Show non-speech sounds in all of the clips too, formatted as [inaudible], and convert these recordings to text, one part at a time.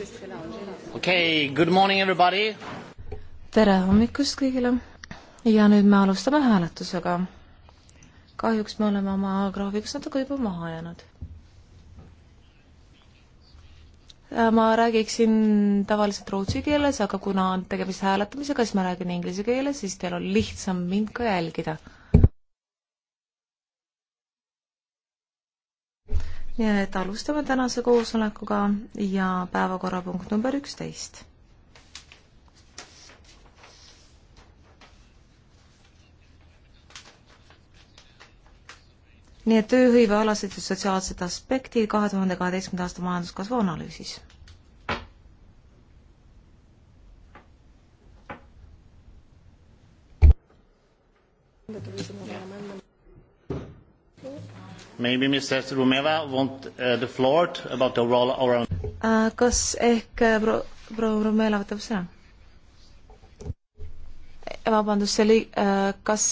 okei okay,, good morning everybody! tere hommikust kõigile ja nüüd me alustame hääletusega. kahjuks me oleme oma graafikus natuke juba maha jäänud. Äh, ma räägiksin tavaliselt rootsi keeles, aga kuna on tegemist hääletamisega, siis ma räägin inglise keeles, siis teil on lihtsam mind ka jälgida nii et alustame tänase koosolekuga ja päevakorrapunkt number üksteist. nii et tööhõivealased ja sotsiaalsed aspektid kahe tuhande kaheteistkümnenda aasta majanduskasvu analüüsis Maybe Mr. Rumeva want uh, the floor about the role or uh, kas ehk uh, proua pro Rumela võtab sõna? vabandust, see oli uh,, kas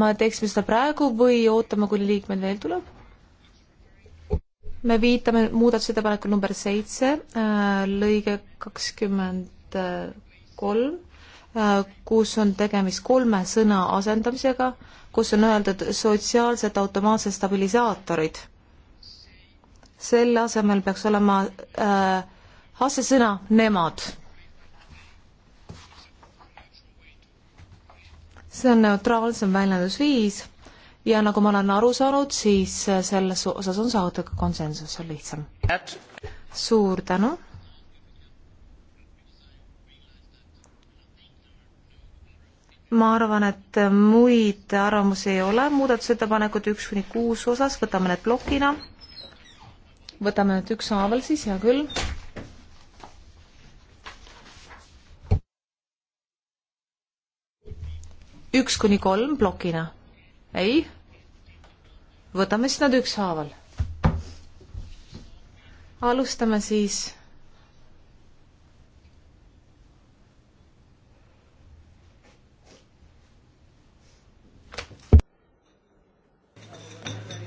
ma teeksime seda praegu või ootame, kuni liikmed veel tuleb? me viitame muudatusettepanekul number seitse, uh, lõige kakskümmend uh, kolm Äh, kus on tegemist kolme sõna asendamisega, kus on öeldud sotsiaalsed automaatsed stabilisaatorid. selle asemel peaks olema äh, asesõna nemad. see on neutraalsem väljendusviis ja nagu ma olen aru saanud, siis äh, selles osas on saavutada konsensus, see on lihtsam. suur tänu ma arvan, et muid arvamusi ei ole, muudatusettepanekud üks kuni kuus osas, võtame need plokina. võtame need ükshaaval siis, hea küll. üks kuni kolm plokina, ei? võtame siis nad ükshaaval. alustame siis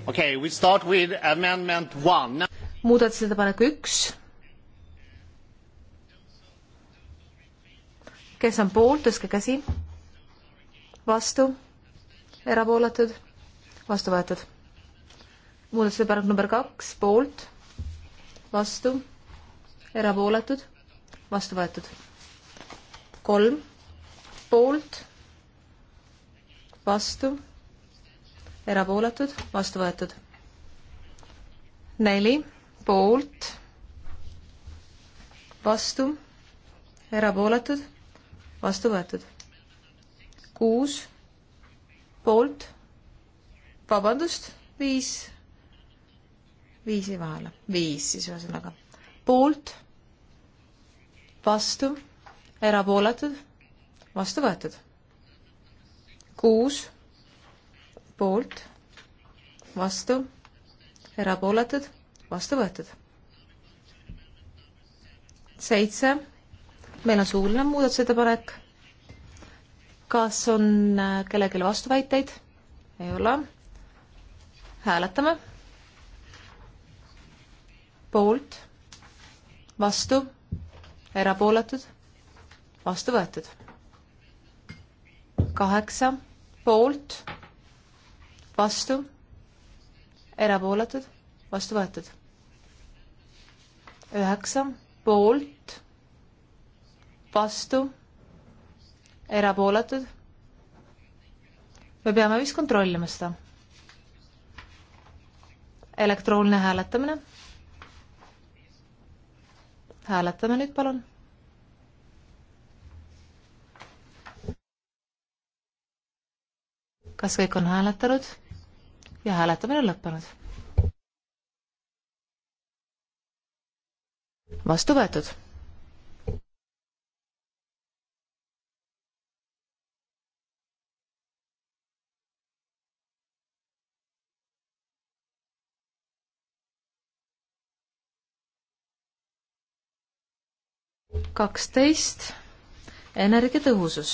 okei okay,, we start with amendment one. muudatusettepanek üks. kes on poolt, tõstke käsi. vastu, erapooletud, vastu võetud. muudatusettepanek number kaks, poolt, vastu, erapooletud, vastu võetud. kolm, poolt, vastu erapooletud, vastu võetud. neli poolt, vastu, erapooletud, vastu võetud. kuus poolt, vabandust, viis, viisi vahele, viis siis ühesõnaga, poolt, vastu, erapooletud, vastu võetud. kuus poolt, vastu, erapooletud, vastu võetud. seitse, meil on suuline muudatusettepanek. kas on äh, kellelgi vastuväiteid? ei ole. hääletame. poolt, vastu, erapooletud, vastu võetud. kaheksa, poolt vastu, erapooletud, vastu võetud. üheksa, poolt, vastu, erapooletud. me peame vist kontrollima seda. elektrooniline hääletamine. hääletame nüüd, palun kas kõik on hääletanud? ja hääletamine on lõppenud. vastu võetud. kaksteist energiatõhusus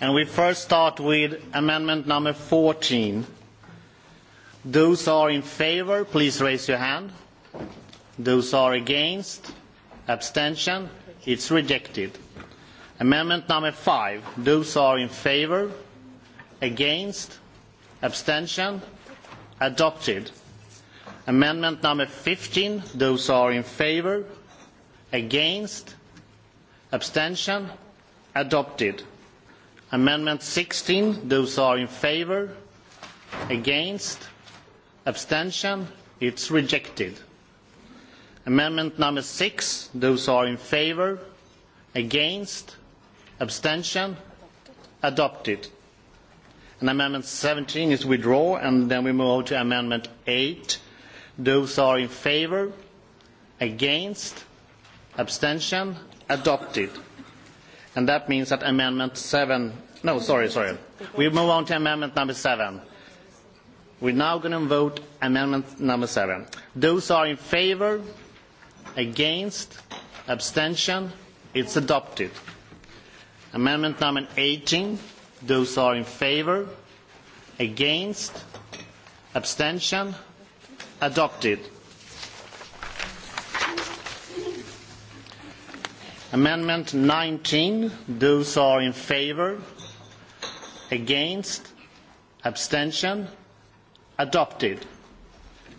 and we first start with amendment number 14. Those are in favor, please raise your hand. Those are against, abstention, it's rejected. Amendment number 5, those are in favor, against, abstention, adopted. Amendment number 15, those are in favor, against, abstention, adopted Amendment 16, those are in favor, against, abstention, it's rejected. Amendment number 6, those are in favor, against, abstention, adopted. And amendment 17 is withdraw, and then we move on to amendment 8. Those are in favor, against, abstention, adopted and that means that amendment seven no sorry sorry we move on to amendment number seven we're now going to vote amendment number seven those are in favor against abstention it's adopted amendment number 18 those are in favor against abstention adopted Amendment 19, those are in favor, against, abstention, adopted.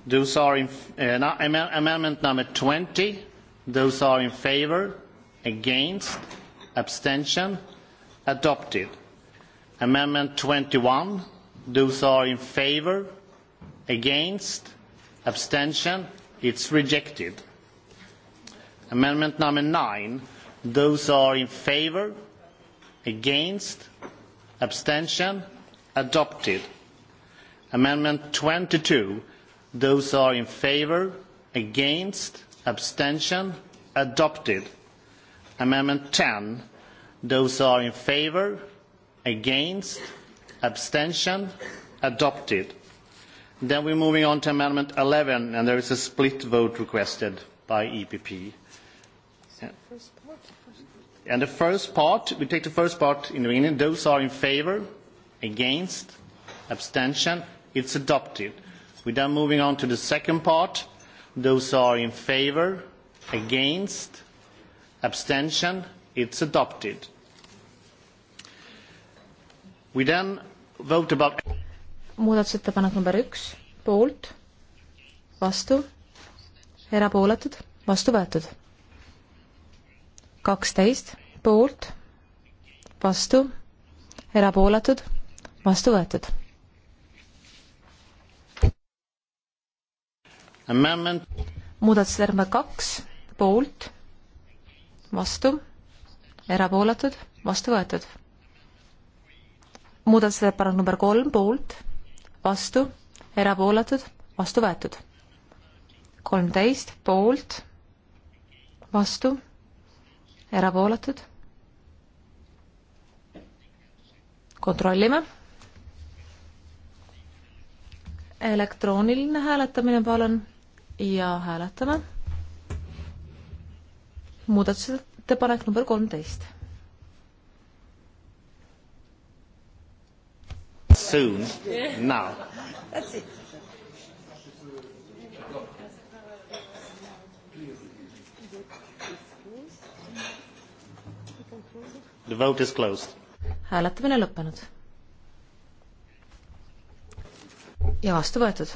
Those are in, uh, no, am amendment number 20, those are in favor, against, abstention, adopted. Amendment 21, those are in favor, against, abstention, it's rejected. Amendment number 9, Those are in favor, against, abstention, adopted. Amendment 22. Those are in favor, against, abstention, adopted. Amendment 10. Those are in favor, against, abstention, adopted. Then we're moving on to Amendment 11, and there is a split vote requested by EPP. Yeah. First And the first part, we take the first part in the beginning. Those are in favor, against, abstention. It's adopted. We're then moving on to the second part. Those are in favor, against, abstention. It's adopted. We then vote about muudatusettepanek number üks, poolt, vastu, erapooletud, vastu võetud kaksteist poolt, vastu, erapooletud, vastu võetud. muudatusettepanek kaks poolt, vastu, erapooletud, vastu võetud. muudatusettepanek number kolm poolt, vastu, erapooletud, vastu võetud. kolmteist poolt, vastu erapooletud. kontrollime. elektrooniline hääletamine, palun, ja hääletame. muudatusettepanek number kolmteist soon. Yeah. Now. That's it. The vote is closed. hääletamine lõppenud. ja vastu võetud.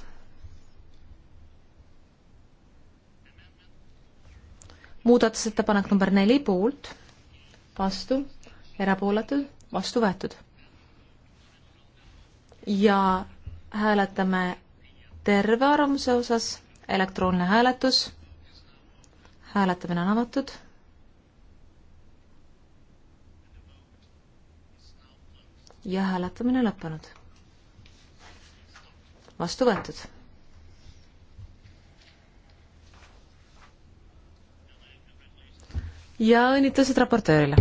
muudatusettepanek number neli poolt, vastu, erapooletud, vastu võetud. ja hääletame terve arvamuse osas, elektroonne hääletus, hääletamine on avatud ja hääletamine lõppenud. vastu võetud. ja õnnitlused raportöörile.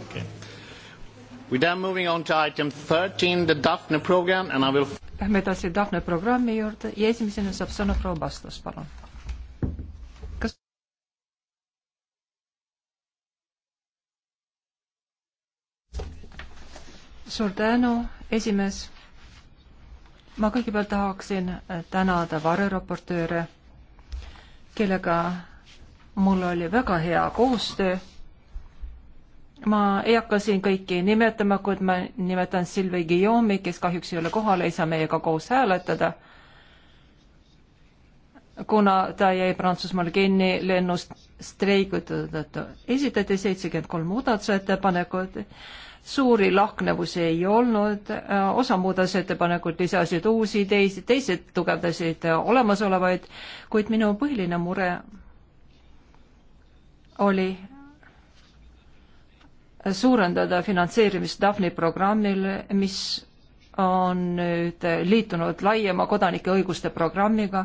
Okay. We are moving on to item 13, the Daphne program, and I will Lähme edasi Daphne programmi juurde ja esimesena saab sõna proua Bastos, palun. kas suur tänu, esimees. ma kõigepealt tahaksin äh, tänada vareraportööre, kellega mul oli väga hea koostöö ma ei hakka siin kõiki nimetama, kuid ma nimetan Silvi Guillaume'i, kes kahjuks ei ole kohal, ei saa meiega koos hääletada, kuna ta jäi Prantsusmaal kinni lennust streigutuse tõttu. esitati seitsekümmend kolm muudatusettepanekut, suuri lahknevusi ei olnud, osa muudatusettepanekuid lisasid uusi, teisi, teised tugevdasid olemasolevaid, kuid minu põhiline mure oli suurendada finantseerimist Daphne programmile, mis on nüüd liitunud laiema kodanike õiguste programmiga,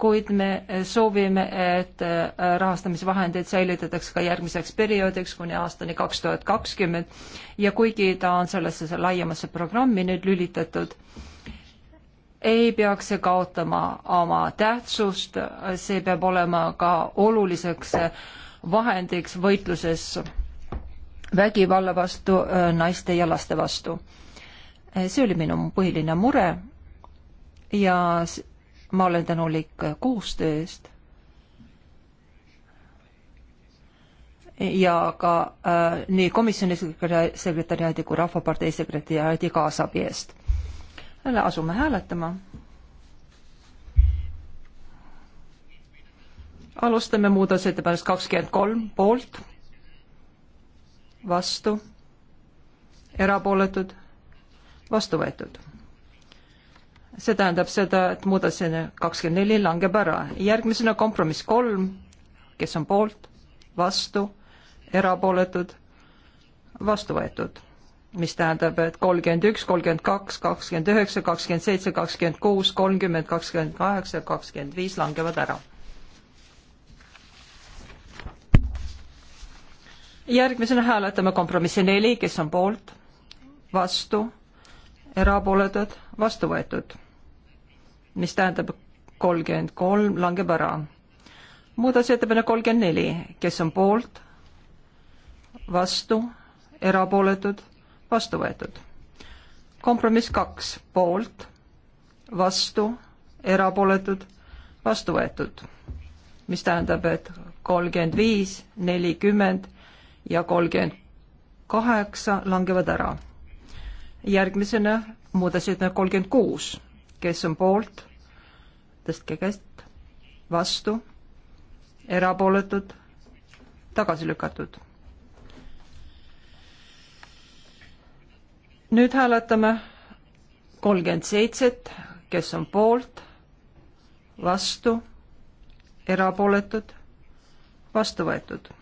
kuid me soovime, et äh, rahastamisvahendeid säilitatakse ka järgmiseks perioodiks kuni aastani kaks tuhat kakskümmend ja kuigi ta on sellesse laiemasse programmi nüüd lülitatud, ei peaks see kaotama oma tähtsust, see peab olema ka oluliseks äh, vahendiks võitluses vägivalla vastu, naiste ja laste vastu. E, see oli minu põhiline mure ja ma olen tänulik koostöö eest e, ja ka äh, nii komisjoni sekretäriaadi kui Rahvapartei sekretäriaadi kaasabi eest. asume hääletama. alustame muudatusettepanekust kakskümmend kolm poolt vastu, erapooletud, vastu võetud. see tähendab seda, et muudatusena kakskümmend neli langeb ära. järgmisena kompromiss kolm, kes on poolt, vastu, erapooletud, vastu võetud mis tähendab, et kolmkümmend üks, kolmkümmend kaks, kakskümmend üheksa, kakskümmend seitse, kakskümmend kuus, kolmkümmend, kakskümmend kaheksa, kakskümmend viis langevad ära järgmisena hääletame kompromissi neli, kes on poolt, vastu, erapooletud, vastu võetud. mis tähendab, kolmkümmend kolm langeb ära. muudatusettepanek kolmkümmend neli, kes on poolt, vastu, erapooletud, vastu võetud. kompromiss kaks, poolt, vastu, erapooletud, vastu võetud. mis tähendab, et kolmkümmend viis, nelikümmend ja kolmkümmend kaheksa langevad ära. järgmisena muudatusettepanek kolmkümmend kuus, kes on poolt, tõstke käest, vastu, erapooletud, tagasi lükatud. nüüd hääletame kolmkümmend seitset, kes on poolt, vastu, erapooletud, vastu võetud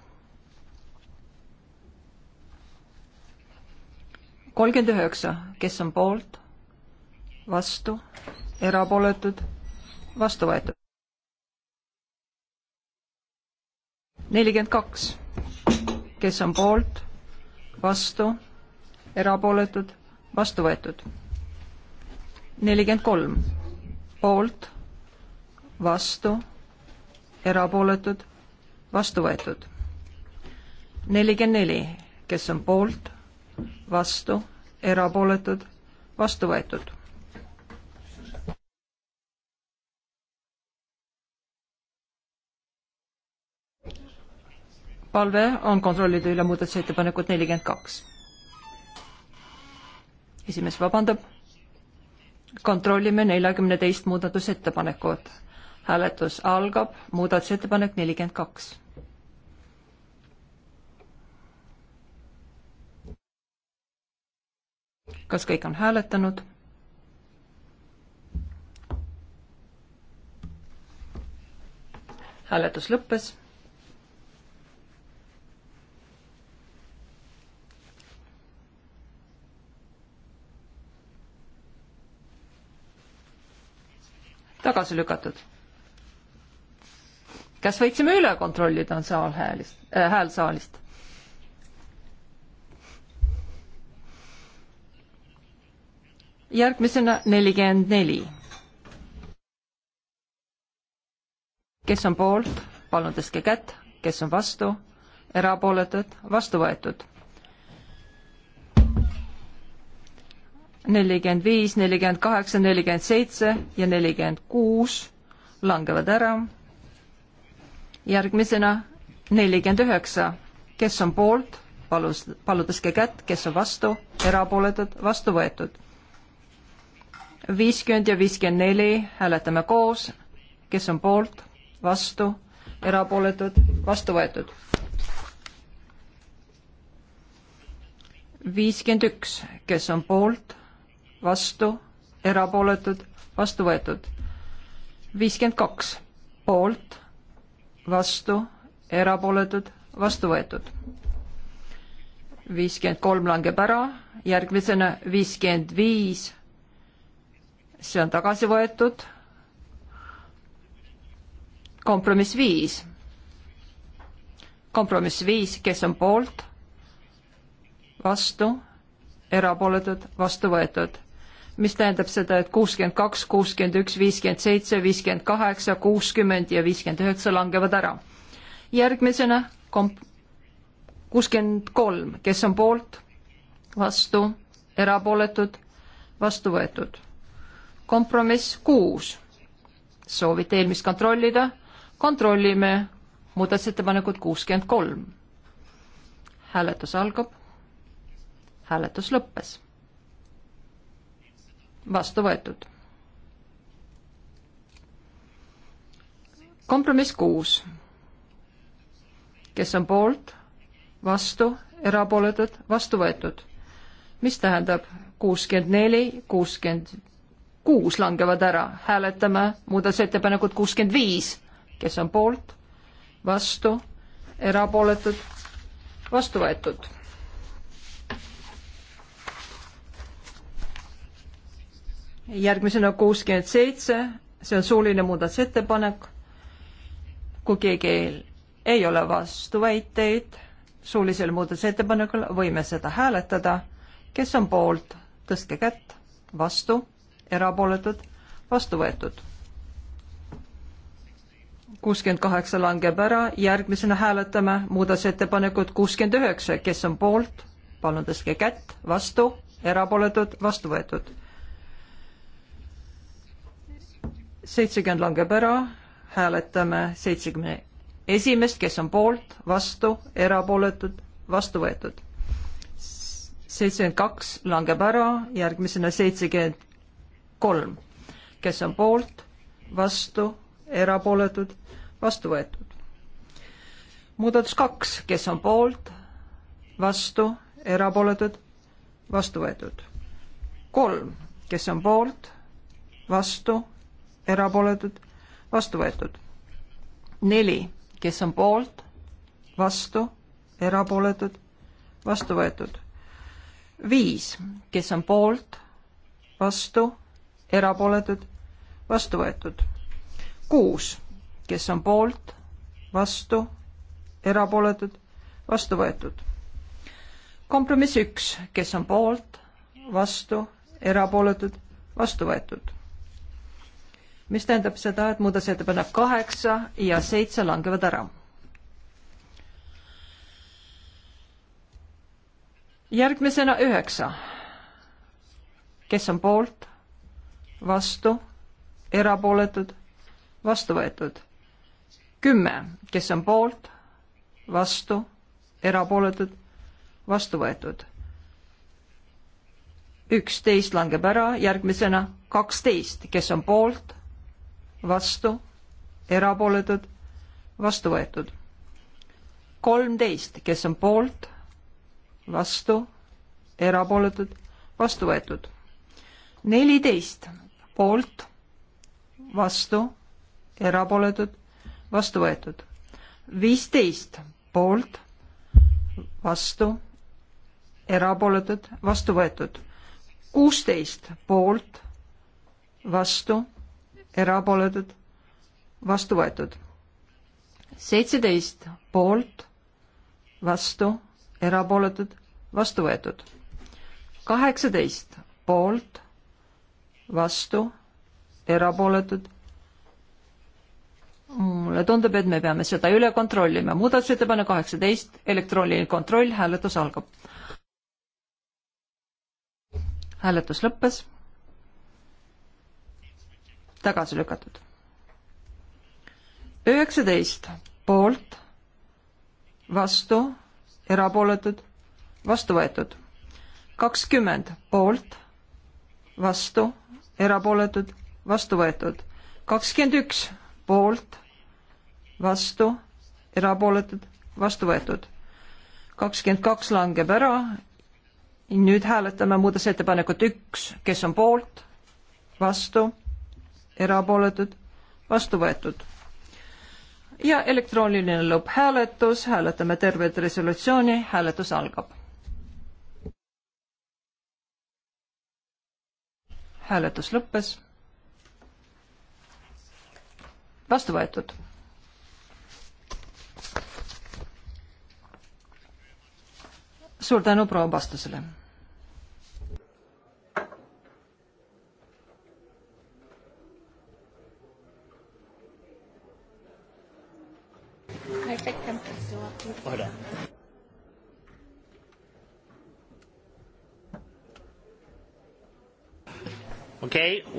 kolmkümmend üheksa, kes on poolt, vastu, erapooletud, vastu võetud. nelikümmend kaks, kes on poolt, vastu, erapooletud, vastu võetud. nelikümmend kolm, poolt, vastu, erapooletud, vastu võetud. nelikümmend neli, kes on poolt vastu, erapooletud, vastu võetud. palve on kontrollida üle muudatusettepanekut nelikümmend kaks. esimees vabandab. kontrollime neljakümne teist muudatusettepanekut. hääletus algab, muudatusettepanek nelikümmend kaks kas kõik on hääletanud? hääletus lõppes tagasi lükatud. kas võiksime üle kontrollida, on saal häälist äh,, hääl saalist? järgmisena nelikümmend neli. kes on poolt, palun tõstke kätt, kes on vastu, erapooletud, vastu võetud. nelikümmend viis, nelikümmend kaheksa, nelikümmend seitse ja nelikümmend kuus langevad ära. järgmisena nelikümmend üheksa, kes on poolt, palus, palun tõstke kätt, kes on vastu, erapooletud, vastu võetud viiskümmend ja viiskümmend neli hääletame koos, kes on poolt, vastu, erapooletud, vastu võetud. viiskümmend üks, kes on poolt, vastu, erapooletud, vastu võetud. viiskümmend kaks, poolt, vastu, erapooletud, vastu võetud. viiskümmend kolm langeb ära, järgmisena viiskümmend viis see on tagasi võetud. kompromiss viis. kompromiss viis, kes on poolt, vastu, erapooletud, vastu võetud mis tähendab seda, et kuuskümmend kaks, kuuskümmend üks, viiskümmend seitse, viiskümmend kaheksa, kuuskümmend ja viiskümmend üheksa langevad ära. järgmisena komp-, kuuskümmend kolm, kes on poolt, vastu, erapooletud, vastu võetud kompromiss kuus. soovite eelmist kontrollida? kontrollime muudatusettepanekut kuuskümmend kolm. hääletus algab. hääletus lõppes. vastu võetud. kompromiss kuus. kes on poolt, vastu, erapooletud, vastu võetud, mis tähendab kuuskümmend neli, kuuskümmend kuus langevad ära, hääletame muudatusettepanekut kuuskümmend viis, kes on poolt, vastu, erapooletud, vastu võetud. järgmisena kuuskümmend seitse, see on suuline muudatusettepanek. kui keegi ei, ei ole vastuväiteid suulisel muudatusettepanekul, võime seda hääletada. kes on poolt, tõstke kätt, vastu erapooletud, vastu võetud. kuuskümmend kaheksa langeb ära, järgmisena hääletame muudatusettepanekut kuuskümmend üheksa, kes on poolt, palun tõstke kätt, vastu, erapooletud, vastu võetud. seitsekümmend langeb ära, hääletame seitsekümne esimest, kes on poolt, vastu, erapooletud, vastu võetud. seitsekümmend kaks langeb ära, järgmisena seitsekümmend kolm, kes on poolt, vastu, erapooletud, vastu võetud. muudatus kaks, kes on poolt, vastu, erapooletud, vastu võetud. kolm, kes on poolt, vastu, erapooletud, vastu võetud. neli, kes on poolt, vastu, erapooletud, vastu võetud. viis, kes on poolt, vastu, erapooletud, vastu võetud. kuus, kes on poolt, vastu, erapooletud, vastu võetud. kompromiss üks, kes on poolt, vastu, erapooletud, vastu võetud. mis tähendab seda, et muudatusettepanek kaheksa ja seitse langevad ära. järgmisena üheksa, kes on poolt vastu, erapooletud, vastu võetud. kümme, kes on poolt, vastu, erapooletud, vastu võetud. üksteist langeb ära, järgmisena kaksteist, kes on poolt, vastu, erapooletud, vastu võetud. kolmteist, kes on poolt, vastu, erapooletud, vastu võetud. neliteist poolt, vastu, erapooletud, vastu võetud. viisteist poolt, vastu, erapooletud, vastu võetud. kuusteist poolt, vastu, erapooletud, vastu võetud. seitseteist poolt, vastu, erapooletud, vastu võetud. kaheksateist poolt vastu, erapooletud. mulle tundub, et me peame seda üle kontrollima. muudatusettepanek kaheksateist, elektrooniline kontroll, hääletus algab. hääletus lõppes. tagasi lükatud. üheksateist poolt, vastu, erapooletud, vastu võetud. kakskümmend poolt, vastu erapooletud, vastu võetud. kakskümmend üks poolt, vastu, erapooletud, vastu võetud. kakskümmend kaks langeb ära. nüüd hääletame muudatusettepanekut üks, kes on poolt, vastu, erapooletud, vastu võetud. ja elektrooniline lõpphääletus, hääletame tervet resolutsiooni, hääletus algab hääletus lõppes. vastu võetud. suur tänu proua vastusele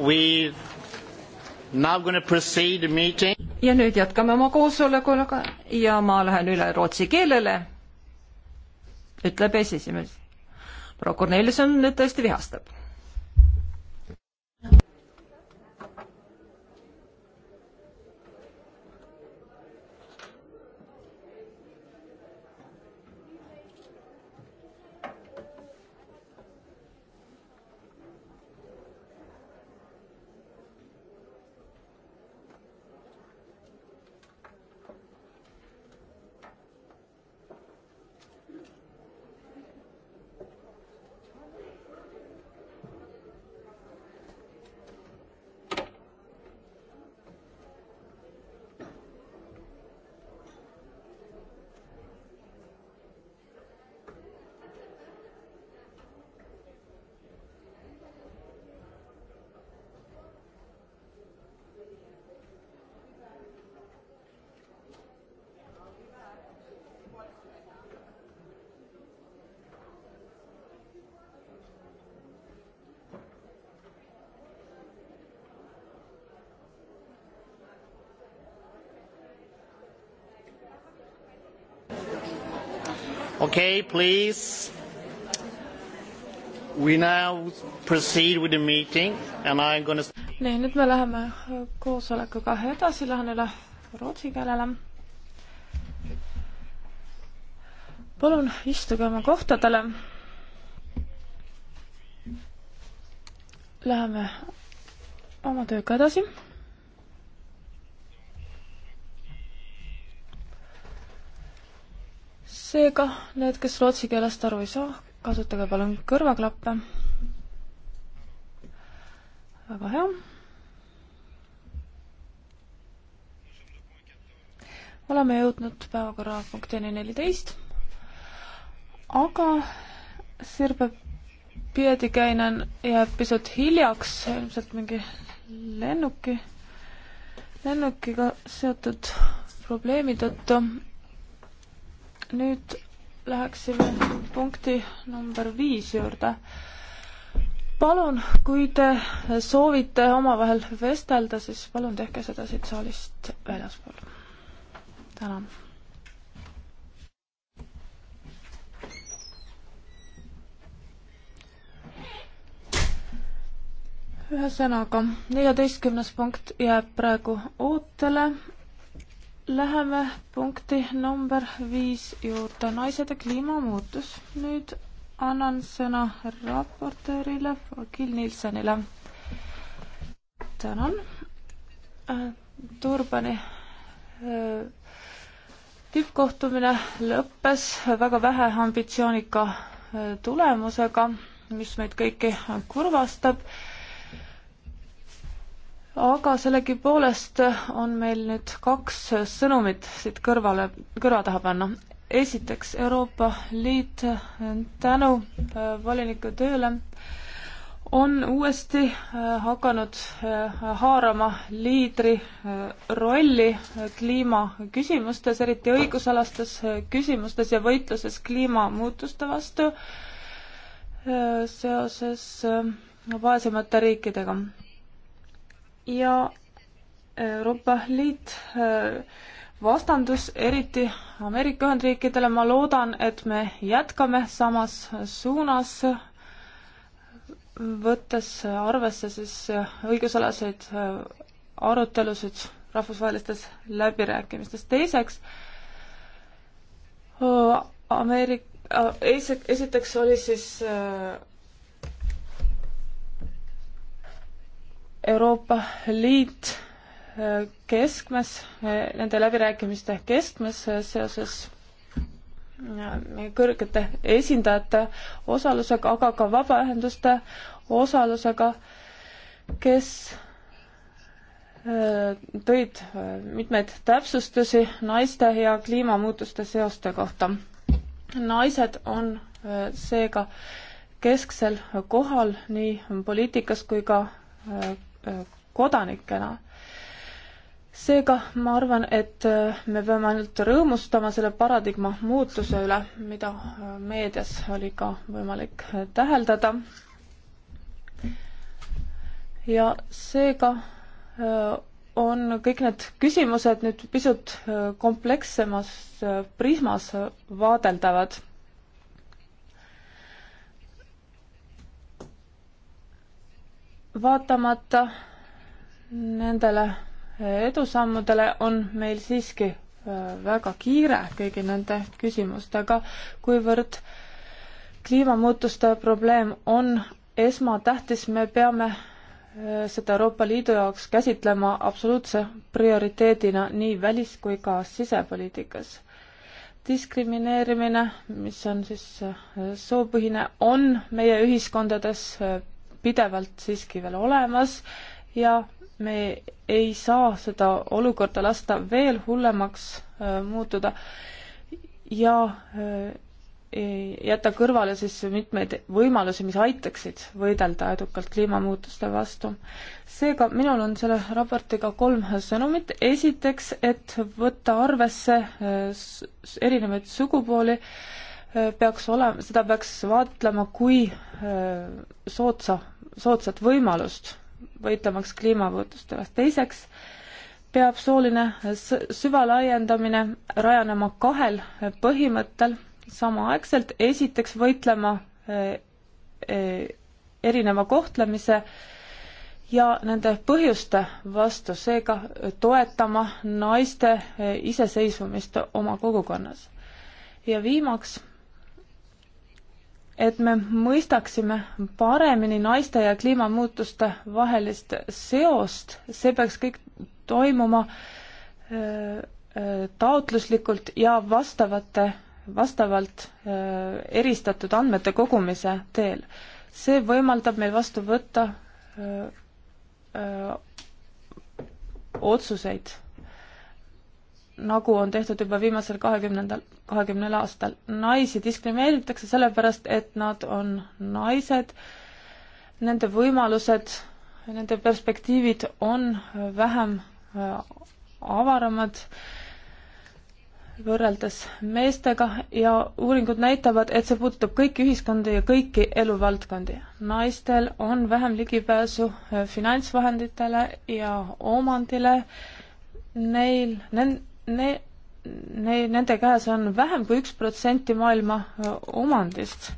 We now gonna proceed the meeting. ja nüüd jätkame oma koosolekuga ja ma lähen üle rootsi keelele, ütleb esimees. proua Kornelis on nüüd tõesti vihastab Okay, please. We now proceed with the meeting and I am gonna nii, nüüd me läheme koosolekuga edasi, lähen üle rootsi keelele. palun istuge oma kohtadele. Läheme oma tööga edasi seega need, kes rootsi keelest aru ei saa, kasutage palun kõrvaklappe. väga hea. oleme jõudnud päevakorrapunktini neliteist, aga Sirbe Pietikäinen jääb pisut hiljaks, ilmselt mingi lennuki, lennukiga seotud probleemi tõttu nüüd läheksime punkti number viis juurde. palun, kui te soovite omavahel vestelda, siis palun tehke seda siit saalist väljaspool. tänan. ühesõnaga, neljateistkümnes punkt jääb praegu ootele, Läheme punkti number viis juurde, naised ja kliimamuutus. nüüd annan sõna raportöörile Gil Nilssonile. tänan. Turbani äh, äh, tippkohtumine lõppes väga vähe ambitsioonika äh, tulemusega, mis meid kõiki kurvastab aga sellegipoolest on meil nüüd kaks sõnumit siit kõrvale, kõrva taha panna. esiteks, Euroopa Liit tänu äh, volinike tööle on uuesti äh, hakanud äh, haarama liidri rolli kliimaküsimustes, eriti õigusalastes küsimustes ja võitluses kliimamuutuste vastu seoses vaesemate riikidega ja Euroopa Liit äh, vastandus eriti Ameerika Ühendriikidele, ma loodan, et me jätkame samas suunas, võttes arvesse siis õigusalaseid äh, arutelusid rahvusvahelistes läbirääkimistes. teiseks, äh, Ameerika, esiteks oli siis Euroopa Liit äh, keskmes, äh, nende läbirääkimiste keskmes äh, seoses kõrgete esindajate osalusega, aga ka vabaühenduste osalusega, kes tõid mitmeid täpsustusi naiste ja kliimamuutuste seoste kohta. naised on seega kesksel kohal nii poliitikas kui ka kodanikena. seega ma arvan, et äh, me peame ainult rõõmustama selle paradigma muutuse üle, mida äh, meedias oli ka võimalik äh, täheldada. ja seega on kõik need küsimused nüüd pisut komplekssemas prismas vaadeldavad vaatamata nendele edusammudele on meil siiski äh, väga kiire kõigi nende küsimustega, kuivõrd kliimamuutuste probleem on esmatähtis, me peame äh, seda Euroopa Liidu jaoks käsitlema absoluutse prioriteedina nii välis- kui ka sisepoliitikas. diskrimineerimine, mis on siis äh, soopõhine, on meie ühiskondades pidevalt siiski veel olemas ja me ei saa seda olukorda lasta veel hullemaks äh, muutuda ja äh, jätta kõrvale siis mitmeid võimalusi, mis aitaksid võidelda edukalt kliimamuutuste vastu. seega minul on selle raportiga kolm sõnumit. esiteks, et võtta arvesse äh, erinevaid sugupooli, peaks olema, seda peaks vaatlema kui soodsa soodsat võimalust võitlemaks kliimamuutustele. teiseks peab sooline süvalaiendamine rajanema kahel põhimõttel samaaegselt. esiteks võitlema e, e, erineva kohtlemise ja nende põhjuste vastu, seega toetama naiste e, iseseisvumist oma kogukonnas. ja viimaks et me mõistaksime paremini naiste ja kliimamuutuste vahelist seost, see peaks kõik toimuma äh, äh, taotluslikult ja vastavate, vastavalt äh, eristatud andmete kogumise teel. see võimaldab meil vastu võtta öö, öö, otsuseid nagu on tehtud juba viimasel kahekümnendal, kahekümnel aastal. naisi diskrimineeritakse sellepärast, et nad on naised, nende võimalused, nende perspektiivid on vähem äh, avaramad võrreldes meestega ja uuringud näitavad, et see puudutab kõiki ühiskondi ja kõiki eluvaldkondi. naistel on vähem ligipääsu äh, finantsvahenditele ja omandile, neil, nend-, ne-, ne-, nende käes on vähem kui üks protsenti maailma omandist.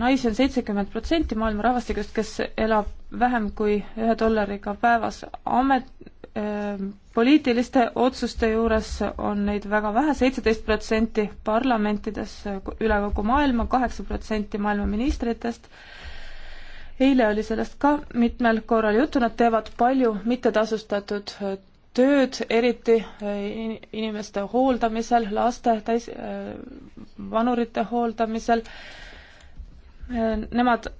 naisi on seitsekümmend protsenti maailma rahvastikust, kes elab vähem kui ühe dollariga päevas. amet äh,, poliitiliste otsuste juures on neid väga vähe, seitseteist protsenti parlamentides üle kogu maailma, kaheksa protsenti maailma ministritest eile oli sellest ka mitmel korral juttu, nad teevad palju mittetasustatud tööd, eriti äh, inimeste hooldamisel, laste, täis, äh, vanurite hooldamisel. Äh, nemad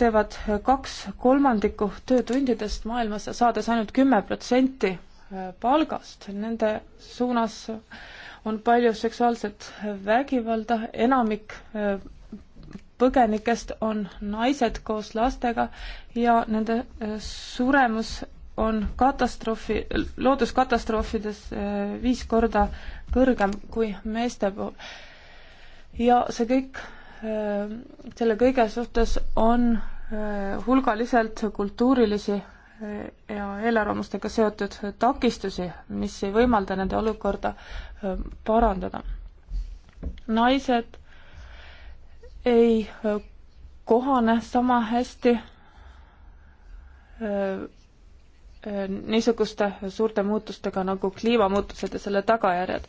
teevad kaks kolmandikku töötundidest maailmas, saades ainult kümme protsenti palgast. Nende suunas on palju seksuaalset vägivalda, enamik põgenikest on naised koos lastega ja nende suremus on katastroofi, looduskatastroofides eh, viis korda kõrgem kui meeste pool. ja see kõik, eh, selle kõige suhtes on eh, hulgaliselt kultuurilisi ja eelarvamustega seotud takistusi, mis ei võimalda nende olukorda parandada. naised ei kohane sama hästi niisuguste suurte muutustega nagu kliimamuutused ja selle tagajärjed.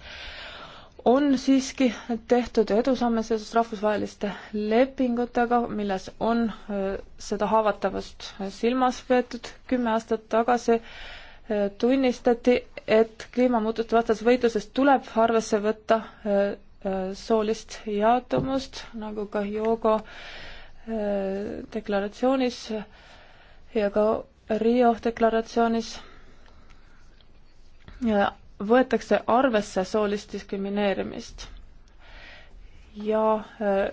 on siiski tehtud edusamme seoses rahvusvaheliste lepingutega, milles on äh, seda haavatavust silmas peetud. kümme aastat tagasi äh, tunnistati, et kliimamuutuste vastases võitluses tuleb arvesse võtta äh, soolist jaotumust, nagu ka Yogo deklaratsioonis ja ka Rio deklaratsioonis võetakse arvesse soolist diskrimineerimist ja äh,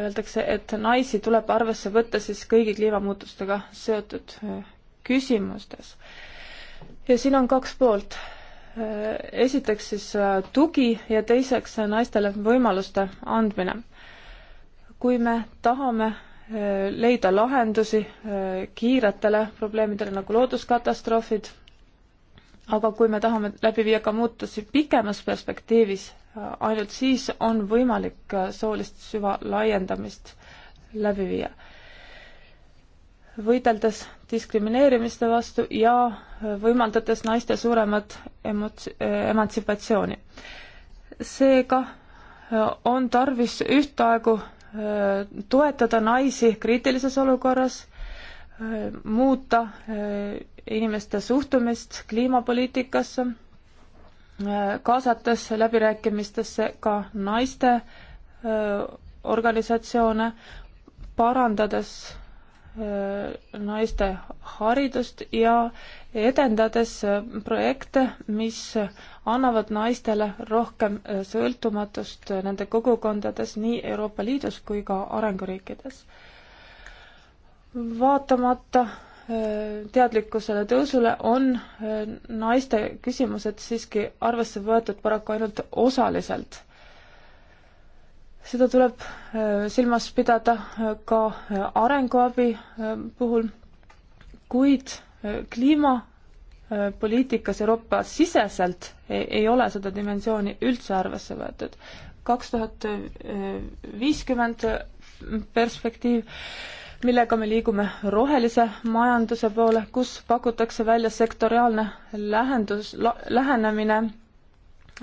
öeldakse, et naisi tuleb arvesse võtta siis kõigi kliimamuutustega seotud äh, küsimustes. ja siin on kaks poolt. Äh, esiteks siis tugi ja teiseks naistele võimaluste andmine. kui me tahame leida lahendusi äh, kiiretele probleemidele nagu looduskatastroofid, aga kui me tahame läbi viia ka muutusi pikemas perspektiivis, äh, ainult siis on võimalik äh, soolist süva laiendamist läbi viia. võideldes diskrimineerimiste vastu ja võimaldades naiste suuremat emots-, emantsipatsiooni. seega on tarvis ühtaegu toetada naisi kriitilises olukorras, muuta inimeste suhtumist kliimapoliitikasse, kaasates läbirääkimistesse ka naiste organisatsioone, parandades naiste haridust ja edendades äh, projekte, mis annavad naistele rohkem äh, sõltumatust äh, nende kogukondades nii Euroopa Liidus kui ka arenguriikides. vaatamata teadlikkusele tõusule on naiste küsimused siiski arvesse võetud paraku ainult osaliselt seda tuleb silmas pidada ka arenguabi puhul, kuid kliimapoliitikas Euroopa siseselt ei, ei ole seda dimensiooni üldse arvesse võetud. kaks tuhat viiskümmend perspektiiv, millega me liigume rohelise majanduse poole, kus pakutakse välja sektoriaalne lähendus, lähenemine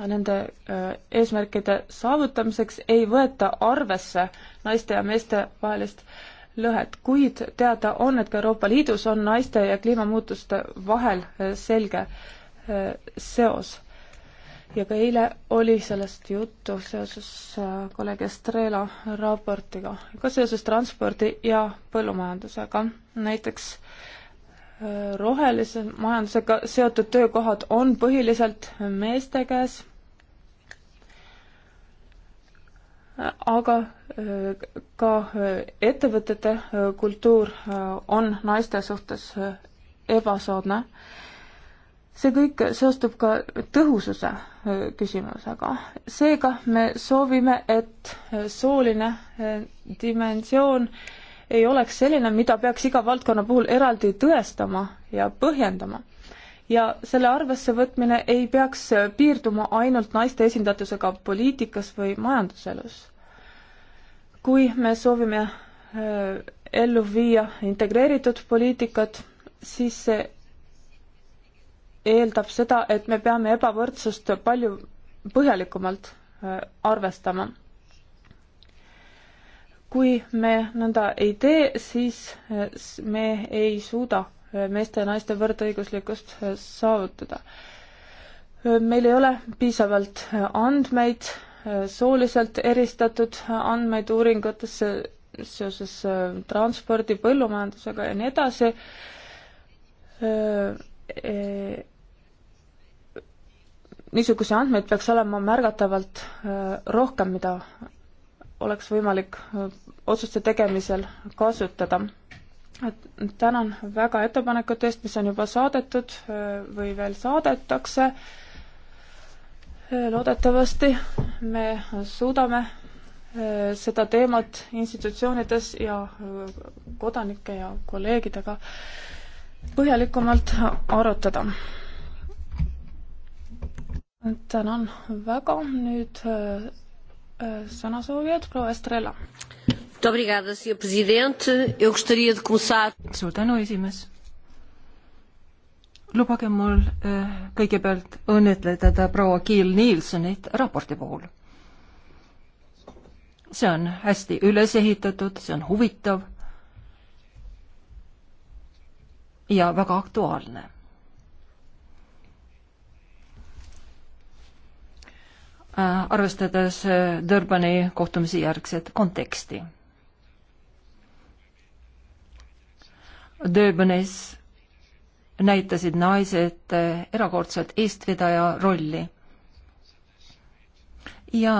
nende äh, eesmärkide saavutamiseks ei võeta arvesse naiste ja meeste vahelist äh, lõhet, kuid teada on, et ka Euroopa Liidus on naiste ja kliimamuutuste vahel äh, selge äh, seos. ja ka eile oli sellest juttu seoses äh, kolleeg Estrela raportiga, ka seoses transpordi ja põllumajandusega. näiteks rohelise majandusega seotud töökohad on põhiliselt meeste käes aga äh, ka äh, ettevõtete äh, kultuur on naiste suhtes ebasoodne. see kõik seostub ka tõhususe küsimusega. seega me soovime, et sooline dimensioon ei oleks selline, mida peaks iga valdkonna puhul eraldi tõestama ja põhjendama. ja selle arvesse võtmine ei peaks piirduma ainult naiste esindatusega poliitikas või majanduselus kui me soovime äh, ellu viia integreeritud poliitikat, siis see eeldab seda, et me peame ebavõrdsust palju põhjalikumalt äh, arvestama. kui me nõnda ei tee, siis äh, me ei suuda meeste ja naiste võrdõiguslikkust saavutada. meil ei ole piisavalt andmeid sooliselt eristatud andmeid uuringutesse seoses äh, transpordi, põllumajandusega ja nii edasi. Äh, äh, niisuguseid andmeid peaks olema märgatavalt rohkem, mida oleks võimalik otsuste tegemisel kasutada. et tänan väga ettepanekute eest, mis on juba saadetud või veel saadetakse Äh, loodetavasti me suudame äh, seda teemat institutsioonides ja äh, kodanike ja kolleegidega põhjalikumalt arutada. tänan väga, nüüd sõnasoovijad, proua Estrela. suur tänu, esimees lubage mul eh, kõigepealt õnnitleda proua Kiil Nielsonit raporti puhul. see on hästi üles ehitatud, see on huvitav ja väga aktuaalne. Eh, arvestades eh, Durbani kohtumise järgset konteksti. Durbanis näitasid naised erakordselt eestvedaja rolli. ja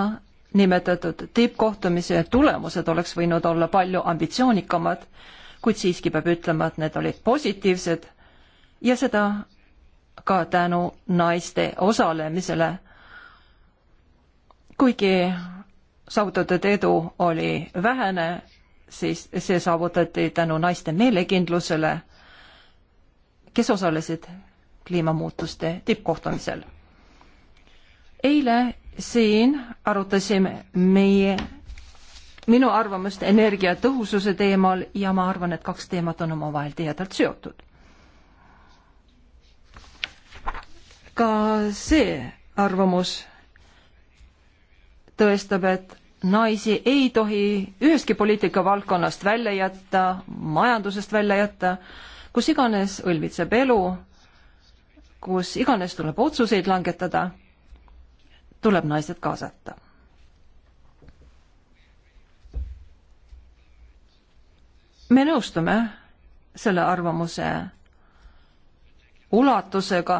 nimetatud tippkohtumise tulemused oleks võinud olla palju ambitsioonikamad, kuid siiski peab ütlema, et need olid positiivsed ja seda ka tänu naiste osalemisele. kuigi saavutatud edu oli vähene, siis see saavutati tänu naiste meelekindlusele kes osalesid kliimamuutuste tippkohtumisel. eile siin arutasime meie, minu arvamust energiatõhususe teemal ja ma arvan, et kaks teemat on omavahel tihedalt seotud. ka see arvamus tõestab, et naisi ei tohi ühestki poliitika valdkonnast välja jätta, majandusest välja jätta äh,, kus iganes õlvitseb elu, kus iganes tuleb otsuseid langetada, tuleb naised kaasata. me nõustume selle arvamuse ulatusega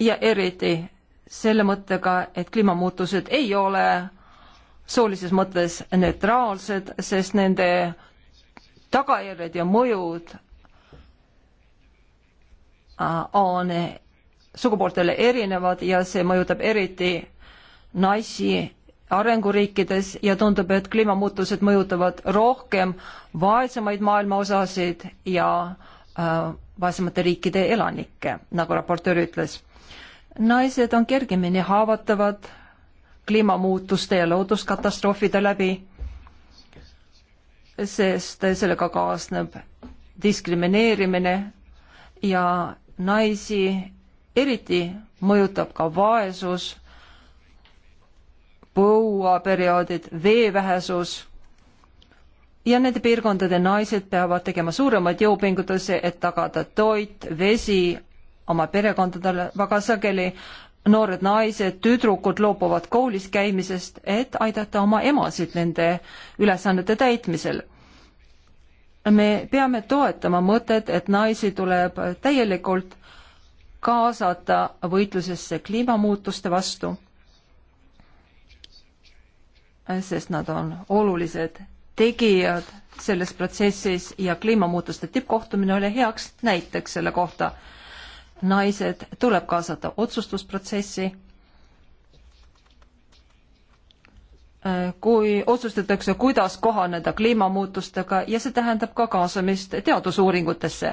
ja eriti selle mõttega, et kliimamuutused ei ole soolises mõttes neutraalsed, sest nende tagajärjed ja mõjud äh, on sugupooltele erinevad ja see mõjutab eriti naisi arenguriikides ja tundub, et kliimamuutused mõjutavad rohkem vaesemaid maailmaosasid ja äh, vaesemate riikide elanikke, nagu raportöör ütles. naised on kergemini haavatavad kliimamuutuste ja looduskatastroofide läbi sest sellega kaasneb diskrimineerimine ja naisi eriti mõjutab ka vaesus, põuaperioodid, veevähesus ja nende piirkondade naised peavad tegema suuremaid jõupingutusi, et tagada toit, vesi oma perekondadele, väga sageli noored naised, tüdrukud loobuvad koolis käimisest, et aidata oma emasid nende ülesannete täitmisel me peame toetama mõtet, et naisi tuleb täielikult kaasata võitlusesse kliimamuutuste vastu, sest nad on olulised tegijad selles protsessis ja kliimamuutuste tippkohtumine oli heaks näiteks selle kohta. naised tuleb kaasata otsustusprotsessi Äh, kui otsustatakse, kuidas kohaneda kliimamuutustega ja see tähendab ka kaasamist teadusuuringutesse.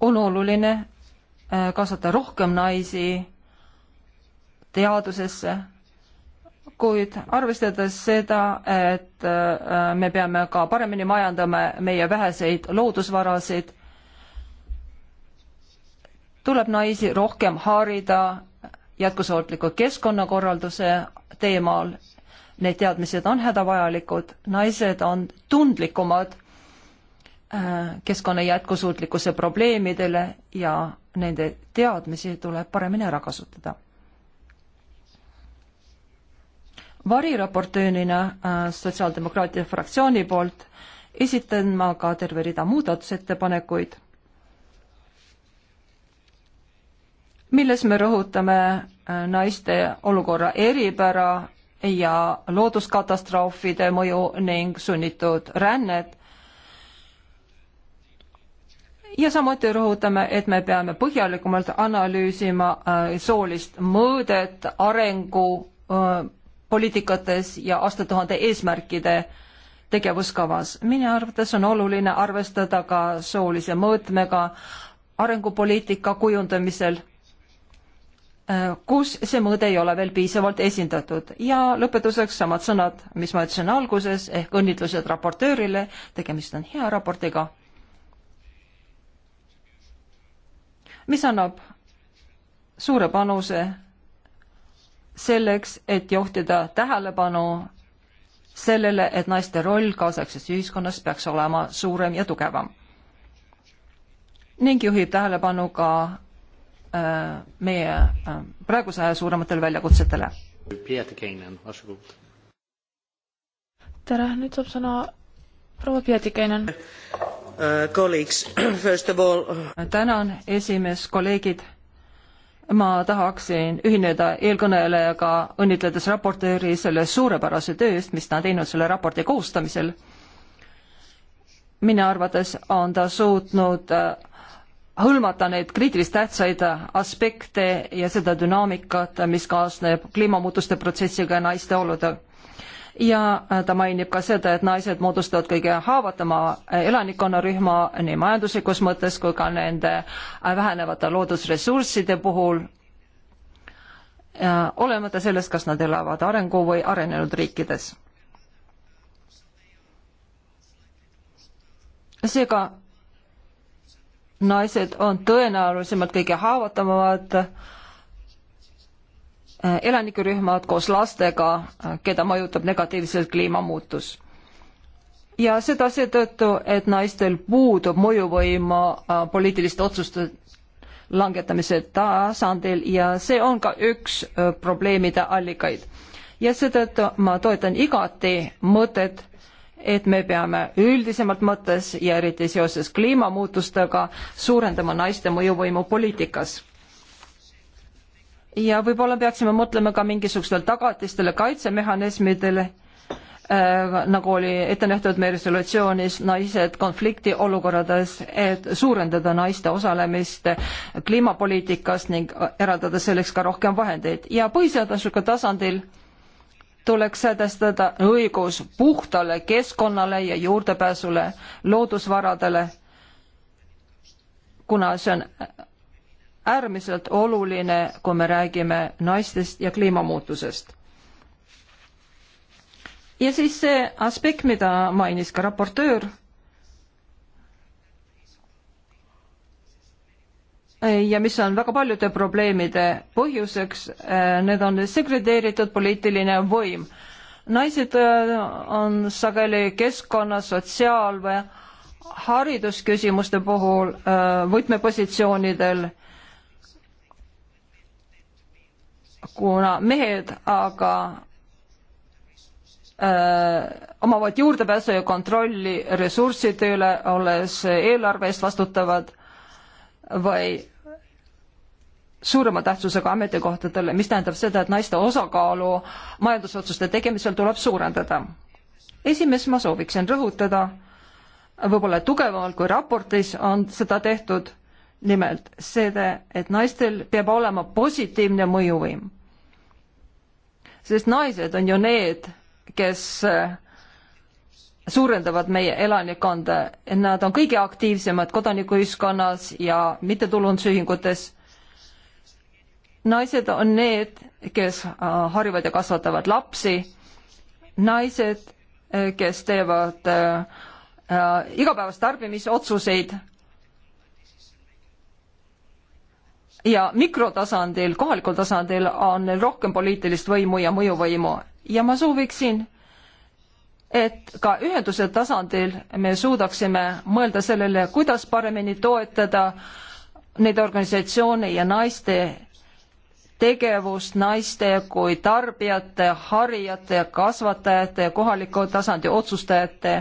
on oluline äh, kaasata rohkem naisi teadusesse, kuid arvestades seda, et äh, me peame ka paremini majandama meie väheseid loodusvarasid, tuleb naisi rohkem harida jätkusuutliku keskkonnakorralduse teemal. Need teadmised on hädavajalikud, naised on tundlikumad äh, keskkonna jätkusuutlikkuse probleemidele ja nende teadmisi tuleb paremini ära kasutada. variraportöörina äh, Sotsiaaldemokraatide fraktsiooni poolt esitan ma ka terve rida muudatusettepanekuid milles me rõhutame äh, naiste olukorra eripära ja looduskatastroofide mõju ning sunnitud rännet. ja samuti rõhutame, et me peame põhjalikumalt analüüsima äh, soolist mõõdet arengupoliitikates äh, ja aastatuhande eesmärkide tegevuskavas. minu arvates on oluline arvestada ka soolise mõõtmega arengupoliitika kujundamisel Äh, kus see mõõde ei ole veel piisavalt esindatud. ja lõpetuseks samad sõnad, mis ma ütlesin alguses, ehk õnnitlused raportöörile, tegemist on hea raportiga, mis annab suure panuse selleks, et juhtida tähelepanu sellele, et naiste roll kaasaegses ühiskonnas peaks olema suurem ja tugevam. ning juhib tähelepanu ka Äh, meie äh, praeguse aja suurematele väljakutsetele. tere, nüüd saab sõna proua Pietikainen. Äh, [clears throat] tänan, esimees, kolleegid. ma tahaksin ühineda eelkõnelejaga, õnnitledes raportööri selle suurepärase töö eest, mis ta on teinud selle raporti koostamisel. minu arvates on ta suutnud äh, hõlmata neid kriitilist tähtsaid aspekte ja seda dünaamikat, mis kaasneb kliimamuutuste protsessiga ja naiste oludega. ja äh, ta mainib ka seda, et naised moodustavad kõige haavatama äh, elanikkonnarühma nii majanduslikus mõttes kui ka nende äh, vähenevate loodusressursside puhul, olemata sellest, kas nad elavad arengu- või arenenud riikides. seega naised on tõenäolisemalt kõige haavatavamad äh, elanikurühmad koos lastega, äh, keda mõjutab negatiivselt kliimamuutus. ja seda seetõttu, et naistel puudub mõjuvõim äh, poliitiliste otsuste langetamise tasandil ja see on ka üks probleemide allikaid. ja seetõttu ma toetan igati mõtet et me peame üldisemalt mõttes ja eriti seoses kliimamuutustega suurendama naiste mõjuvõimu poliitikas. ja võib-olla peaksime mõtlema ka mingisugustele tagatistele, kaitsemehhanismidele äh,, nagu oli ette nähtud meie resolutsioonis naised konfliktiolukordades, et suurendada naiste osalemist kliimapoliitikas ning eraldada selleks ka rohkem vahendeid ja põhiseaduslikul tasandil tuleks sätestada õigus puhtale keskkonnale ja juurdepääsule loodusvaradele, kuna see on äärmiselt oluline, kui me räägime naistest ja kliimamuutusest. ja siis see aspekt, mida mainis ka raportöör ja mis on väga paljude probleemide põhjuseks, äh, need on segregeeritud poliitiline võim. naised äh, on sageli keskkonna, sotsiaal- või haridusküsimuste puhul äh, võtmepositsioonidel, kuna mehed aga omavad juurdepääsu ja kontrolli ressursside üle, olles eelarve eest vastutavad või suurema tähtsusega ametikohtadele, mis tähendab seda, et naiste osakaalu majandusotsuste tegemisel tuleb suurendada. esimees, ma sooviksin rõhutada, võib-olla tugevamalt kui raportis on seda tehtud, nimelt seda, et naistel peab olema positiivne mõjuvõim. sest naised on ju need, kes äh, suurendavad meie elanikkonda, nad on kõige aktiivsemad kodanikuühiskonnas ja mittetulundusühingutes. naised on need, kes äh, harivad ja kasvatavad lapsi, naised, äh, kes teevad äh, igapäevast tarbimisotsuseid ja mikrotasandil, kohalikul tasandil on neil rohkem poliitilist võimu ja mõjuvõimu ja ma sooviksin et ka ühenduse tasandil me suudaksime mõelda sellele, kuidas paremini toetada neid organisatsioone ja naiste tegevust naiste kui tarbijate, harijate, kasvatajate ja kohaliku tasandi otsustajate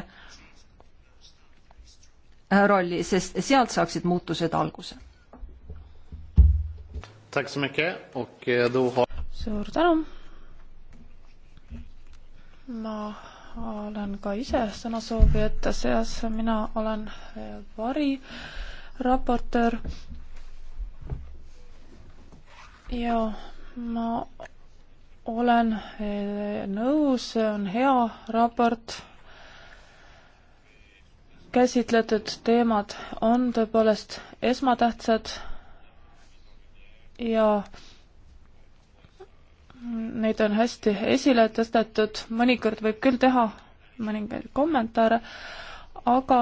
rolli, sest sealt saaksid muutused alguse. Eh, suur tänu. ma olen ka ise sõnasoovijate seas, mina olen eh, variraportöör. ja ma olen eh, nõus, see on hea raport. käsitletud teemad on tõepoolest esmatähtsad ja äh, neid on hästi esile tõstetud, mõnikord võib küll teha mõningaid kommentaare, aga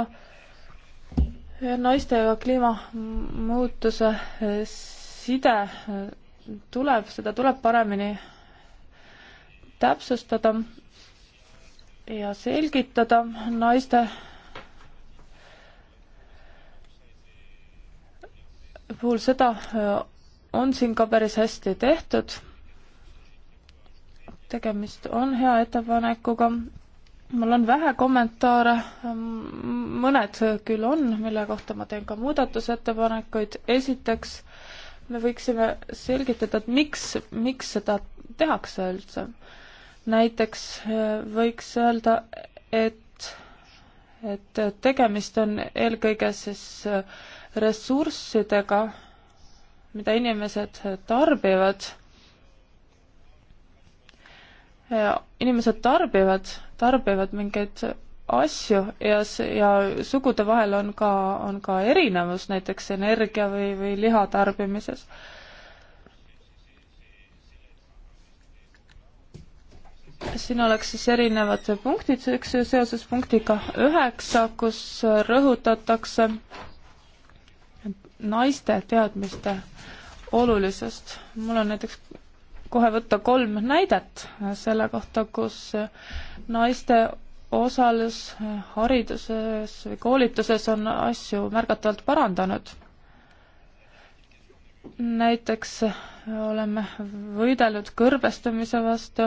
naiste ja kliimamuutuse side tuleb, seda tuleb paremini täpsustada ja selgitada naiste puhul seda on siin ka päris hästi tehtud tegemist on hea ettepanekuga. mul on vähe kommentaare, mõned küll on, mille kohta ma teen ka muudatusettepanekuid. esiteks, me võiksime selgitada, et miks, miks seda tehakse üldse. näiteks äh, võiks öelda, et, et tegemist on eelkõige siis äh, ressurssidega, mida inimesed tarbivad inimesed tarbivad, tarbivad mingeid asju ja, ja sugude vahel on ka, on ka erinevus näiteks energia või, või liha tarbimises siin oleks siis erinevad punktid, üks seoses punktiga üheksa, kus rõhutatakse naiste teadmiste olulisust. mul on näiteks kohe võtta kolm näidet selle kohta, kus naiste osalus hariduses või koolituses on asju märgatavalt parandanud. näiteks oleme võidelnud kõrbestumise vastu,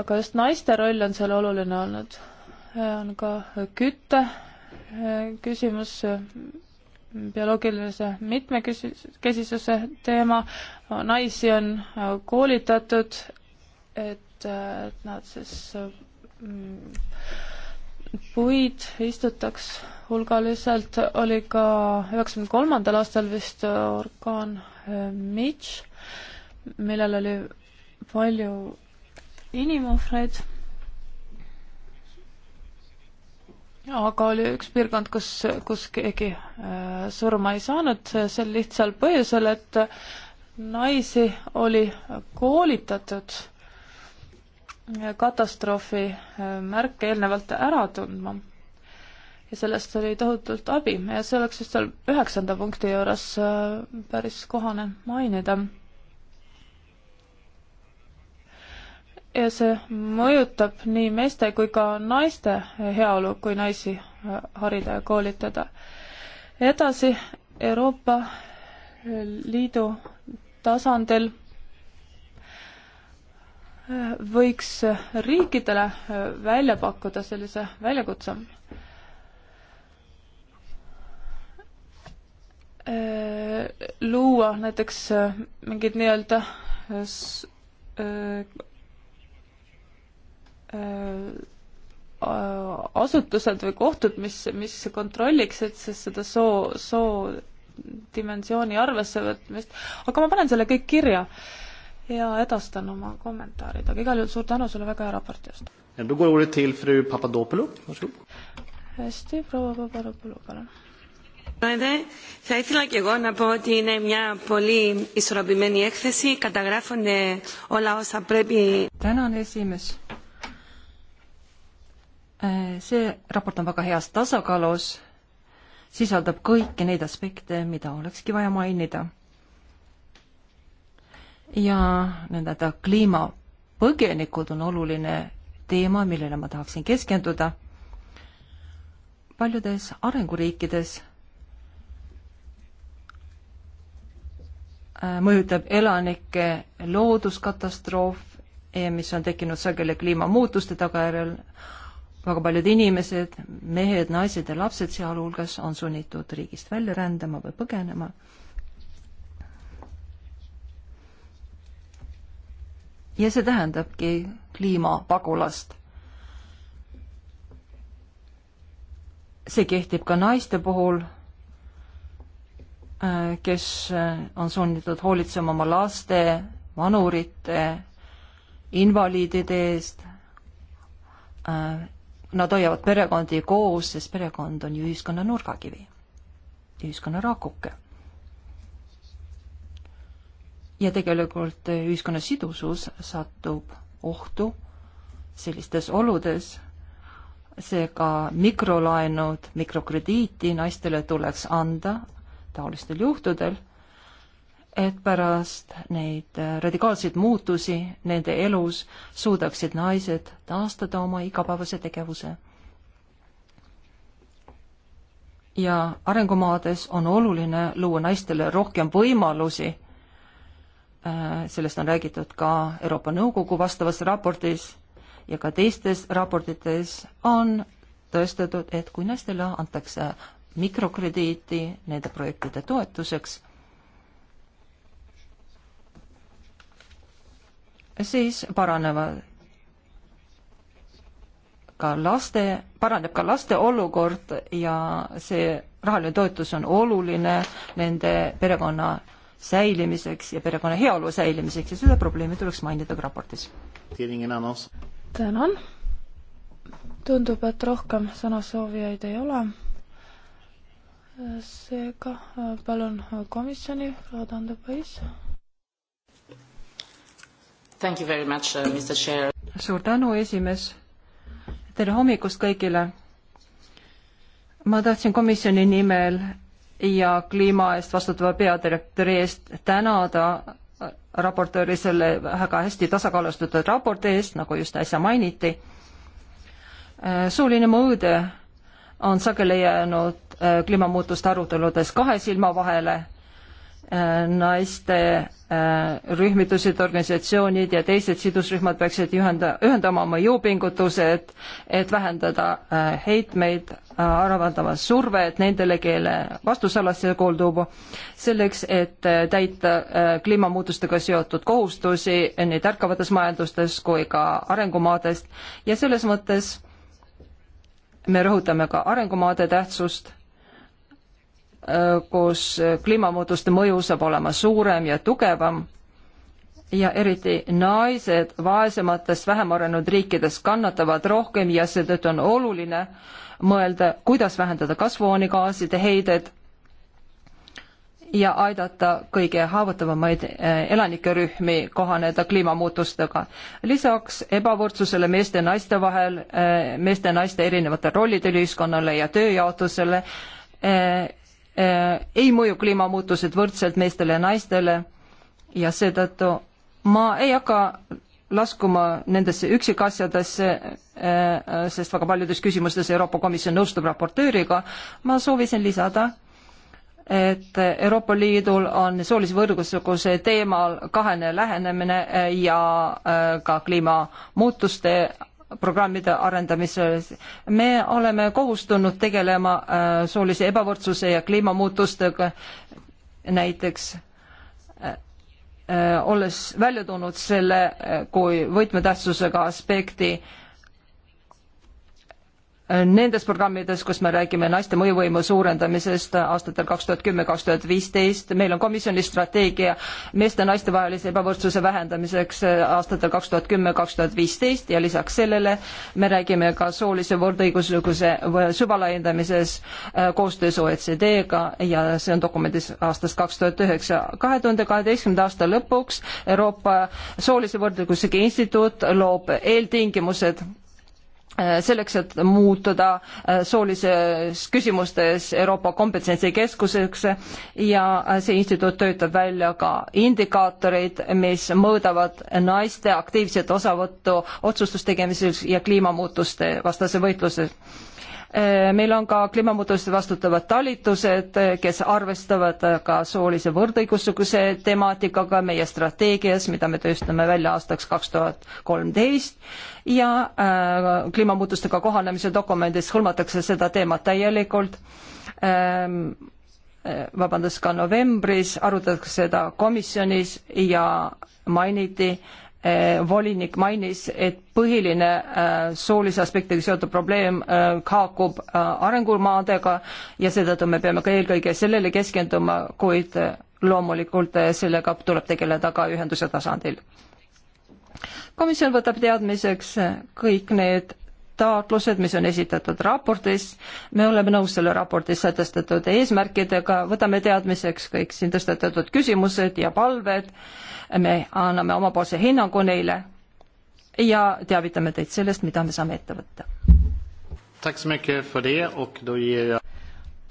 aga just naiste roll on seal oluline olnud. on ka kütte eh, küsimus bioloogilise mitmekesisuse teema, naisi on äh, koolitatud, et äh, nad siis mm, puid istutaks hulgaliselt, oli ka üheksakümne kolmandal aastal vist äh, orkaan Mitch, millel oli palju inimohvreid aga oli üks piirkond, kus, kus keegi äh, surma ei saanud sel lihtsal põhjusel, et naisi oli koolitatud katastroofi äh, märke eelnevalt ära tundma. ja sellest oli tohutult abi ja see oleks vist seal üheksanda punkti juures äh, päris kohane mainida ja see mõjutab nii meeste kui ka naiste heaolu, kui naisi äh, harida ja koolitada. edasi Euroopa Liidu tasandil äh, võiks riikidele äh, välja pakkuda sellise väljakutse. luua näiteks mingid nii-öelda Äh, äh, asutused või kohtud, mis, mis kontrolliksid siis seda soo, soo dimensiooni arvesse võtmist, aga ma panen selle kõik kirja ja edastan oma kommentaarid, aga igal juhul suur tänu sulle väga hea raporti eest. hästi, proua Papadopoulou, palun. Πρόεδρε, θα ήθελα και εγώ να πω ότι είναι μια πολύ ισορροπημένη έκθεση. Καταγράφονται όλα όσα πρέπει. Τέναν εσήμες see raport on väga heas tasakaalus, sisaldab kõiki neid aspekte, mida olekski vaja mainida. ja nii-öelda kliimapõgenikud on oluline teema, millele ma tahaksin keskenduda. paljudes arenguriikides äh, mõjutab elanike looduskatastroof, mis on tekkinud sageli kliimamuutuste tagajärjel, väga paljud inimesed, mehed, naised ja lapsed sealhulgas on sunnitud riigist välja rändama või põgenema. ja see tähendabki kliimapagulast. see kehtib ka naiste puhul, äh, kes äh, on sunnitud hoolitsema oma laste, vanurite, invaliidide eest äh, nad hoiavad perekondi koos, sest perekond on ju ühiskonna nurgakivi, ühiskonna rakuke. ja tegelikult ühiskonna sidusus satub ohtu sellistes oludes, seega mikrolaenud, mikrokrediiti naistele tuleks anda taolistel juhtudel et pärast neid äh, radikaalseid muutusi nende elus suudaksid naised taastada oma igapäevase tegevuse. ja arengumaades on oluline luua naistele rohkem võimalusi, äh, sellest on räägitud ka Euroopa Nõukogu vastavas raportis ja ka teistes raportites on tõestatud, et kui naistele antakse mikrokrediiti nende projektide toetuseks siis paranevad ka laste, paraneb ka laste olukord ja see rahaline toetus on oluline nende perekonna säilimiseks ja perekonna heaolu säilimiseks ja seda probleemi tuleks mainida ka raportis. tänan. tundub, et rohkem sõnasoovijaid ei ole. seega palun komisjoni, Rodan Dubais Thank you very much uh,, Mr Chair. suur tänu, esimees. tere hommikust kõigile. ma tahtsin komisjoni nimel ja kliima eest vastutava peadirektori eest tänada äh, raportööri selle väga hästi tasakaalustatud raporti eest, nagu just äsja mainiti. Äh, suuline mõõde on sageli jäänud äh, kliimamuutuste aruteludes kahe silma vahele Äh, naiste äh, rühmitused, organisatsioonid ja teised sidusrühmad peaksid ühenda, ühendama oma jõupingutused, et vähendada äh, heitmeid, arvandama survet nendele, kelle vastusalasse kuuldub, selleks, et täita kliimamuutustega seotud kohustusi nii tärkavates majandustes kui ka arengumaadest ja selles mõttes me rõhutame ka arengumaade tähtsust Äh, kus äh, kliimamuutuste mõju saab olema suurem ja tugevam ja eriti naised vaesematest vähem arenenud riikidest kannatavad rohkem ja seetõttu on oluline mõelda, kuidas vähendada kasvuhoonegaaside heidet ja aidata kõige haavatavamaid äh, elanikerühmi kohaneda kliimamuutustega. lisaks ebavõrdsusele meeste ja naiste vahel, meeste ja naiste erinevate rollide ühiskonnale ja tööjaotusele Äh, ei mõju kliimamuutused võrdselt meestele ja naistele ja seetõttu ma ei hakka laskuma nendesse üksikasjadesse, äh, sest väga paljudes küsimustes Euroopa Komisjon nõustub raportööriga, ma soovisin lisada, et Euroopa Liidul on soolise võrgustikuse teemal kahene lähenemine ja äh, ka kliimamuutuste programmide arendamisel. me oleme kohustunud tegelema äh, soolise ebavõrdsuse ja kliimamuutustega näiteks äh, äh, olles välja toonud selle kui võtmetähtsusega aspekti äh, nendes programmides, kus me räägime naiste mõjuvõimu suurendamisest aastatel kaks tuhat kümme, kaks tuhat viisteist, meil on komisjonis strateegia meeste ja naiste vahelise ebavõrdsuse vähendamiseks aastatel kaks tuhat kümme, kaks tuhat viisteist ja lisaks sellele me räägime ka soolise võrdõiguslikkuse süvalaiendamises koostöös OECD-ga ja see on dokumendis aastast kaks tuhat üheksa. kahe tuhande kaheteistkümnenda aasta lõpuks Euroopa Soolise Võrdõiguslikkuse Instituut loob eeltingimused Äh, selleks, et muutuda äh, soolises küsimustes Euroopa Kompetentsikeskuseks ja äh, see instituut töötab välja ka indikaatoreid, mis mõõdavad naiste aktiivset osavõttu otsustustegemisel ja kliimamuutuste vastase võitluses meil on ka kliimamuutuste vastutavad talitused, kes arvestavad ka soolise võrdõiguslikkuse temaatikaga meie strateegias, mida me tööstame välja aastaks kaks tuhat kolmteist ja äh, kliimamuutustega kohanemise dokumendis hõlmatakse seda teemat täielikult ähm, äh, vabandust, ka novembris arutatakse seda komisjonis ja mainiti äh,, volinik mainis, et põhiline äh, soolise aspektiga seotud probleem äh, haakub äh, arengumaadega ja seetõttu me peame ka eelkõige sellele keskenduma, kuid äh, loomulikult äh, sellega tuleb tegeleda ka ühenduse tasandil komisjon võtab teadmiseks kõik need taotlused, mis on esitatud raportis, me oleme nõus selle raportis sätestatud eesmärkidega, võtame teadmiseks kõik siin tõstatatud küsimused ja palved, me anname omapoolse hinnangu neile ja teavitame teid sellest, mida me saame ette võtta.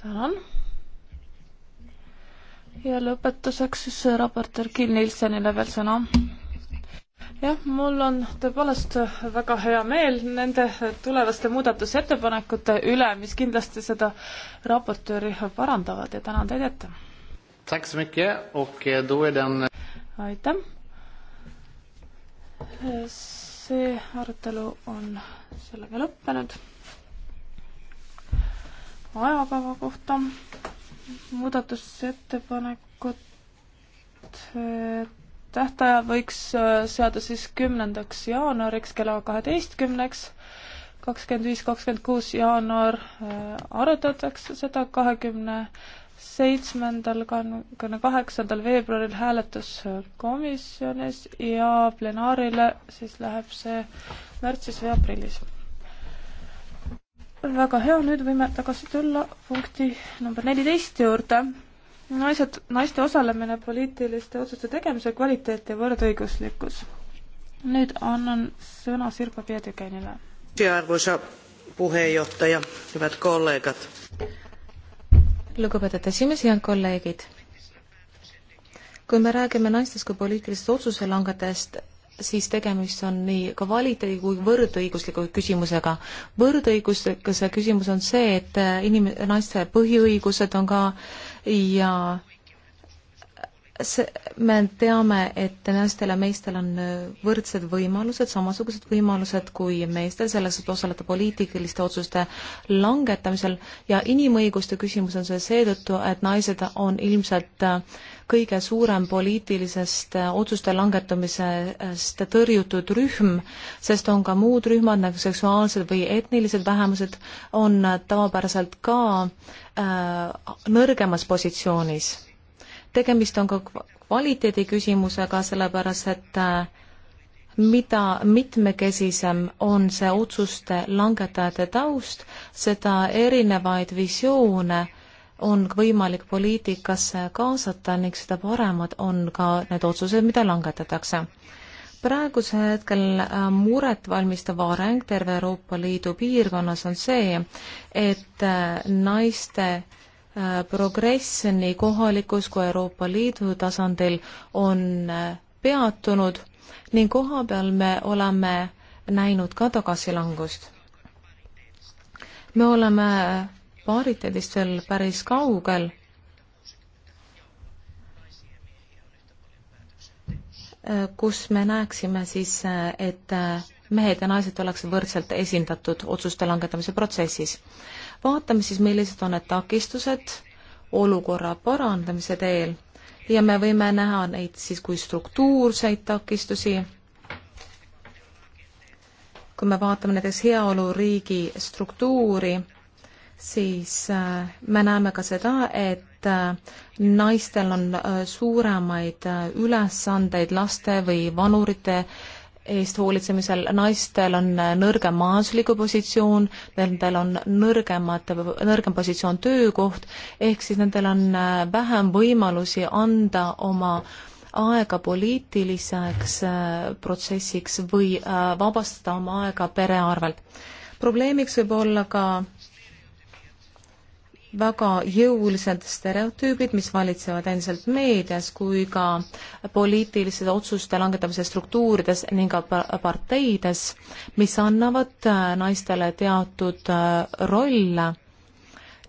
tänan. ja lõpetuseks siis raportöör Kill Nilsenile veel sõna jah, mul on tõepoolest väga hea meel nende tulevaste muudatusettepanekute üle, mis kindlasti seda raportööri parandavad ja tänan teid ette. Eh, aitäh. see arutelu on sellega lõppenud. ajakava kohta muudatusettepanekut eh, tähtaja võiks äh, seada siis kümnendaks jaanuariks kella kaheteistkümneks, kakskümmend viis, kakskümmend kuus jaanuar äh, arutatakse seda, kahekümne seitsmendal, kahekümne kaheksandal veebruaril hääletus komisjonis ja plenaarile siis läheb see märtsis või aprillis. väga hea, nüüd võime tagasi tulla punkti number neliteist juurde naised, naiste osalemine poliitiliste otsuste tegemise kvaliteet ja võrdõiguslikkus. nüüd annan sõna Sirpa Pietikäinile. arvoisa puheenjohtaja, head kolleegad. lugupeetud esimees, head kolleegid. kui me räägime naistest kui poliitilisest otsuse langetajast, siis tegemist on nii kvaliteedi kui võrdõigusliku küsimusega. võrdõiguslikkuse küsimus on see, et inim-, naiste põhiõigused on ka äh, ja see, me teame, et naistel ja meestel on äh, võrdsed võimalused, samasugused võimalused kui meestel, selles, et osaleda poliitiliste otsuste langetamisel ja inimõiguste küsimus on see seetõttu, et naised on ilmselt äh, kõige suurem poliitilisest äh, otsuste langetamisest tõrjutud rühm, sest on ka muud rühmad nagu seksuaalsed või etnilised vähemused, on tavapäraselt ka äh, nõrgemas positsioonis tegemist on ka kvaliteedi küsimusega, sellepärast et äh, mida mitmekesisem on see otsuste langetajate taust, seda erinevaid visioone on võimalik poliitikasse kaasata ning seda paremad on ka need otsused, mida langetatakse. praegusel hetkel äh, muret valmistav areng terve Euroopa Liidu piirkonnas on see, et äh, naiste Äh, progress nii kohalikus kui Euroopa Liidu tasandil on äh, peatunud ning koha peal me oleme näinud ka tagasilangust. me oleme äh, pariteedist veel päris kaugel. kus me näeksime siis, et mehed ja naised oleks võrdselt esindatud otsuste langetamise protsessis vaatame siis, millised on need takistused olukorra parandamise teel ja me võime näha neid siis kui struktuurseid takistusi. kui me vaatame näiteks heaoluriigi struktuuri, siis äh, me näeme ka seda, et äh, naistel on äh, suuremaid ülesandeid laste või vanurite äh, eest hoolitsemisel, naistel on nõrgem majandusliku positsioon, nendel on nõrgemad, nõrgem positsioon töökoht, ehk siis nendel on äh, vähem võimalusi anda oma aega poliitiliseks äh, protsessiks või äh, vabastada oma aega pere arvelt. probleemiks võib olla ka väga jõulised stereotüübid, mis valitsevad endiselt meedias kui ka poliitiliste otsuste langetamise struktuurides ning ka parteides, mis annavad äh, naistele teatud äh, rolle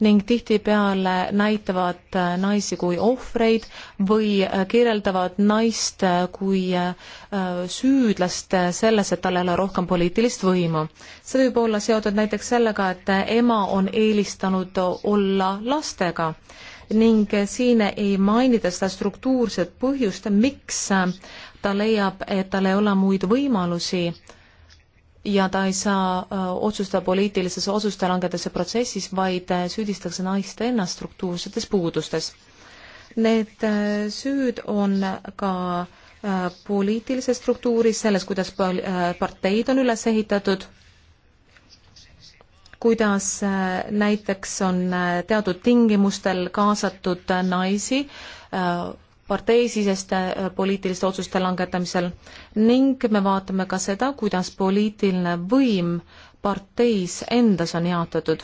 ning tihtipeale näitavad äh, naisi kui ohvreid või äh, kirjeldavad naist äh, kui süüdlast selles, et tal ei ole rohkem poliitilist võimu. see võib olla seotud näiteks sellega, et ema on eelistanud olla lastega ning siin ei mainida seda struktuurset põhjust, miks ta leiab, et tal ei ole muid võimalusi ja ta ei saa äh, otsustada poliitilises otsuste langetamise protsessis, vaid äh, süüdistatakse naist ennast struktuursetes puudustes. Need äh, süüd on ka poliitilises struktuuris, selles, kuidas parteid on üles ehitatud, kuidas näiteks on teatud tingimustel kaasatud naisi parteisiseste äh, poliitiliste otsuste langetamisel ning me vaatame ka seda, kuidas poliitiline võim parteis endas on jaotatud.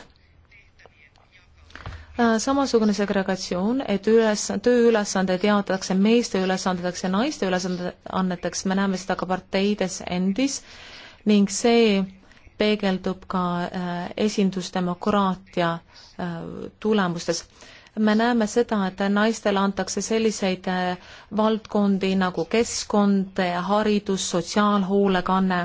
Äh, samasugune segregatsioon, et üles, tööülesanded jaotatakse meeste ülesandedeks ja naiste ülesanneteks, me näeme seda ka parteides endis ning see peegeldub ka äh, esindusdemokraatia tulemustes me näeme seda, et naistele antakse selliseid äh, valdkondi nagu keskkond, äh, haridus, sotsiaalhoolekanne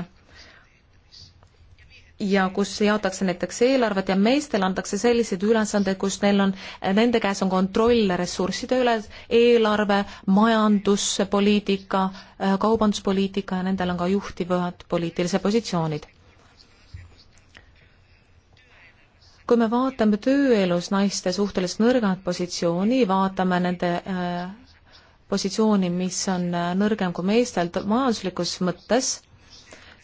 ja kus jaotakse näiteks eelarved ja meestele antakse selliseid ülesandeid, kus neil on, äh, nende käes on kontroll ressursside üle, eelarve, majanduspoliitika, kaubanduspoliitika ja nendel on ka juhtivad poliitilised positsioonid kui me vaatame tööelus naiste suhteliselt nõrgat positsiooni, vaatame nende äh, positsiooni, mis on äh, nõrgem kui meestel majanduslikus mõttes,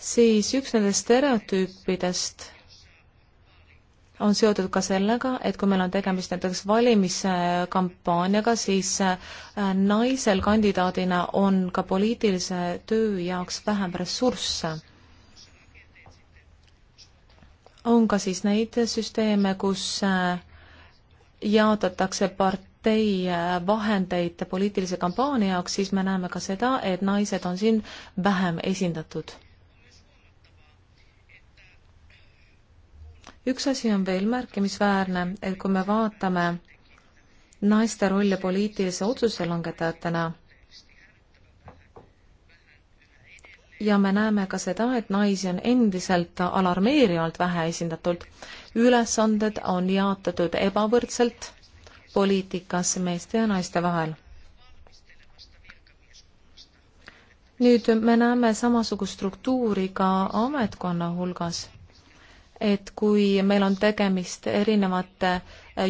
siis üks nendest stereotüüpidest on seotud ka sellega, et kui meil on tegemist näiteks valimiskampaaniaga, siis äh, naisel kandidaadina on ka poliitilise töö jaoks vähem ressursse on ka siis neid süsteeme, kus äh, jaotatakse partei äh, vahendeid poliitilise kampaania jaoks, siis me näeme ka seda, et naised on siin vähem esindatud. üks asi on veel märkimisväärne, et kui me vaatame naiste rolli poliitilise otsuse langetajatena, ja me näeme ka seda, et naisi on endiselt alarmeerivalt vähe esindatult. ülesanded on jaotatud ebavõrdselt poliitikas meeste ja naiste vahel. nüüd me näeme samasugust struktuuri ka ametkonna hulgas et kui meil on tegemist erinevate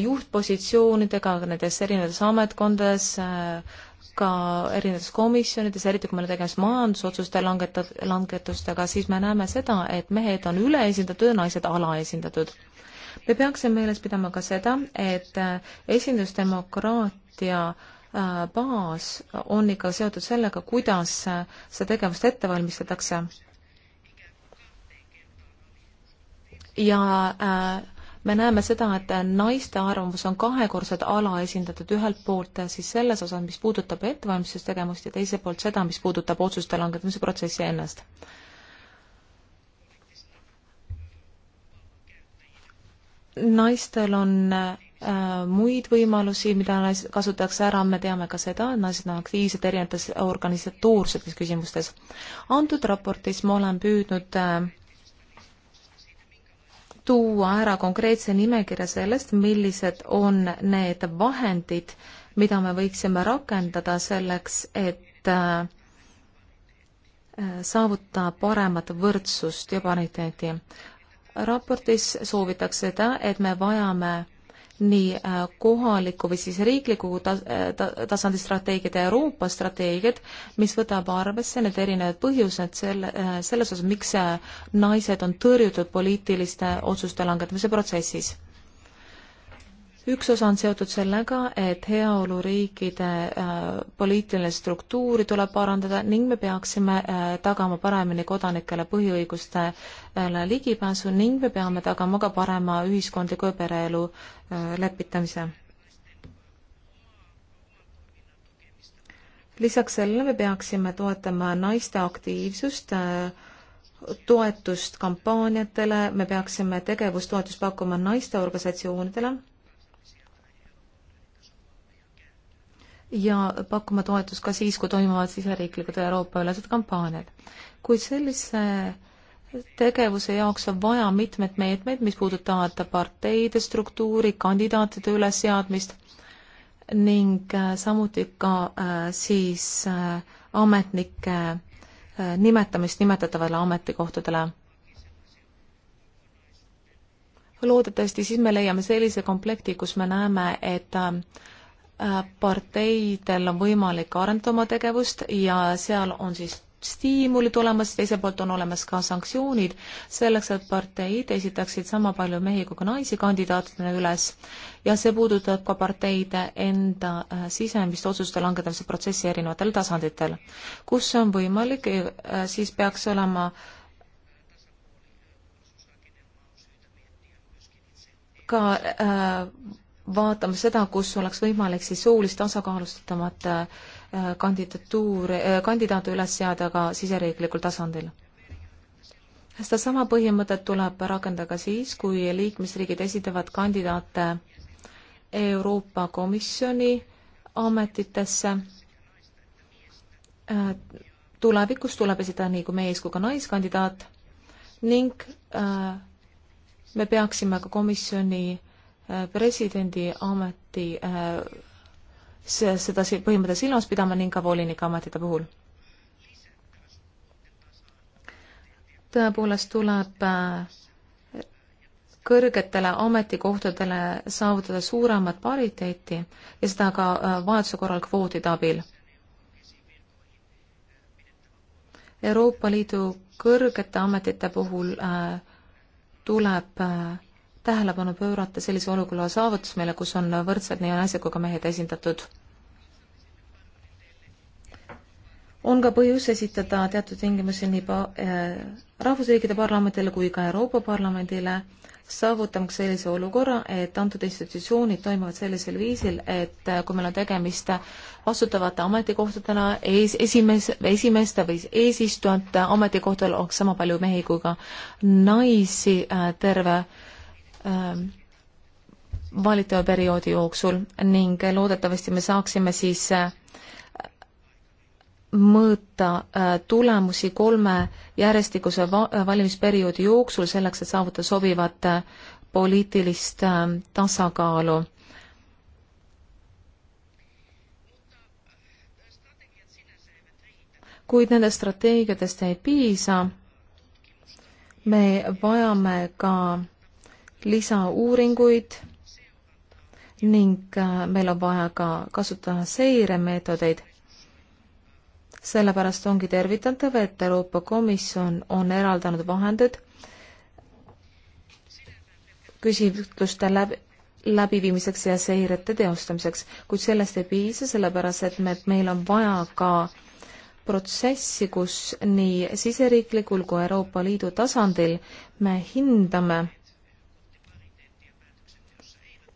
juhtpositsioonidega nendes erinevates ametkondades, ka erinevates komisjonides, eriti kui meil on tegemist majandusotsuste langeta-, langetustega, siis me näeme seda, et mehed on üleesindatud ja naised alaesindatud. me peaksime meeles pidama ka seda, et äh, esindusdemokraatia äh, baas on ikka seotud sellega, kuidas äh, seda tegevust ette valmistatakse. ja äh, me näeme seda, et naiste arvamus on kahekordselt alaesindatud ühelt poolt siis selles osas, mis puudutab ettevalmistustegevust ja teiselt poolt seda, mis puudutab otsuste langetamise protsessi ennast. naistel on äh, muid võimalusi, mida kasutatakse ära, me teame ka seda, et naised on aktiivsed erinevates organisatoorsetes küsimustes. antud raportis ma olen püüdnud äh, tuua ära konkreetse nimekirja sellest, millised on need vahendid, mida me võiksime rakendada selleks, et äh, saavuta paremat võrdsust ja pariteeti. raportis soovitakse seda, et me vajame nii äh, kohaliku või siis riikliku tas-, äh, tasandi strateegiad ja Euroopa strateegiad, mis võtab arvesse need erinevad põhjused selle, äh, selles osas, miks naised on tõrjutud poliitiliste otsuste langetamise protsessis üks osa on seotud sellega, et heaoluriikide äh, poliitiline struktuuri tuleb parandada ning me peaksime äh, tagama paremini kodanikele põhiõigustele ligipääsu ning me peame tagama ka parema ühiskondliku ja pereelu äh, lepitamise. lisaks sellele me peaksime toetama naiste aktiivsust äh, toetust kampaaniatele, me peaksime tegevustoetust pakkuma naisteorganisatsioonidele ja pakkuma toetust ka siis, kui toimuvad siseriiklikud Euroopa-ülesed kampaaniad. kuid sellise tegevuse jaoks on vaja mitmed meetmed, mis puudutavad parteide struktuuri, kandidaatide ülesseadmist ning äh, samuti ka äh, siis äh, ametnike äh, nimetamist nimetatavale ametikohtadele. loodetavasti siis me leiame sellise komplekti, kus me näeme, et äh, Äh, parteidel on võimalik arendada oma tegevust ja seal on siis stiimulid olemas, teiselt poolt on olemas ka sanktsioonid selleks, et parteid esitaksid sama palju mehi kui ka naisi kandidaatidena üles ja see puudutab ka parteide enda äh, sisemist otsuste langetamise protsessi erinevatel tasanditel. kus on võimalik, äh, siis peaks olema ka äh, vaatama seda, kus oleks võimalik siis soolist tasakaalustatamat äh, kandidatuuri, äh, kandidaate üles seada ka siseriiklikul tasandil. sedasama põhimõtet tuleb rakendada ka siis, kui liikmesriigid esitavad kandidaate Euroopa Komisjoni ametitesse. Äh, tulevikus tuleb esitada nii kui mees kui ka naiskandidaat ning me peaksime ka komisjoni Äh, presidendi ameti äh, seda põhimõtet silmas pidama ning ka volinike ametite puhul. tõepoolest tuleb äh, kõrgetele ametikohtadele saavutada suuremat pariteeti ja seda ka vajaduse korral kvootide abil. Euroopa Liidu kõrgete ametite puhul tuleb äh, tähelepanu pöörata sellise olukorra saavutusmeile, kus on võrdsed nii naised kui ka mehed esindatud. on ka põhjus esitada teatud tingimusi nii pa-, äh, rahvusriikide parlamendile kui ka Euroopa Parlamendile, saavutamaks sellise olukorra, et antud institutsioonid toimivad sellisel viisil, et äh, kui meil on tegemist vastutavate ametikohtadena ees, esimees, esimeeste või eesistujate ametikohtadel oleks sama palju mehi kui ka naisi äh, terve äh, Ähm, valitava perioodi jooksul ning loodetavasti me saaksime siis äh, mõõta äh, tulemusi kolme järjestikuse äh, valimisperioodi jooksul selleks, et saavutada sobivat poliitilist tasakaalu. kuid nendest strateegiatest ei piisa. me vajame ka lisauuringuid ning äh, meil on vaja ka kasutada seiremeetodeid. sellepärast ongi tervitatav, et Euroopa Komisjon on eraldanud vahendid küsitluste läbi, läbiviimiseks ja seirete teostamiseks, kuid sellest ei piisa, sellepärast et me, meil on vaja ka protsessi, kus nii siseriiklikul kui Euroopa Liidu tasandil me hindame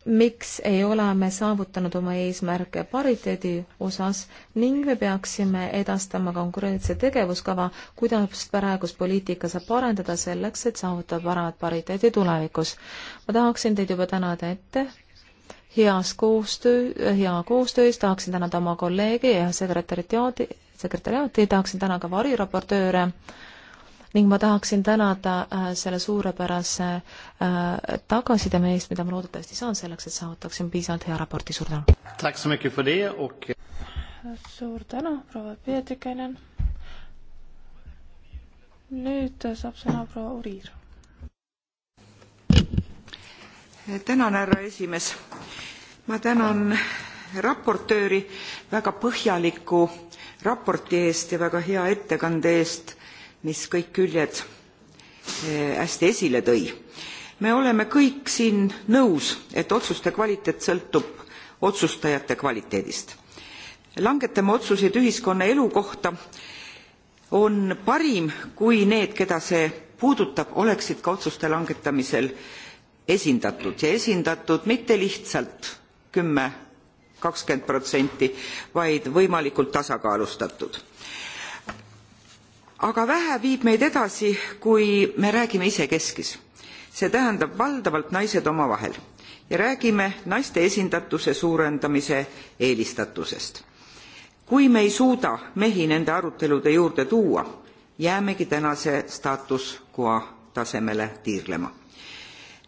miks ei ole me saavutanud oma eesmärke pariteedi osas ning me peaksime edastama konkurentse tegevuskava, kuidas praegust poliitika saab parandada selleks, et saavutada paremat pariteedi tulevikus. ma tahaksin teid juba tänada ette heas koostöö, hea koostöö eest, tahaksin tänada oma kolleege ja sekretäriaati, sekretäriaati, tahaksin tänada ka variraportööre äh, ning ma tahaksin tänada äh, selle suurepärase äh, tagasiside eest, mida ma loodetavasti saan selleks, et saavutaksin piisavalt hea raporti, suur tänu! suur tänu, proua Peetikainen! nüüd saab sõna proua Uriir. tänan, härra esimees! ma tänan raportööri väga põhjaliku raporti eest ja väga hea ettekande eest mis kõik küljed eh, hästi esile tõi. me oleme kõik siin nõus et otsuste kvaliteet sõltub otsustajate kvaliteedist. langetame otsuseid ühiskonna elu kohta on parim kui need keda see puudutab oleksid ka otsuste langetamisel esindatud ja esindatud mitte lihtsalt kümme kakskümmend protsenti vaid võimalikult tasakaalustatud aga vähe viib meid edasi kui me räägime isekeskis see tähendab valdavalt naised omavahel ja räägime naiste esindatuse suurendamise eelistatusest. kui me ei suuda mehi nende arutelude juurde tuua jäämegi tänase status quo tasemele tiirlema.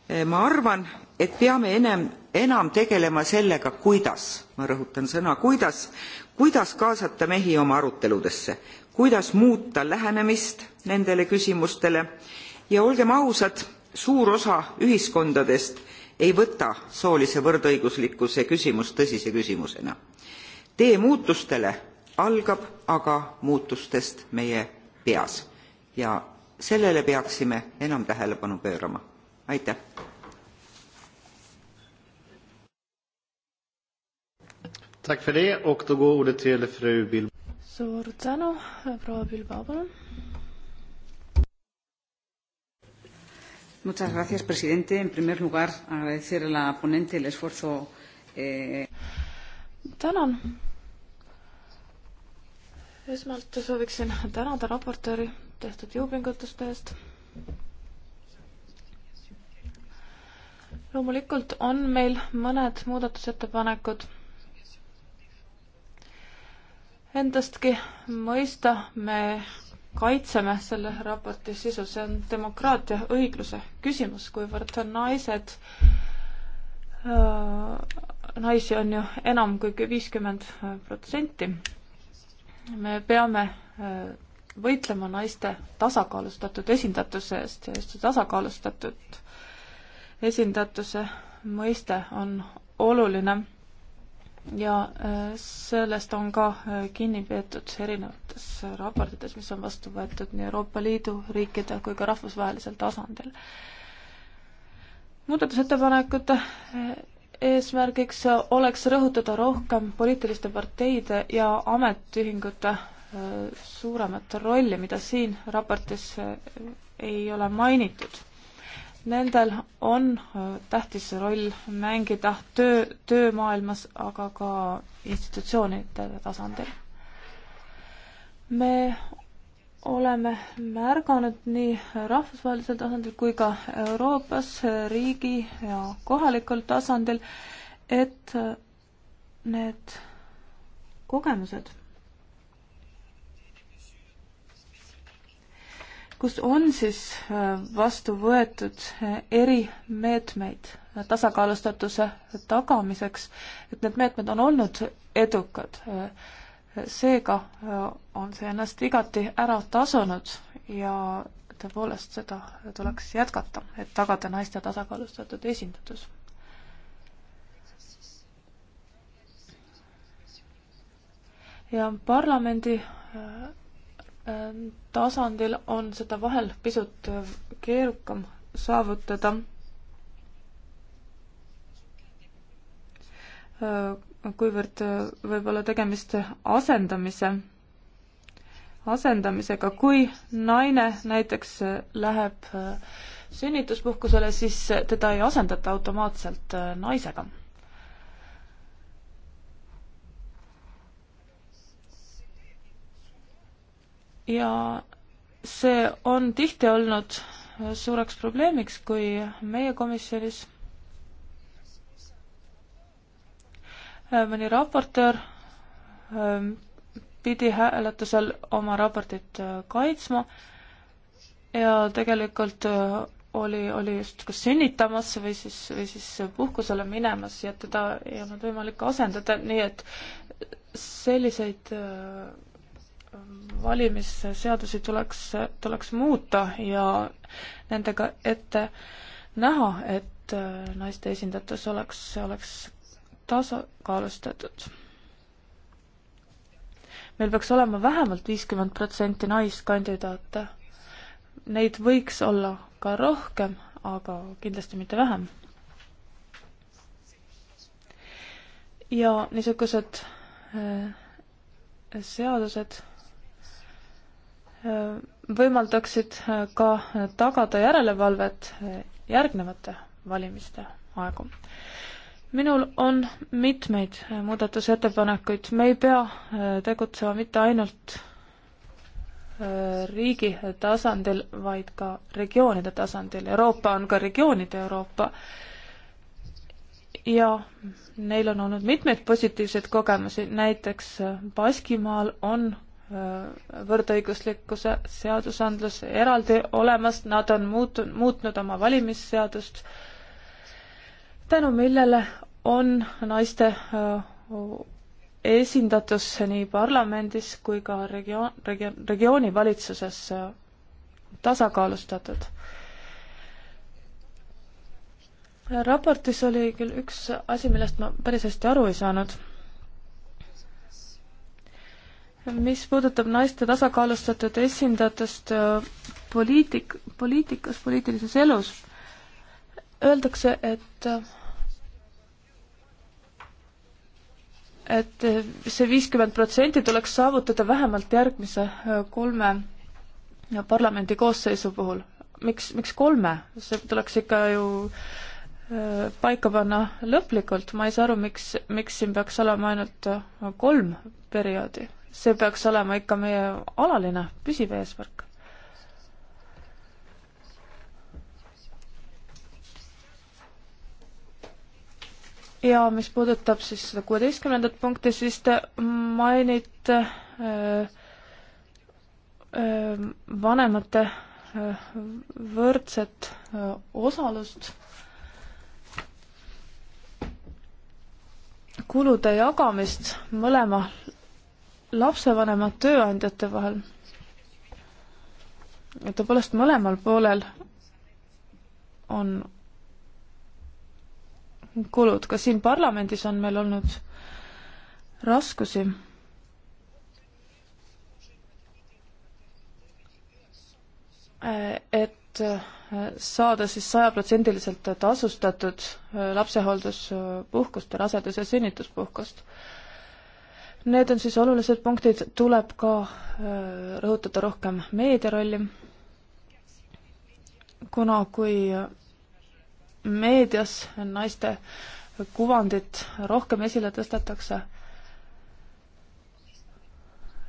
Eh, ma arvan et peame enem, enam tegelema sellega kuidas ma rõhutan sõna kuidas kuidas kaasata mehi oma aruteludesse kuidas muuta lähenemist nendele küsimustele ja olgem ausad suur osa ühiskondadest ei võta soolise võrdõiguslikkuse küsimust tõsise küsimusena. tee muutustele algab aga muutustest meie peas ja sellele peaksime enam tähelepanu pöörama. aitäh! Tack för det och då går ordet till fru Bill suur tänu, proua Pilva, palun. Muchas gracias, presidente. En primer lugar, agradecer a la ponente el esfuerzo. Eh... Tänan. Esmalt sooviksin tänada raportööri tehtud jõupingutuste eest. loomulikult on meil mõned muudatusettepanekud endastki mõista, me kaitseme selle raporti sisu, see on demokraatia õigluse küsimus, kuivõrd naised äh, naisi on ju enam kui viiskümmend protsenti. me peame äh, võitlema naiste tasakaalustatud esindatuse eest ja just see tasakaalustatud esindatuse mõiste on oluline ja äh, sellest on ka äh, kinni peetud erinevates raportites, mis on vastu võetud nii Euroopa Liidu riikide kui ka rahvusvahelisel tasandil. muudatusettepanekute äh, eesmärgiks oleks rõhutada rohkem poliitiliste parteide ja ametiühingute suuremat rolli, mida siin raportis ei ole mainitud Nendel on äh, tähtis roll mängida töö, töömaailmas, aga ka institutsioonide tasandil. me oleme märganud nii rahvusvahelisel tasandil kui ka Euroopas riigi ja kohalikul tasandil, et need kogemused kus on siis äh, vastu võetud äh, erimeetmeid tasakaalustatuse tagamiseks, et need meetmed on olnud edukad. Äh, seega on see ennast igati ära tasunud ja tõepoolest seda tuleks jätkata, et tagada naiste tasakaalustatud esindatus. ja parlamendi Ähm, tasandil on seda vahel pisut äh, keerukam saavutada. Äh, kuivõrd äh, võib-olla tegemist asendamise, asendamisega, kui naine näiteks läheb sünnituspuhkusele, siis teda ei asendata automaatselt naisega ja see on tihti olnud suureks probleemiks, kui meie komisjonis mõni raportöör ähm, pidi hääletusel oma raportit äh, kaitsma ja tegelikult äh, oli, oli just kas sünnitamas või siis, või siis puhkusele minemas ja teda ei olnud võimalik asendada, nii et selliseid äh, valimisseadusi tuleks, tuleks muuta ja nendega ette näha, et äh, naiste esindatus oleks, oleks tasakaalustatud. meil peaks olema vähemalt viiskümmend protsenti naiskandidaate. Neid võiks olla ka rohkem, aga kindlasti mitte vähem. ja niisugused äh, seadused võimaldaksid äh, ka tagada järelevalvet äh, järgnevate valimiste aegu. minul on mitmeid äh, muudatusettepanekuid, me ei pea tegutsema mitte ainult riigi tasandil, vaid ka regioonide tasandil. Euroopa on ka regioonide Euroopa ja neil on olnud mitmeid positiivseid kogemusi, näiteks Baskimaal on Äh, võrdõiguslikkuse seadusandlus eraldi olemas, nad on muutu-, muutnud oma valimisseadust, tänu millele on naiste äh, esindatus nii parlamendis kui ka regioon, regioon, regiooni valitsuses äh, tasakaalustatud. raportis oli küll üks asi, millest ma päris hästi aru ei saanud mis puudutab naiste tasakaalustatud esindajatest äh, poliitik, poliitikas, poliitilises elus, öeldakse, et et see viiskümmend protsenti tuleks saavutada vähemalt järgmise äh, kolme äh, parlamendi koosseisu puhul. miks, miks kolme? see tuleks ikka ju paika panna lõplikult, ma ei saa aru, miks, miks siin peaks olema ainult kolm perioodi see peaks olema ikka meie alaline püsiv eesmärk. ja mis puudutab siis seda kuueteistkümnendat punkti, siis te mainite äh, äh, vanemate äh, võrdset äh, osalust kulude jagamist mõlema lapsevanemad tööandjate vahel. tõepoolest mõlemal poolel on kulud, ka siin parlamendis on meil olnud raskusi. et saada siis sajaprotsendiliselt tasustatud lapsehoolduspuhkust, rasedus- ja sünnituspuhkust Need on siis olulised punktid, tuleb ka äh, rõhutada rohkem meedia rolli, kuna kui meedias naiste kuvandit rohkem esile tõstetakse,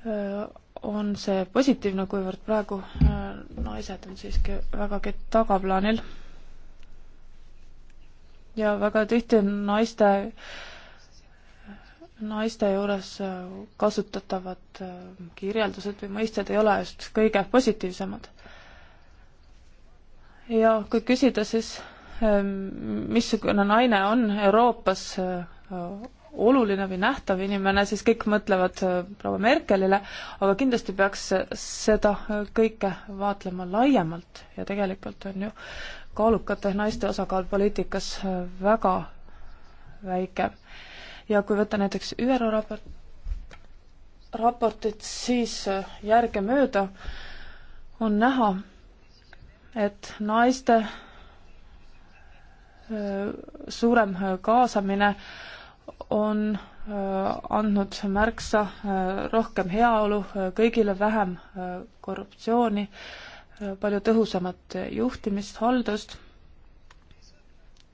äh, on see positiivne, kuivõrd praegu äh, naised on siiski vägagi tagaplaanil. ja väga tihti on naiste äh, naiste juures äh, kasutatavad äh, kirjeldused või mõisted ei ole just kõige positiivsemad. ja kui küsida, siis ähm, missugune naine on Euroopas äh, oluline või nähtav inimene, siis kõik mõtlevad proua Merkelile, aga kindlasti peaks seda kõike vaatlema laiemalt ja tegelikult on ju kaalukate naiste osakaal poliitikas väga väike ja kui võtta näiteks ÜRO raport, raportit, siis äh, järgemööda on näha, et naiste äh, suurem äh, kaasamine on andnud märksa rohkem heaolu kõigile, vähem korruptsiooni, palju tõhusamat juhtimist, haldust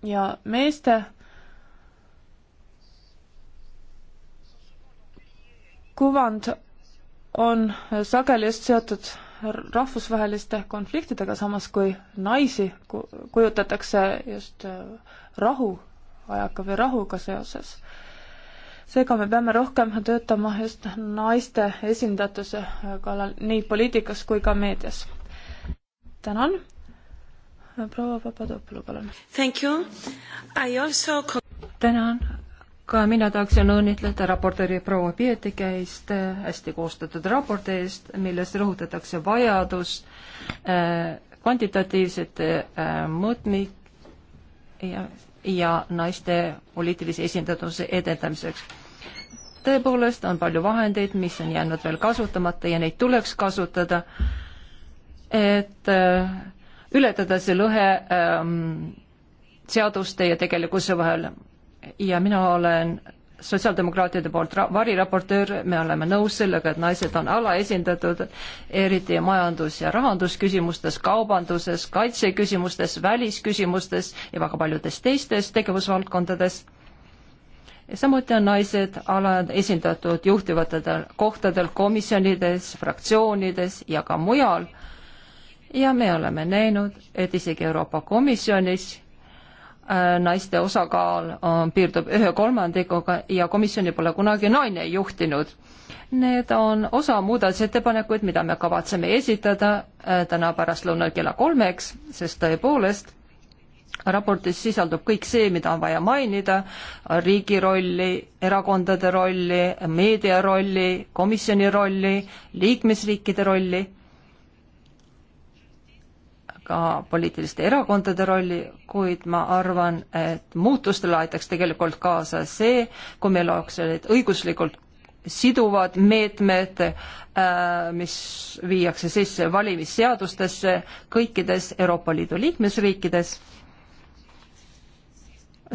ja meeste kuvand on sageli just seotud rahvusvaheliste konfliktidega, samas kui naisi kujutatakse just äh, rahuajaga või rahuga seoses. seega me peame rohkem töötama just naiste esindatuse äh, kallal nii poliitikas kui ka meedias. tänan. proua Papadopoulou, palun. Also... tänan ka mina tahaksin õnnitleda raportööri proua Pietikäist hästi koostatud raporti eest, milles rõhutatakse vajadus äh, kvantitatiivsete äh, mõõtmik ja, ja naiste poliitilise esindatuse edendamiseks. tõepoolest on palju vahendeid, mis on jäänud veel kasutamata ja neid tuleks kasutada, et äh, ületada see lõhe ähm, seaduste ja tegelikkuse vahel ja mina olen sotsiaaldemokraatide poolt variraportöör, me oleme nõus sellega, et naised on alaesindatud, eriti majandus- ja rahandusküsimustes, kaubanduses, kaitseküsimustes, välisküsimustes ja väga paljudes teistes tegevusvaldkondades. samuti on naised alaesindatud juhtivatel kohtadel komisjonides, fraktsioonides ja ka mujal. ja me oleme näinud, et isegi Euroopa Komisjonis Äh, naiste osakaal on, äh, piirdub ühe kolmandikuga ja komisjoni pole kunagi naine juhtinud. Need on osa muudatusettepanekuid, mida me kavatseme esitada äh, täna pärastlõunal kella kolmeks, sest tõepoolest raportis sisaldub kõik see, mida on vaja mainida, riigi rolli, erakondade rolli, meedia rolli, komisjoni rolli, liikmesriikide rolli ka poliitiliste erakondade rolli, kuid ma arvan, et muutustele aitaks tegelikult kaasa see, kui meil oleks sellised õiguslikult siduvad meetmed, äh, mis viiakse sisse valimisseadustesse kõikides Euroopa Liidu liikmesriikides,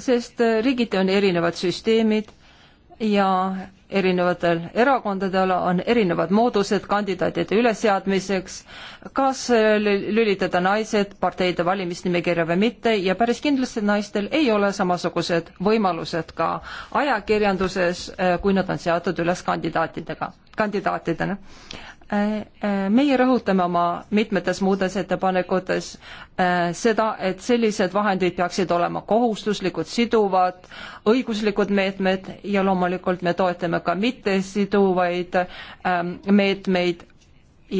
sest riigiti on erinevad süsteemid ja erinevatel erakondadel on erinevad moodused kandidaatide ülesseadmiseks, kas äh, lülitada naised parteide valimisnimekirja või mitte ja päris kindlasti naistel ei ole samasugused võimalused ka ajakirjanduses, äh, kui nad on seatud üles kandidaatidega, kandidaatidena. Äh, äh, meie rõhutame oma mitmetes muudes ettepanekutes äh, seda, et sellised vahendid peaksid olema kohustuslikud, siduvad, õiguslikud meetmed ja loomulikult me toetame ka mittesiduvaid ähm, meetmeid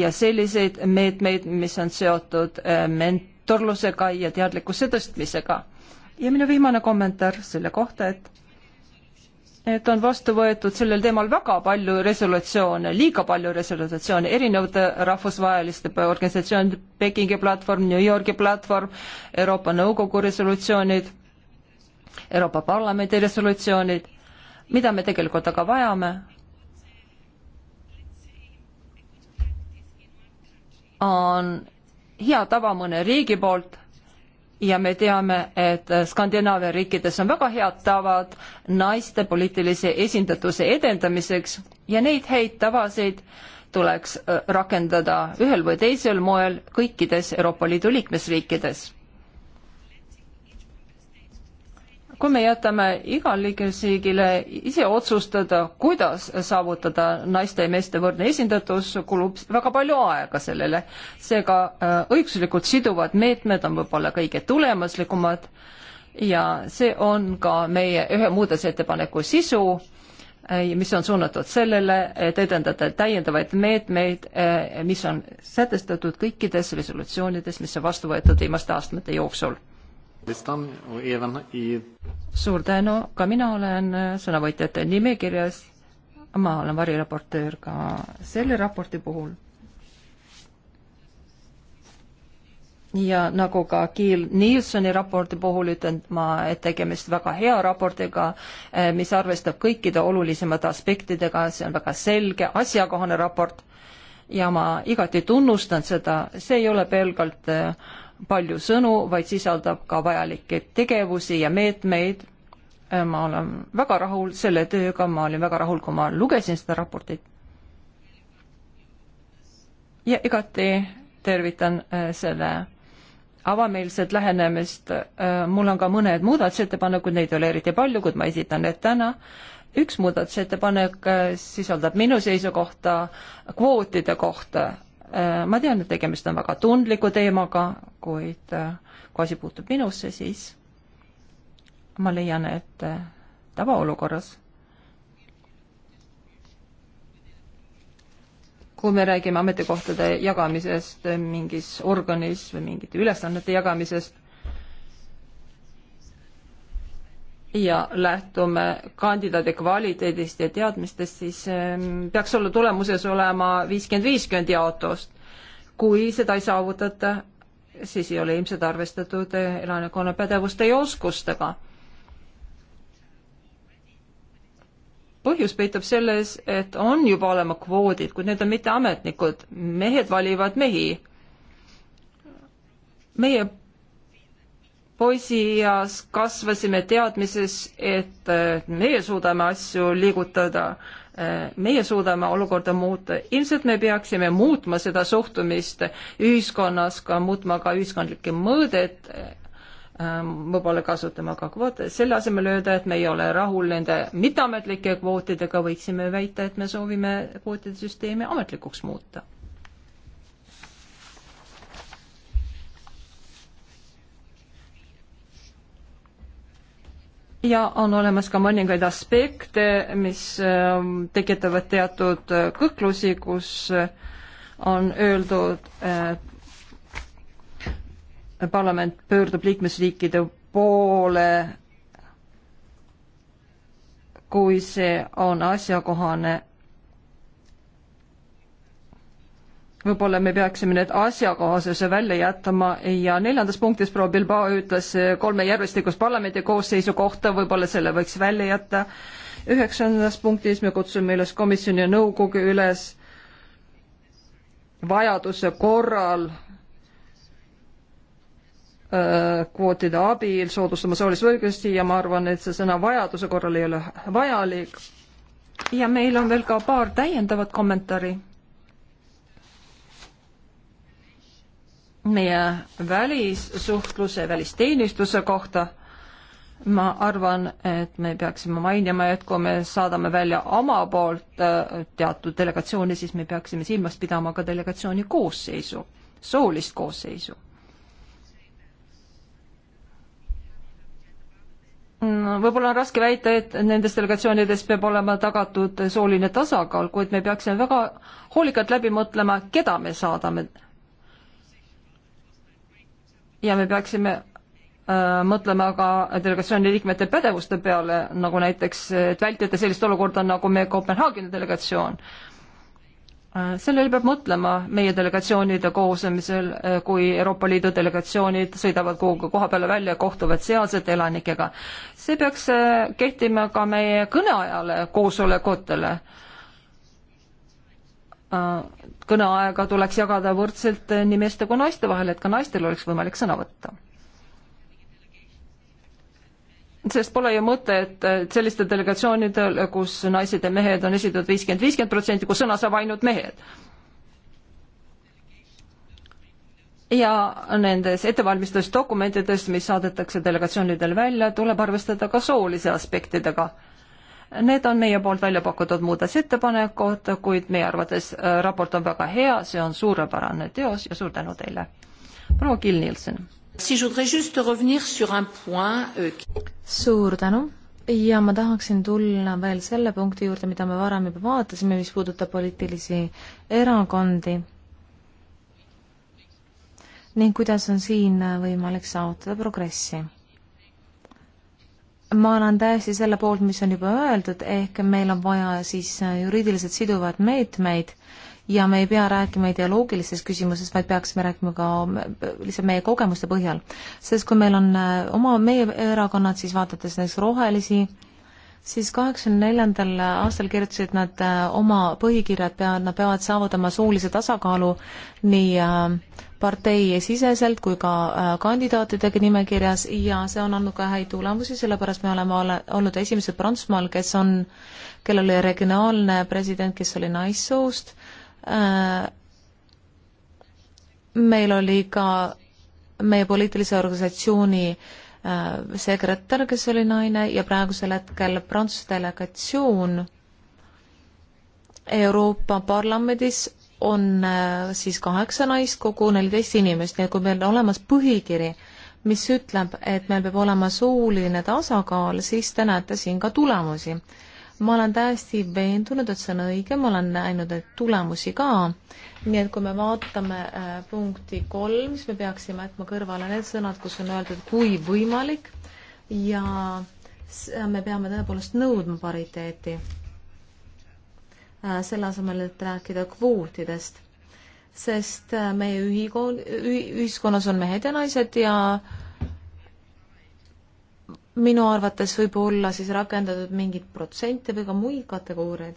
ja selliseid meetmeid, mis on seotud mentorlusega ja teadlikkuse tõstmisega. ja minu viimane kommentaar selle kohta, et et on vastu võetud sellel teemal väga palju resolutsioone, liiga palju resolutsioone, erinevate rahvusvaheliste organisatsioonide, Pekingi platvorm, New Yorgi platvorm, Euroopa Nõukogu resolutsioonid, Euroopa Parlamendi resolutsioonid, mida me tegelikult aga vajame, on hea tava mõne riigi poolt ja me teame, et Skandinaavia riikides on väga head tavad naiste poliitilise esindatuse edendamiseks ja neid häid tavasid tuleks äh, rakendada ühel või teisel moel kõikides Euroopa Liidu liikmesriikides. kui me jätame igal liikmesriigile ise otsustada, kuidas saavutada naiste ja meeste võrdne esindatus, kulub väga palju aega sellele. seega äh, õiguslikult siduvad meetmed on võib-olla kõige tulemuslikumad ja see on ka meie ühe muudatusettepaneku sisu, äh, mis on suunatud sellele, et edendada täiendavaid meetmeid, äh, mis on sätestatud kõikides resolutsioonides, mis on vastu võetud viimaste aastate jooksul suur tänu, ka mina olen sõnavõtjate nimekirjas. ma olen variraportöör ka selle raporti puhul. ja nagu ka Kiil Nielsoni raporti puhul ütlen ma, et tegemist väga hea raportiga, eh, mis arvestab kõikide olulisemate aspektidega, see on väga selge, asjakohane raport ja ma igati tunnustan seda, see ei ole pelgalt äh, palju sõnu, vaid sisaldab ka vajalikke tegevusi ja meetmeid. Äh, ma olen väga rahul selle tööga, ma olin väga rahul, kui ma lugesin seda raportit. ja igati tervitan äh, selle avameelset lähenemist. Äh, mul on ka mõned muudatusettepanekud, neid ei ole eriti palju, kuid ma esitan need täna üks muudatusettepanek sisaldab minu seisukohta kvootide kohta Äh, ma tean, et tegemist on väga tundliku teemaga, kuid äh, kui asi puutub minusse, siis ma leian, et äh, tavaolukorras, kui me räägime ametikohtade jagamisest mingis organis või mingite ülesannete jagamisest, ja lähtume kandidaadi kvaliteedist ja teadmistest, siis ehm, peaks olla tulemuses olema viiskümmend, viiskümmend jaotust. kui seda ei saavutata, siis ei ole ilmselt arvestatud eh, elanikkonna pädevuste ja oskustega. põhjus peitub selles, et on juba olema kvoodid, kuid need on mitteametnikud, mehed valivad mehi meie poisieas kasvasime teadmises, et äh, meie suudame asju liigutada, äh, meie suudame olukorda muuta. ilmselt me peaksime muutma seda suhtumist ühiskonnas, ka muutma ka ühiskondlikke mõõdet, äh, võib-olla kasutama ka kvoote, selle asemel öelda, et me ei ole rahul nende mitteametlike kvootidega, võiksime väita, et me soovime kvootide süsteemi ametlikuks muuta ja on olemas ka mõningaid aspekte, mis ähm, tekitavad teatud äh, kõhklusi, kus äh, on öeldud, et äh, parlament pöördub liikmesriikide poole, kui see on asjakohane võib-olla me peaksime need asjakohasuse välja jätma ja neljandas punktis proua Bilbao ütles kolme järjestikust parlamendi koosseisu kohta, võib-olla selle võiks välja jätta. üheksandas punktis me kutsume üles komisjoni ja nõukogu üles vajaduse korral äh, kvootide abil soodustama soolist õigust ja ma arvan, et see sõna vajaduse korral ei ole vajalik. ja meil on veel ka paar täiendavat kommentaari meie välissuhtluse, välisteenistuse kohta, ma arvan, et me peaksime mainima, et kui me saadame välja oma poolt äh, teatud delegatsiooni, siis me peaksime silmas pidama ka delegatsiooni koosseisu, soolist koosseisu. võib-olla on raske väita, et nendes delegatsioonides peab olema tagatud sooline tasakaal, kuid me peaksime väga hoolikalt läbi mõtlema, keda me saadame ja me peaksime äh, mõtlema ka delegatsiooni liikmete pädevuste peale, nagu näiteks, et vältida sellist olukorda, nagu meie Kopenhaageni delegatsioon. Äh, sellele peab mõtlema meie delegatsioonide koosnemisel, äh, kui Euroopa Liidu delegatsioonid sõidavad kuhugi koha peale välja ja kohtuvad sealsete elanikega. see peaks kehtima ka meie kõneajale, koosolekutele Äh, kõneaega tuleks jagada võrdselt äh, nii meeste kui naiste vahel, et ka naistel oleks võimalik sõna võtta. sest pole ju mõtet äh, sellistel delegatsioonidel, kus naised ja mehed on esindatud viiskümmend, viiskümmend protsenti, kus sõna saab ainult mehed ja nendes ettevalmistusdokumentides, mis saadetakse delegatsioonidel välja, tuleb arvestada ka soolise aspektidega. Need on meie poolt välja pakutud muudatusettepanekud, kuid meie arvates äh, raport on väga hea, see on suurepärane teos ja suur tänu teile. proua Kill Nielsen. Euh, suur tänu ja ma tahaksin tulla veel selle punkti juurde, mida me varem juba vaatasime, mis puudutab poliitilisi erakondi ning kuidas on siin võimalik saavutada progressi ma olen täiesti selle poolt, mis on juba öeldud, ehk meil on vaja siis äh, juriidiliselt siduvaid meetmeid ja me ei pea rääkima ideoloogilistes küsimuses, vaid peaksime rääkima ka lihtsalt meie kogemuste põhjal. sest kui meil on äh, oma, meie erakonnad, siis vaadates näiteks rohelisi, siis kaheksakümne neljandal aastal kirjutasid nad äh, oma põhikirjad, pea-, nad peavad saavutama soolise tasakaalu nii äh, parteisiseselt kui ka äh, kandidaatidega nimekirjas ja see on andnud ka häid tulemusi, sellepärast me oleme ole, olnud esimesed Prantsusmaal, kes on, kellel oli regionaalne president, kes oli naissoost. Äh, meil oli ka meie poliitilise organisatsiooni äh, sekretär, kes oli naine ja praegusel hetkel Prantsuse delegatsioon Euroopa Parlamendis on äh, siis kaheksa naist, kogu neliteist inimest, nii et kui meil on olemas põhikiri, mis ütleb, et meil peab olema suuline tasakaal, siis te näete siin ka tulemusi. ma olen täiesti veendunud, et see on õige, ma olen näinud neid tulemusi ka, nii et kui me vaatame äh, punkti kolm, siis me peaksime jätma kõrvale need sõnad, kus on öeldud, kui võimalik ja me peame tõepoolest nõudma pariteeti Äh, selle asemel, et rääkida kvootidest. sest äh, meie ühikool, ühiskonnas on mehed ja naised ja minu arvates võib olla siis rakendatud mingeid protsente või ka muid kategooriaid.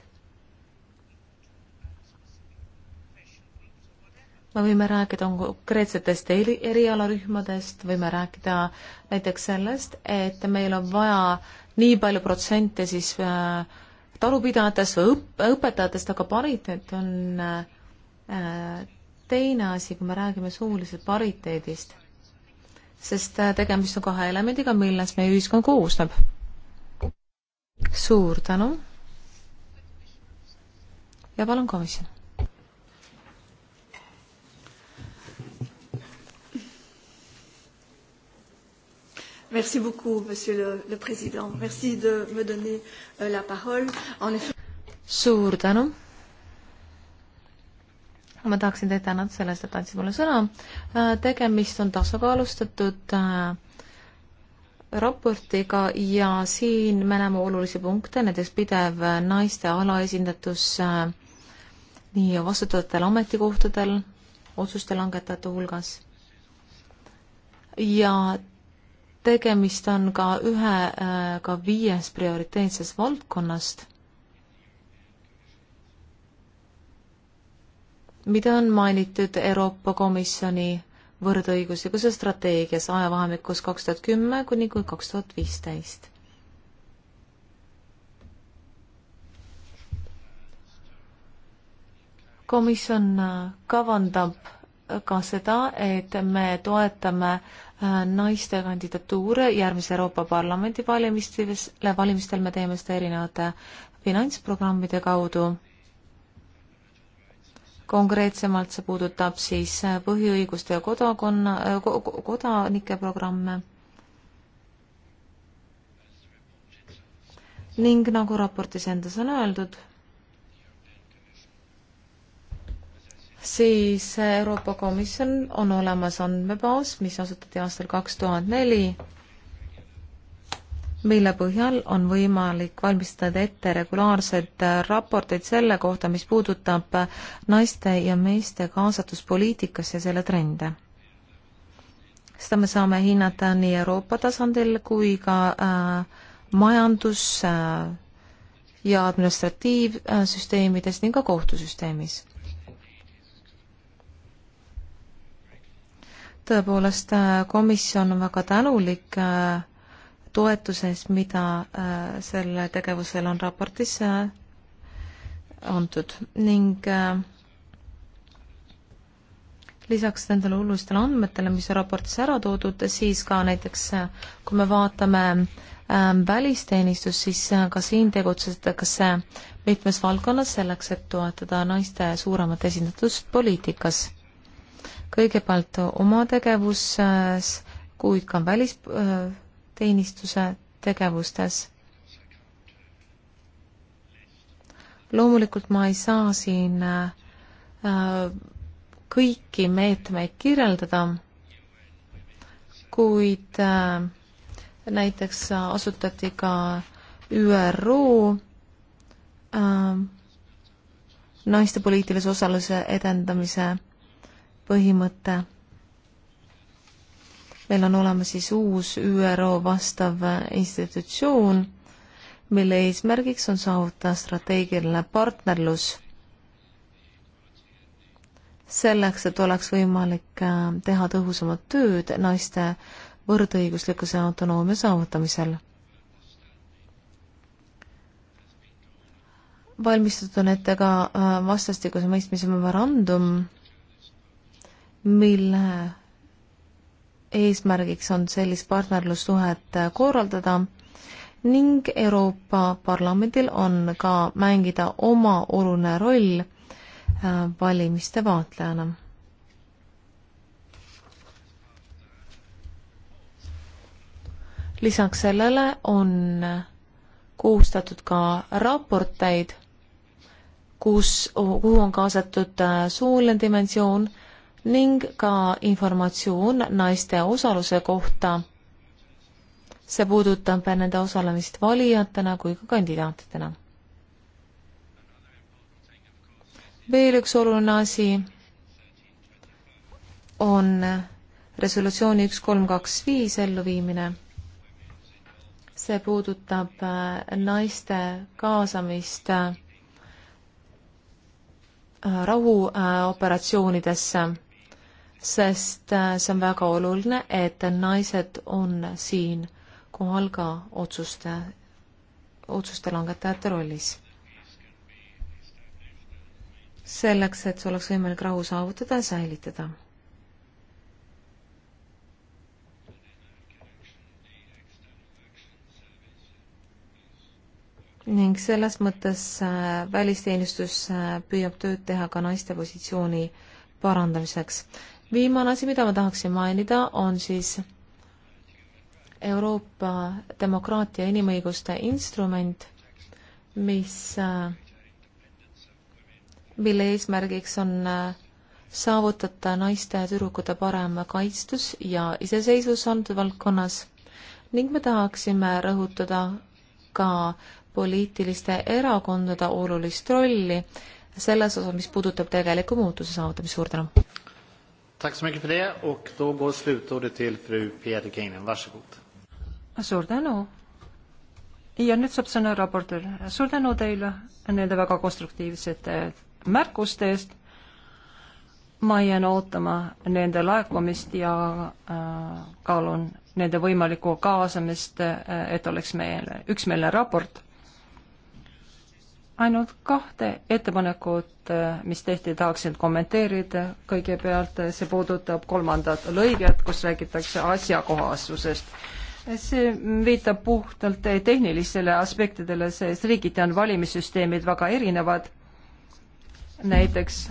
me võime rääkida konkreetsetest eri, erialarühmadest, võime rääkida näiteks sellest, et meil on vaja nii palju protsente siis äh, talupidajatest või õp-, õpetajatest, aga pariteet on äh, teine asi, kui me räägime suulisest pariteedist. sest äh, tegemist on kahe elemendiga, millest meie ühiskond koosneb. suur tänu ja palun komisjon Merci beaucoup, Monsieur le, le Président. Merci de me donner euh, la parole. En effet... suur tänu. ma tahaksin teid tänada selle eest, et andsid mulle sõna. Äh, tegemist on tasakaalustatud äh, raportiga ja siin me näeme olulisi punkte, näiteks pidev äh, naiste alaesindatus nii vastutavatel ametikohtadel, otsuste langetajate hulgas ja tegemist on ka ühe, äh, ka viies prioriteetsest valdkonnast, mida on mainitud Euroopa Komisjoni võrdõiguslikkuse strateegias ajavahemikus kaks tuhat kümme kuni kaks tuhat viisteist. komisjon äh, kavandab ka seda, et me toetame äh, naiste kandidatuure järgmise Euroopa Parlamendi valimistele, valimistel me teeme seda erinevate finantsprogrammide kaudu. konkreetsemalt see puudutab siis äh, põhiõiguste ja kodakonna, äh, kodanike programme. ning nagu raportis endas on öeldud siis Euroopa Komisjon on olemas andmebaas, mis asutati aastal kaks tuhat neli, mille põhjal on võimalik valmistada ette regulaarseid raporteid selle kohta, mis puudutab naiste ja meeste kaasatuspoliitikasse ja selle trende. seda me saame hinnata nii Euroopa tasandil kui ka äh, majandus äh, ja administratiivsüsteemides ning ka kohtusüsteemis tõepoolest, äh, komisjon on väga tänulik äh, toetuse eest, mida äh, selle tegevusel on raportis antud ning lisaks nendele hullustele andmetele, mis on raportis ära toodud, siis ka näiteks kui me vaatame välisteenistust, siis ka siin tegutsetakse mitmes valdkonnas selleks, et toetada naiste suuremat esindatust poliitikas kõigepealt oma tegevuses, kuid ka välisteenistuse tegevustes. loomulikult ma ei saa siin äh, kõiki meetmeid kirjeldada, kuid äh, näiteks asutati ka ÜRO äh, naiste poliitilise osaluse edendamise põhimõte. meil on olemas siis uus ÜRO vastav institutsioon, mille eesmärgiks on saavutada strateegiline partnerlus selleks, et oleks võimalik äh, teha tõhusamat tööd naiste võrdõiguslikkuse autonoomia saavutamisel. valmistatud on ette ka äh, vastastikuse mõistmise memorandum mille eesmärgiks on sellist partnerlussuhet korraldada ning Euroopa Parlamendil on ka mängida oma oluline roll äh, valimiste vaatlejana. lisaks sellele on koostatud ka raporteid, kus, kuhu on kaasatud äh, suuline dimensioon ning ka informatsioon naiste osaluse kohta. see puudutab nende osalemist valijatena kui ka kandidaatidena. veel üks oluline asi on resolutsiooni üks kolm kaks viis elluviimine. see puudutab äh, naiste kaasamist äh, rahuoperatsioonidesse äh, sest äh, see on väga oluline, et naised on siin kohal ka otsuste, otsuste langetajate rollis. selleks, et see oleks võimalik rahu saavutada ja säilitada. ning selles mõttes äh, välisteenistus äh, püüab tööd teha ka naiste positsiooni parandamiseks viimane asi, mida ma tahaksin mainida, on siis Euroopa demokraatia inimõiguste instrument, mis, mille eesmärgiks on äh, saavutada naiste ja tüdrukute parem kaitstus ja iseseisvus antud valdkonnas ning me tahaksime rõhutada ka poliitiliste erakondade olulist rolli selles osas, mis puudutab tegeliku muutuse saavutamist. suur tänu! Tack så mycket för det och då går slutordet till fru Pietikäinen. Varsågod. Suur tänu. ja nüüd saab sõna raportöör. suur tänu teile nende väga konstruktiivsete märkuste eest. ma jään ootama nende laekumist ja äh, kaalun nende võimalikku kaasamist, äh, et oleks meie üksmeelne raport ainult kahte ettepanekut, äh, mis tehti, tahaksin kommenteerida. kõigepealt äh, see puudutab kolmandat lõiget, kus räägitakse asjakohasusest. see viitab puhtalt äh, tehnilistele aspektidele, sest riigiti on valimissüsteemid väga erinevad. näiteks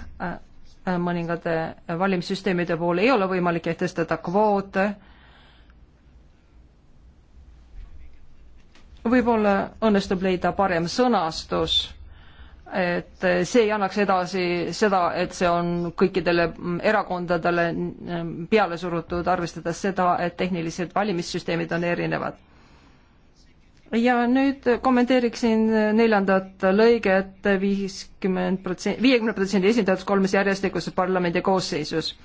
mõningate valimissüsteemide puhul ei ole võimalik kehtestada kvoote võib-olla õnnestub leida parem sõnastus et see ei annaks edasi seda, et see on kõikidele erakondadele peale surutud, arvestades seda, et tehnilised valimissüsteemid on erinevad. ja nüüd kommenteeriksin neljandat lõiget viiskümmend protsenti, viiekümne protsendi esindajatest kolmes järjestikuses parlamendi koosseisus.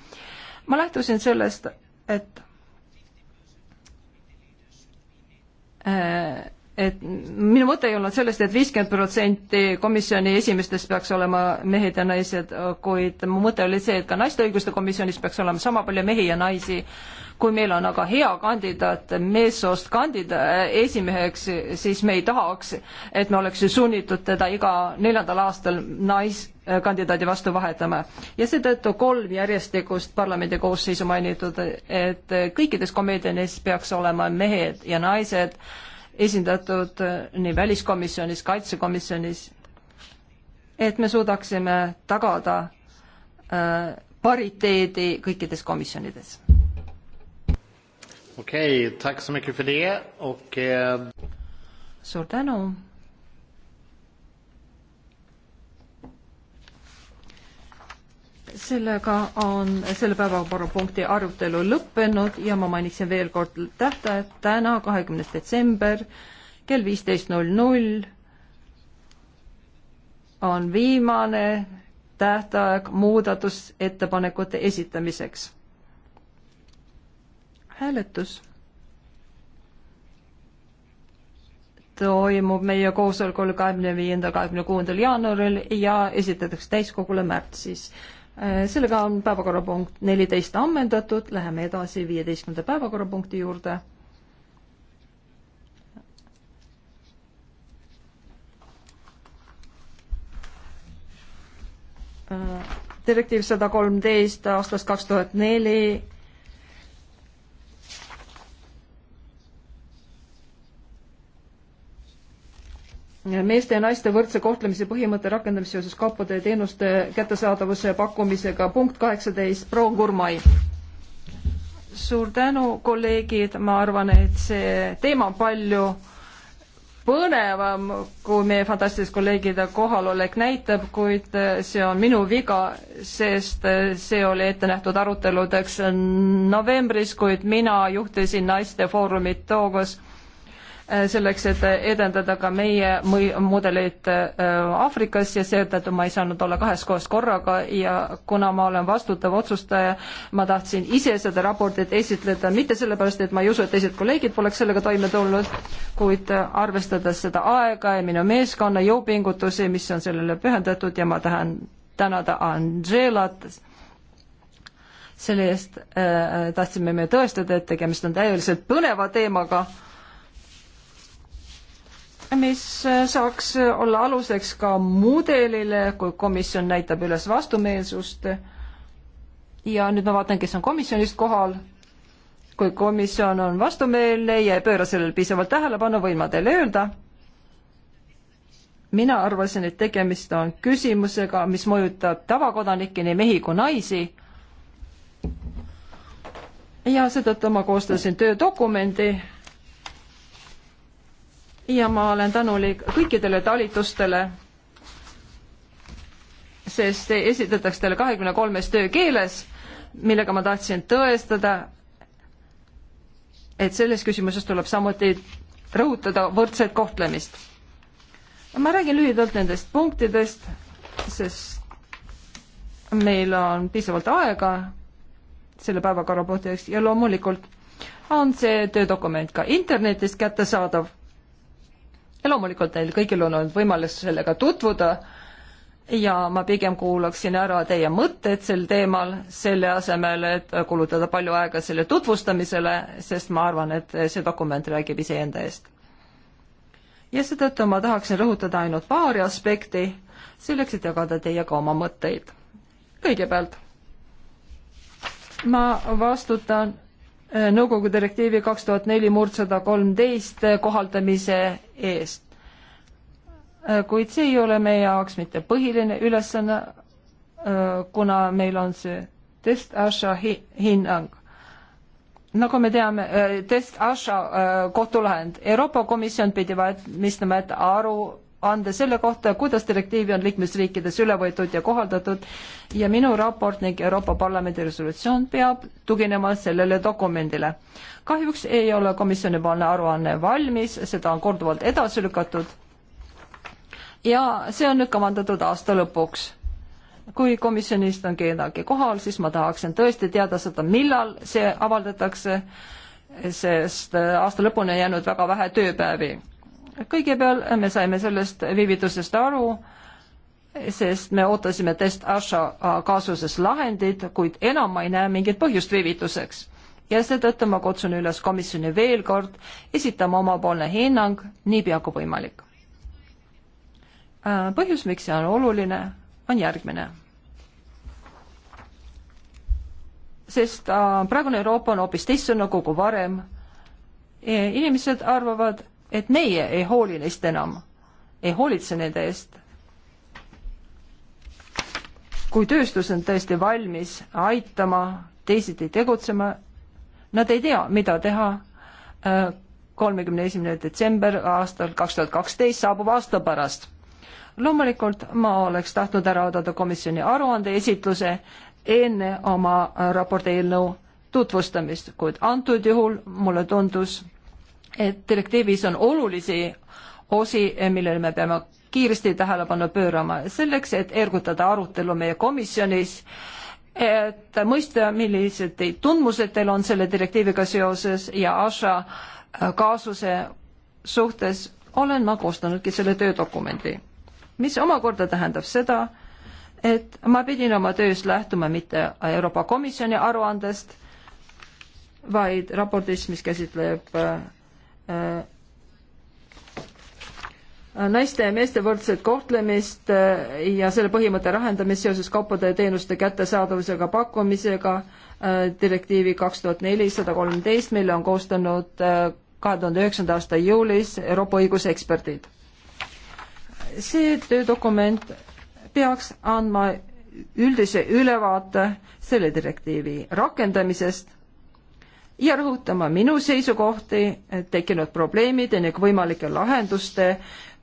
ma lähtusin sellest, et äh, et minu mõte ei olnud sellest et, et viiskümmend protsenti komisjoni esimestest peaks olema mehed ja naised, kuid mu mõte oli see, et ka naiste õiguste komisjonis peaks olema sama palju mehi ja naisi. kui meil on aga hea kandidaat, meessoost kandidaat esimeheks, siis me ei tahaks, et me oleks sunnitud teda iga neljandal aastal naiskandidaadi vastu vahetama. ja seetõttu kolm järjestikust parlamendi koosseisu mainitud, et kõikides komedianis peaks olema mehed ja naised esindatud äh, nii väliskomisjonis, kaitsekomisjonis, et me suudaksime tagada äh, pariteedi kõikides komisjonides. okei okay,, tänks väga palju. suur tänu. sellega on selle päevakorrapunkti arutelu lõppenud ja ma mainiksin veel kord tähtajad täna, kahekümnes detsember kell viisteist null null on viimane tähtaeg muudatusettepanekute esitamiseks. hääletus toimub meie koosolekul kahekümne viiendal, kahekümne kuuendal jaanuaril ja esitatakse täiskogule märtsis Äh, sellega on päevakorrapunkt neliteist ammendatud, läheme edasi viieteistkümnenda päevakorrapunkti juurde. Äh, direktiiv sada kolmteist aastast kaks tuhat neli meeste ja naiste võrdse kohtlemise põhimõtte rakendamist seoses kaupade ja teenuste kättesaadavuse pakkumisega, punkt kaheksateist, proua Kurmai. suur tänu, kolleegid, ma arvan, et see teema on palju põnevam, kui meie fantastiliste kolleegide kohalolek näitab, kuid see on minu viga, sest see oli ette nähtud aruteludeks novembris, kuid mina juhtisin naistefoorumit Togos Äh, selleks, et edendada ka meie mudeleid äh, Aafrikas ja seetõttu ma ei saanud olla kahes kohas korraga ja kuna ma olen vastutav otsustaja, ma tahtsin ise seda raportit esitleda, mitte sellepärast, et ma ei usu, et teised kolleegid poleks sellega toime tulnud, kuid äh, arvestades seda aega ja minu meeskonna jõupingutusi, mis on sellele pühendatud ja ma tahan tänada Angelat selle eest äh, tahtsime me tõestada, et tegemist on täieliselt põneva teemaga äh,, mis äh, saaks äh, olla aluseks ka mudelile, kui komisjon näitab üles vastumeelsust. ja nüüd ma vaatan, kes on komisjonist kohal. kui komisjon on vastumeelne ja ei pööra sellele piisavalt tähelepanu, võin ma teile öelda, mina arvasin, et tegemist on küsimusega, mis mõjutab tavakodanikke, nii mehi kui naisi ja seetõttu ma koostasin töödokumendi ja ma olen tänulik kõikidele talitustele, sest esitatakse teile kahekümne kolmes töökeeles, millega ma tahtsin tõestada, et selles küsimuses tuleb samuti rõhutada võrdset kohtlemist. ma räägin lühidalt nendest punktidest, sest meil on piisavalt aega selle päevakorrapunkti jaoks ja loomulikult on see töödokument ka internetis kättesaadav ja loomulikult teil kõigil on olnud võimalus sellega tutvuda ja ma pigem kuulaksin ära teie mõtted sel teemal, selle asemel, et kulutada palju aega selle tutvustamisele, sest ma arvan, et see dokument räägib iseenda eest. ja seetõttu ma tahaksin rõhutada ainult paari aspekti, selleks et jagada teiega oma mõtteid. kõigepealt ma vastutan Äh, nõukogu direktiivi kaks tuhat neli murd sada kolmteist äh, kohaldamise eest. Äh, kuid see ei ole meie jaoks mitte põhiline ülesanne, kuna meil on see test asja hinnang nagu me teame, test Asha kohtulahend, Euroopa Komisjon pidi valmistama ette aru ande selle kohta, kuidas direktiivi on liikmesriikides üle võetud ja kohaldatud ja minu raport ning Euroopa Parlamendi resolutsioon peab tuginema sellele dokumendile. kahjuks ei ole komisjonipoolne aruanne valmis, seda on korduvalt edasi lükatud ja see on nüüd kavandatud aasta lõpuks kui komisjonist on kedagi kohal, siis ma tahaksin tõesti teada seda, millal see avaldatakse, sest aasta lõpuni on jäänud väga vähe tööpäevi kõigepealt me saime sellest viivitusest aru, sest me ootasime test Asha äh, kaasuses lahendit, kuid enam ma ei näe mingit põhjust viivituseks. ja seetõttu ma kutsun üles komisjoni veel kord esitama omapoolne hinnang niipea kui võimalik. Äh, põhjus, miks see on oluline, on järgmine. sest äh, praegune Euroopa on hoopis teistsugune kui varem. inimesed arvavad, et meie ei hooli neist enam, ei hoolitse nende eest. kui tööstus on tõesti valmis aitama, teisiti tegutsema, nad ei tea, mida teha. kolmekümne esimene detsember aastal kaks tuhat kaksteist saabub aasta pärast. loomulikult ma oleks tahtnud ära oodata komisjoni aruande esitluse enne oma raporti eelnõu tutvustamist, kuid antud juhul mulle tundus, et direktiivis on olulisi osi, millele me peame kiiresti tähelepanu pöörama, selleks et ergutada arutelu meie komisjonis, et mõista, millised tundmused teil on selle direktiiviga seoses ja Asha äh, kaasuse suhtes olen ma koostanudki selle töödokumendi, mis omakorda tähendab seda, et ma pidin oma töös lähtuma mitte Euroopa Komisjoni aruandest, vaid raportist, mis käsitleb äh, Äh, äh, naiste ja meeste võrdset kohtlemist äh, ja selle põhimõtte rahendamist seoses kaupade ja teenuste kättesaadavusega pakkumisega direktiivi kaks tuhat neli sada kolmteist, mille on koostanud kahe tuhande üheksanda aasta juulis Euroopa õiguseksperdid. see töödokument peaks andma üldise ülevaate selle direktiivi rakendamisest ja rõhutama minu seisukohti, tekkinud probleemide ning võimalike lahenduste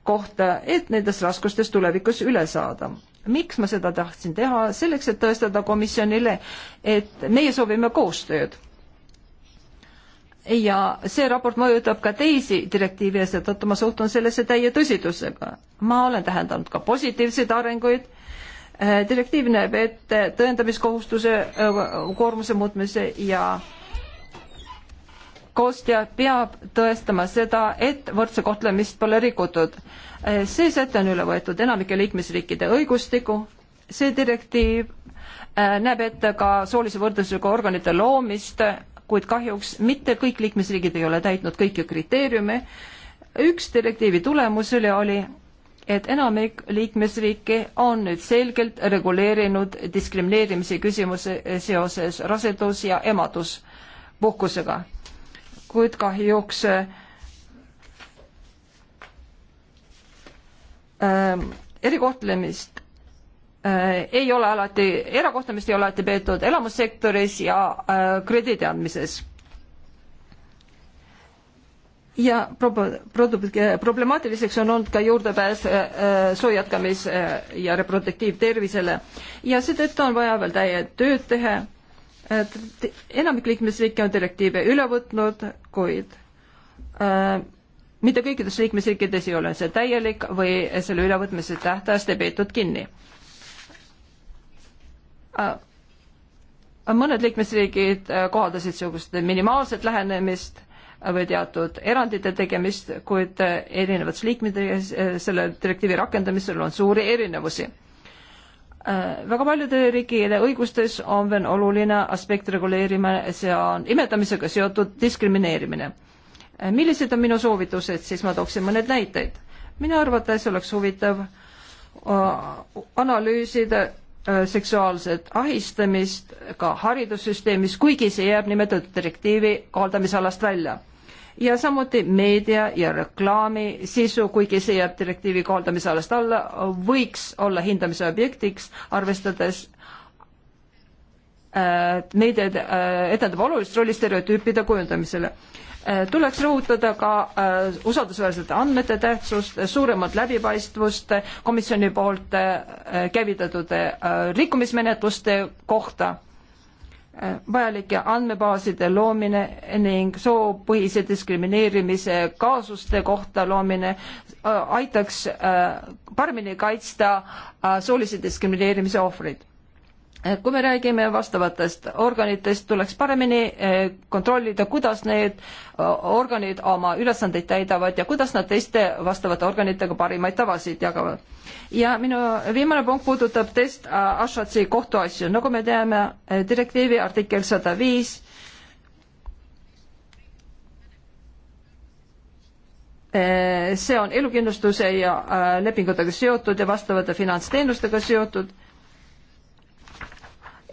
kohta, et nendest raskustest tulevikus üle saada. miks ma seda tahtsin teha, selleks, et tõestada komisjonile, et meie soovime koostööd. ja see raport mõjutab ka teisi direktiive ja seetõttu ma suhtun sellesse täie tõsidusega. ma olen tähendanud ka positiivseid arenguid direktiiv näeb ette tõendamiskohustuse koormuse muutmise ja koostöö peab tõestama seda, et võrdse kohtlemist pole rikutud. see säte on üle võetud enamike liikmesriikide õigustikku, see direktiiv äh, näeb ette ka soolise võrdlusega organite loomist, kuid kahjuks mitte kõik liikmesriigid ei ole täitnud kõiki kriteeriume. üks direktiivi tulemus üle oli et enamik liikmesriike on nüüd selgelt reguleerinud diskrimineerimise küsimuse seoses rasedus- ja emaduspuhkusega kuid kahjuks ähm, erikohtlemist äh, ei ole alati, erakohtlemist ei ole alati peetud elamussektoris ja äh, krediidi andmises ja prob-, problemaatiliseks on olnud ka juurdepääs äh, äh soojatkamis- ja reproduktiivtervisele ja seetõttu on vaja veel täie tööd teha enamik liikmesriike on direktiive üle võtnud, kuid äh, mitte kõikides liikmesriikides ei ole see täielik või selle ülevõtmise tähtajast ei peetud kinni äh,. mõned liikmesriigid äh, kohaldasid niisugust minimaalset lähenemist või teatud erandite tegemist, kuid äh, erinevates liikmetes äh, selle direktiivi rakendamisel on suuri erinevusi Äh, väga paljude riikide õigustes on veel oluline aspekt reguleerima, see on imetamisega seotud diskrimineerimine. Äh, millised on minu soovitused, siis ma tooksin mõned näiteid. minu arvates oleks huvitav äh, analüüsida seksuaalset ahistamist ka haridussüsteemis, kuigi see jääb nimetatud direktiivi kohaldamisalast välja ja samuti meedia ja reklaami sisu, kuigi see jääb direktiivi kohaldamise alast alla, võiks olla hindamise objektiks, arvestades et äh, meedia äh, etendab olulist rolli stereotüüpide kujundamisele. Äh, tuleks rõhutada ka usaldusväärsete andmete tähtsust, suuremat läbipaistvust komisjoni poolt käivitatud rikkumismenetluste kohta vajalike andmebaaside loomine ning soopõhise diskrimineerimise kaasuste kohta loomine äh, aitaks äh, paremini kaitsta äh, soolise diskrimineerimise ohvreid kui me räägime vastavatest organitest, tuleks paremini eh, kontrollida, kuidas need eh, organid oma ülesandeid täidavad ja kuidas nad teiste vastavate organitega parimaid tavasid jagavad. ja minu viimane punkt puudutab test eh, Ashatsi kohtuasju, nagu me teame, direktiivi artikkel sada viis see on elukindlustuse ja lepingutega seotud ja vastavate finantsteenustega seotud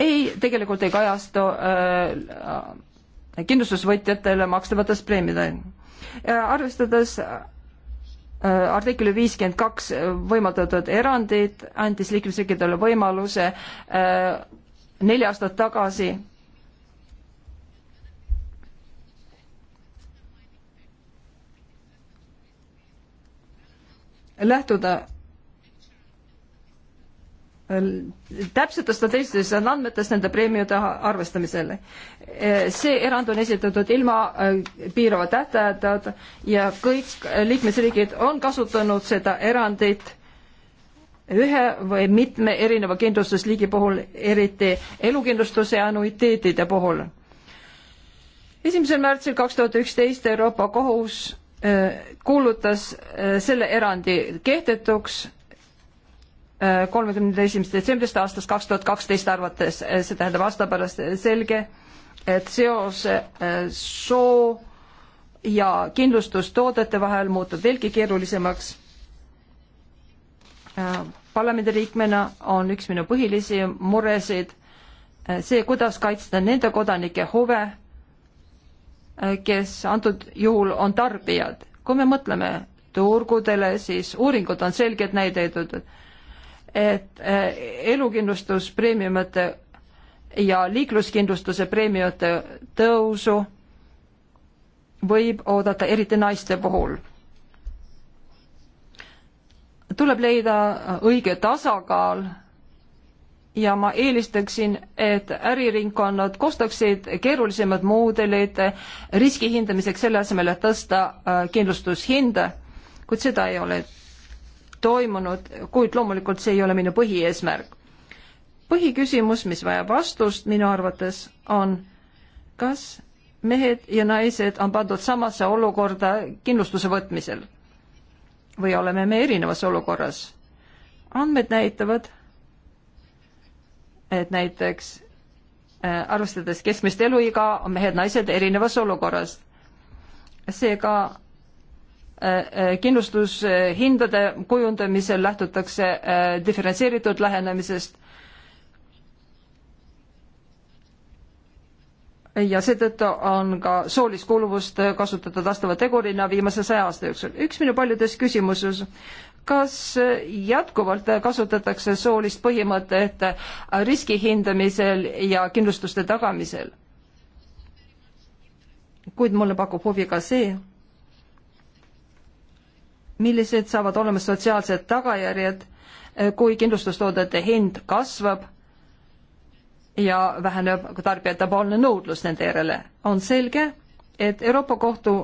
ei, tegelikult ei kajastu äh, kindlustusvõtjatele makstavates preemiatel. Äh, arvestades äh, artikli viiskümmend kaks võimaldatud erandid, andis liikmesriikidele võimaluse äh, neli aastat tagasi lähtuda täpsete statistilistes andmetes nende preemiate arvestamisel. see erand on esitatud ilma äh, piirava tähtajata ja kõik liikmesriigid on kasutanud seda erandit ühe või mitme erineva kindlustusliigi puhul, eriti elukindlustuse ja annuiteetide puhul. esimesel märtsil kaks tuhat üksteist Euroopa Kohus äh, kuulutas äh, selle erandi kehtetuks kolmekümne esimesest detsembrist aastast kaks tuhat kaksteist arvates, see tähendab aasta pärast selge, et seos äh, soo ja kindlustustoodete vahel muutub veelgi keerulisemaks. Äh, parlamendiliikmena on üks minu põhilisi muresid äh, see, kuidas kaitsta nende kodanike huve, kes antud juhul on tarbijad. kui me mõtleme turgudele, siis uuringud on selgelt näidatud, et et eh, elukindlustuspreemiumite ja liikluskindlustuse preemiate tõusu võib oodata eriti naiste puhul. tuleb leida õige tasakaal ja ma eelistaksin, et äriringkonnad koostaksid keerulisemad muudelid riski hindamiseks, selle asemel, et tõsta eh, kindlustushinda, kuid seda ei ole toimunud, kuid loomulikult see ei ole minu põhieesmärk. põhiküsimus, mis vajab vastust minu arvates, on kas mehed ja naised on pandud samasse olukorda kindlustuse võtmisel või oleme me erinevas olukorras? andmed näitavad, et näiteks äh, arvestades keskmist eluiga, on mehed-naised erinevas olukorras. seega kindlustushindade kujundamisel lähtutakse äh, diferentseeritud lähenemisest ja seetõttu on ka soolist kuuluvust kasutatud vastava tegurina viimase saja aasta jooksul. üks minu paljudes küsimuses, kas jätkuvalt kasutatakse soolist põhimõtet riski hindamisel ja kindlustuste tagamisel? kuid mulle pakub huvi ka see, millised saavad olema sotsiaalsed tagajärjed, eh, kui kindlustustoodete hind kasvab ja väheneb tarbijate poolne nõudlus nende järele. on selge, et Euroopa Kohtu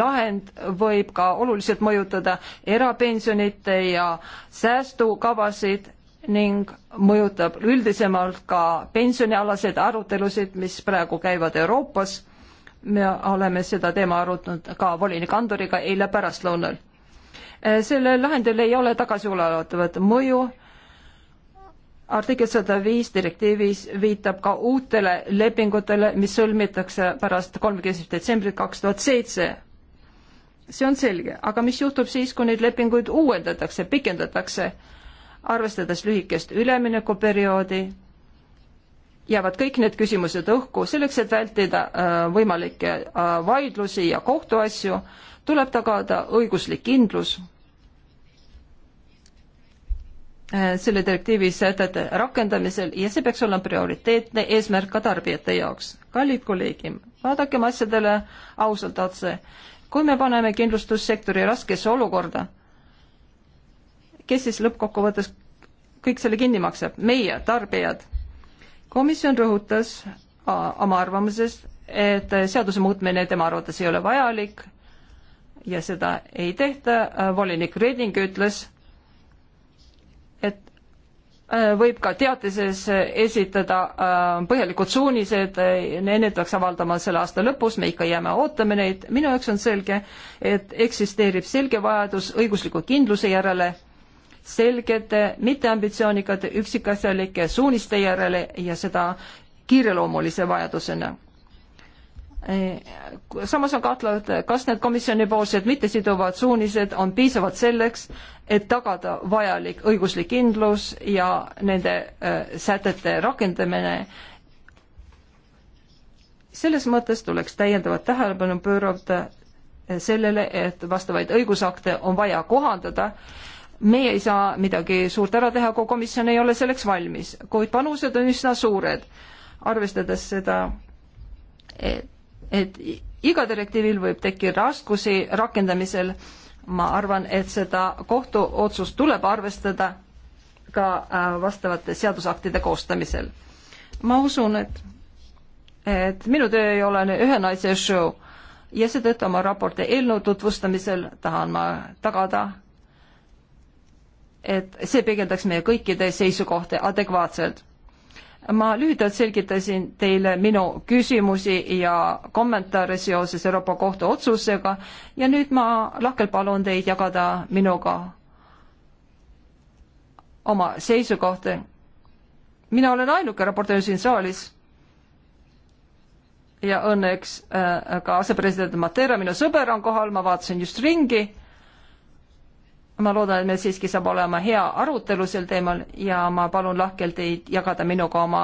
lahend võib ka oluliselt mõjutada erapensionite ja säästukavasid ning mõjutab üldisemalt ka pensionialaseid arutelusid, mis praegu käivad Euroopas. me oleme seda teema arutanud ka volinik Anduriga eile pärastlõunal Äh, sellel lahendil ei ole tagasiulatuvat mõju. artikkel sada viis direktiivis viitab ka uutele lepingutele, mis sõlmitakse pärast kolmekümnendat detsembrit kaks tuhat seitse see on selge, aga mis juhtub siis, kui neid lepinguid uuendatakse, pikendatakse, arvestades lühikest üleminekuperioodi jäävad kõik need küsimused õhku, selleks et vältida äh, võimalikke äh, vaidlusi ja kohtuasju, tuleb tagada õiguslik kindlus äh, selle direktiivi sätete rakendamisel ja see peaks olema prioriteetne eesmärk ka tarbijate jaoks. kallid kolleegid, vaadakem asjadele ausalt otse. kui me paneme kindlustussektori raskesse olukorda, kes siis lõppkokkuvõttes kõik selle kinni maksab? meie, tarbijad komisjon rõhutas oma arvamuses, et seaduse muutmine tema arvates ei ole vajalik ja seda ei tehta. volinik Reding ütles, et äh, võib ka teatises esitada äh, põhjalikud suunised, need peaks avaldama selle aasta lõpus, me ikka jääme ootame neid. minu jaoks on selge, et eksisteerib selge vajadus õigusliku kindluse järele selgete, mitteambitsioonikate, üksikasjalike suuniste järele ja seda kiireloomulise vajadusena. Eh, samas on kahtlevalt, kas need komisjonipoolsed mittesiduvad suunised on piisavad selleks, et tagada vajalik õiguslik kindlus ja nende eh, sätete rakendamine selles mõttes tuleks täiendavat tähelepanu pöörata eh, sellele, et vastavaid õigusakte on vaja kohandada meie ei saa midagi suurt ära teha, kui komisjon ei ole selleks valmis, kuid panused on üsna suured, arvestades seda, et, et iga direktiivil võib tekkida raskusi rakendamisel, ma arvan, et seda kohtuotsust tuleb arvestada ka äh, vastavate seadusaktide koostamisel. ma usun, et, et minu töö ei ole ühe naise show ja seetõttu oma raporti eelnõu tutvustamisel tahan ma tagada et see peegeldaks meie kõikide seisukohti adekvaatselt. ma lühidalt selgitasin teile minu küsimusi ja kommentaare seoses Euroopa Kohtu otsusega ja nüüd ma lahkelt palun teid jagada minuga oma seisukohti. mina olen ainuke raportöör siin saalis ja õnneks äh, ka asepresident Matera, minu sõber, on kohal, ma vaatasin just ringi ma loodan, et meil siiski saab olema hea arutelu sel teemal ja ma palun lahkelt teid jagada minuga oma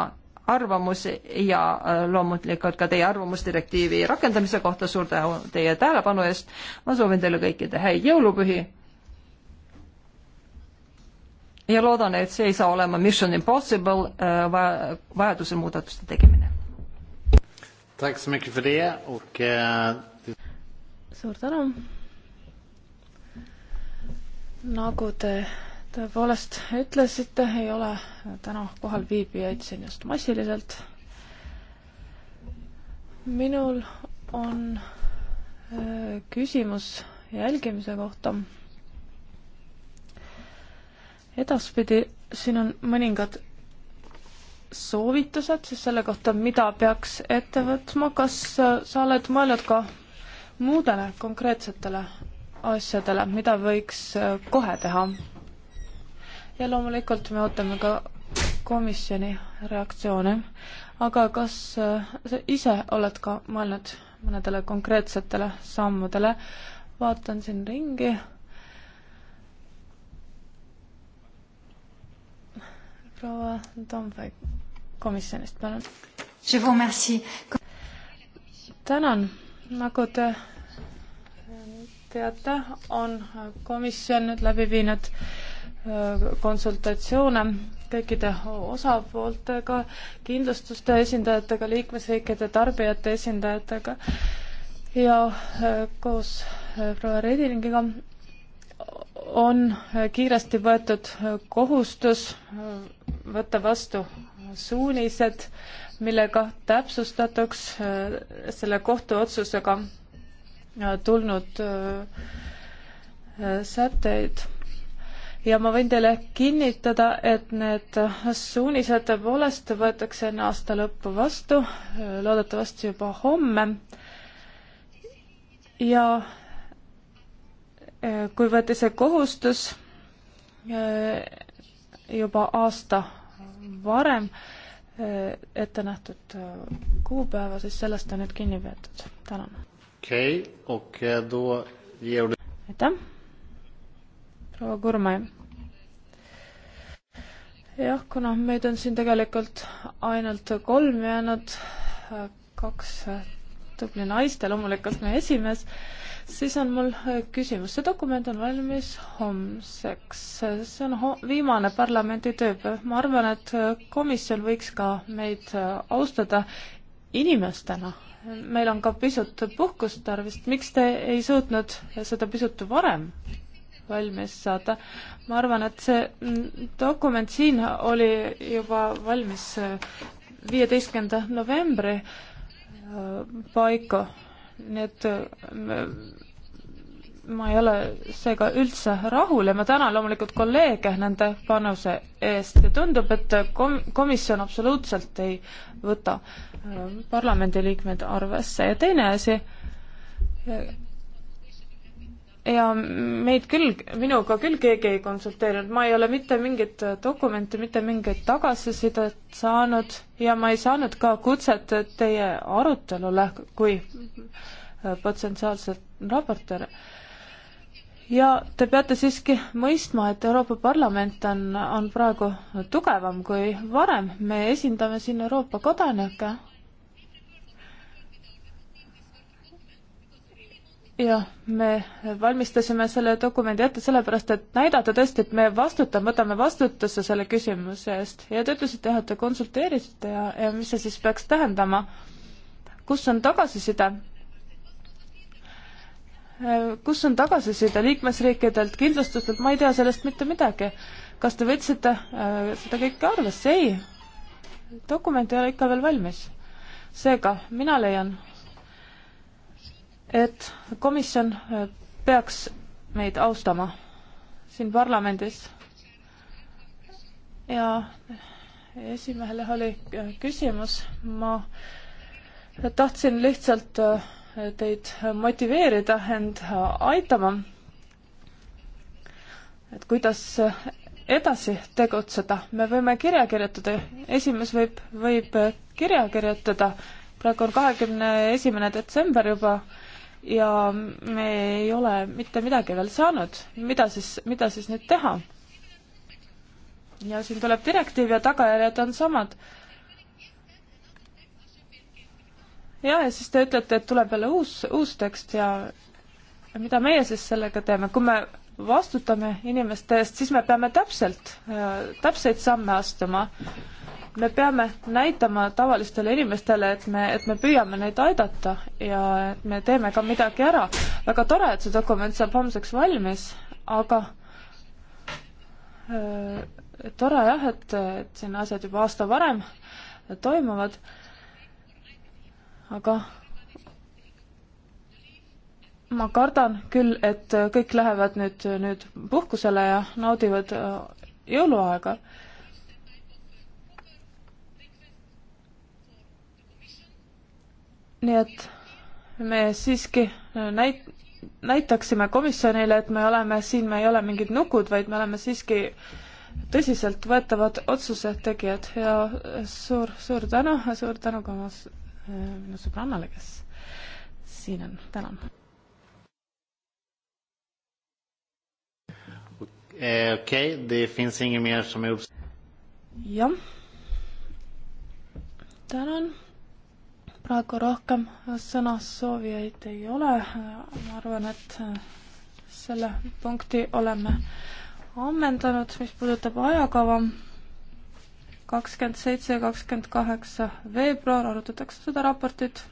arvamusi ja äh, loomulikult ka teie arvamusdirektiivi rakendamise kohta. suur tänu teie tähelepanu eest. ma soovin teile kõikide häid jõulupühi. ja loodan, et see ei saa olema Mission Impossible äh, vajaduse muudatuste tegemine. Äh, suur tänu nagu te tõepoolest ütlesite, ei ole täna kohalviibijaid siin just massiliselt. minul on äh, küsimus jälgimise kohta. edaspidi siin on mõningad soovitused siis selle kohta, mida peaks ette võtma, kas äh, sa oled mõelnud ka muudele konkreetsetele asjadele, mida võiks äh, kohe teha. ja loomulikult me ootame ka komisjoni reaktsioone, aga kas äh, sa ise oled ka mõelnud mõnedele konkreetsetele sammudele? vaatan siin ringi. proua Tomvai komisjonist, palun. tänan, nagu te teate, on komisjon nüüd läbi viinud äh, konsultatsioone kõikide osapooltega, kindlustuste esindajatega, liikmesriikide tarbijate esindajatega ja äh, koos äh, proua Redingiga on kiiresti võetud kohustus võtta vastu suunised, millega täpsustatuks selle kohtuotsusega Äh, tulnud äh, sätteid ja ma võin teile kinnitada, et need suunised tõepoolest võetakse enne aasta lõppu vastu, äh, loodetavasti juba homme. ja kui võeti see kohustus juba aasta varem ette nähtud kuupäeva, siis sellest on nüüd kinni peetud. tänan okei okay., okei okay,, too jõud-. aitäh, proua Kurmai. jah, kuna meid on siin tegelikult ainult kolm jäänud, kaks tubli naist ja loomulikult meie esimees, siis on mul eh, küsimus. see dokument on valmis homseks. see on ho viimane parlamendi tööpäev. ma arvan, et komisjon võiks ka meid eh, austada inimestena. meil on ka pisut puhkust tarvis, miks te ei suutnud seda pisut varem valmis saada? ma arvan, et see dokument siin oli juba valmis viieteistkümnenda novembri paiku, nii et ma ei ole seega üldse rahul ja ma tänan loomulikult kolleege nende panuse eest ja tundub, et kom-, komisjon absoluutselt ei võta äh, parlamendiliikmeid arvesse ja teine asi, ja meid küll, minuga küll keegi ei konsulteerinud, ma ei ole mitte mingit dokumenti, mitte mingit tagasisidet saanud ja ma ei saanud ka kutset teie arutelule kui äh, potentsiaalset raportööri ja te peate siiski mõistma, et Euroopa Parlament on, on praegu tugevam kui varem, me esindame siin Euroopa kodanikke. jah, me valmistasime selle dokumendi ette sellepärast, et näidata tõesti, et me vastutame, võtame vastutuse selle küsimuse eest ja te ütlesite jah, et te konsulteerisite ja, ja mis see siis peaks tähendama. kus on tagasiside? kus on tagasiside liikmesriikidelt, kindlustustelt, ma ei tea sellest mitte midagi. kas te võtsite äh, seda kõike arvesse? ei. dokument ei ole ikka veel valmis. seega mina leian, et komisjon äh, peaks meid austama siin parlamendis. ja esimehele oli äh, küsimus, ma tahtsin lihtsalt äh, teid motiveerida end aitama. et kuidas edasi tegutseda, me võime kirja kirjutada, esimees võib, võib kirja kirjutada, praegu on kahekümne esimene detsember juba ja me ei ole mitte midagi veel saanud, mida siis, mida siis nüüd teha? ja siin tuleb direktiiv ja tagajärjed on samad ja, ja siis te ütlete, et tuleb jälle uus, uus tekst ja mida meie siis sellega teeme, kui me vastutame inimeste eest, siis me peame täpselt, äh, täpseid samme astuma. me peame näitama tavalistele inimestele, et me, et me püüame neid aidata ja et me teeme ka midagi ära. väga tore, et see dokument saab homseks valmis, aga äh, tore jah, et, et siin asjad juba aasta varem toimuvad äh, aga ma kardan küll, et kõik lähevad nüüd, nüüd puhkusele ja naudivad äh, jõuluaega. nii et me siiski äh, näit-, näitaksime komisjonile, et me oleme siin, me ei ole mingid nukud, vaid me oleme siiski tõsiseltvõetavad otsuse tegijad ja suur, suur tänu ja suur tänu ka oma minu äh, sõbrannale, kes siin on, tänan. Eh, okei okay,, det finns inget mer som är upp-. jah. tänan. praegu rohkem sõnasoovijaid ei ole. Äh, ma arvan, et äh, selle punkti oleme ammendanud, mis puudutab ajakava kakskümmend seitse ja kakskümmend kaheksa veebruar arutatakse seda raportit.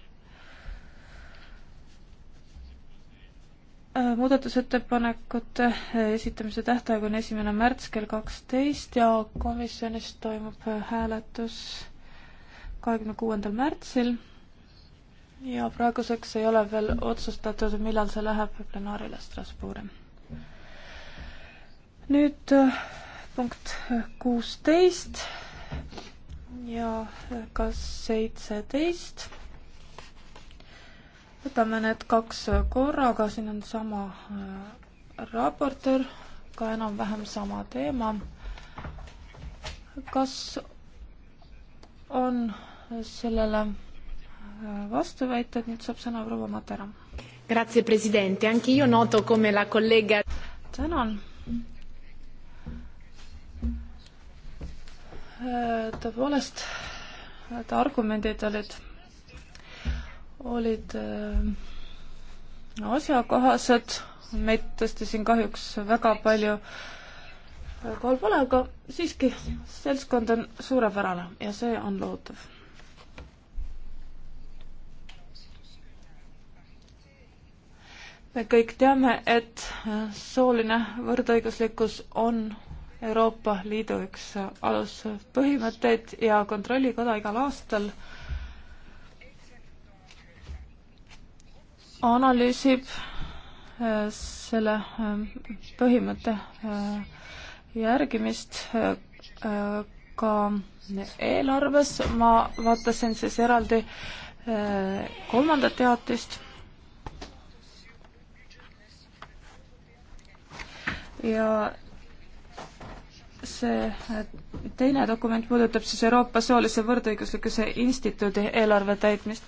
Äh, muudatusettepanekute esitamise tähtaeg on esimene märts kell kaksteist ja komisjonis toimub hääletus kahekümne kuuendal märtsil. ja praeguseks ei ole veel otsustatud, millal see läheb plenaarile Strasbourgi. nüüd äh, punkt kuusteist ja ka seitseteist. võtame need kaks korraga, siin on sama äh, raportöör, ka enam-vähem sama teema. kas on sellele äh, vastuväited, nüüd saab sõna proua Matera. Grazie, president, anche io noto come la collega. tänan tõepoolest, et argumendid olid, olid äh, asjakohased, meid tõesti siin kahjuks väga palju äh, kohal pole, aga siiski, seltskond on suurepärane ja see on loodav me kõik teame, et äh, sooline võrdõiguslikkus on Euroopa Liidu üks aluspõhimõtteid ja Kontrollikoda igal aastal analüüsib äh, selle äh, põhimõtte äh, järgimist ka eelarves. ma vaatasin siis eraldi kolmandat teatist. ja see teine dokument puudutab siis Euroopa Soolise Võrdõiguslikkuse Instituudi eelarve täitmist.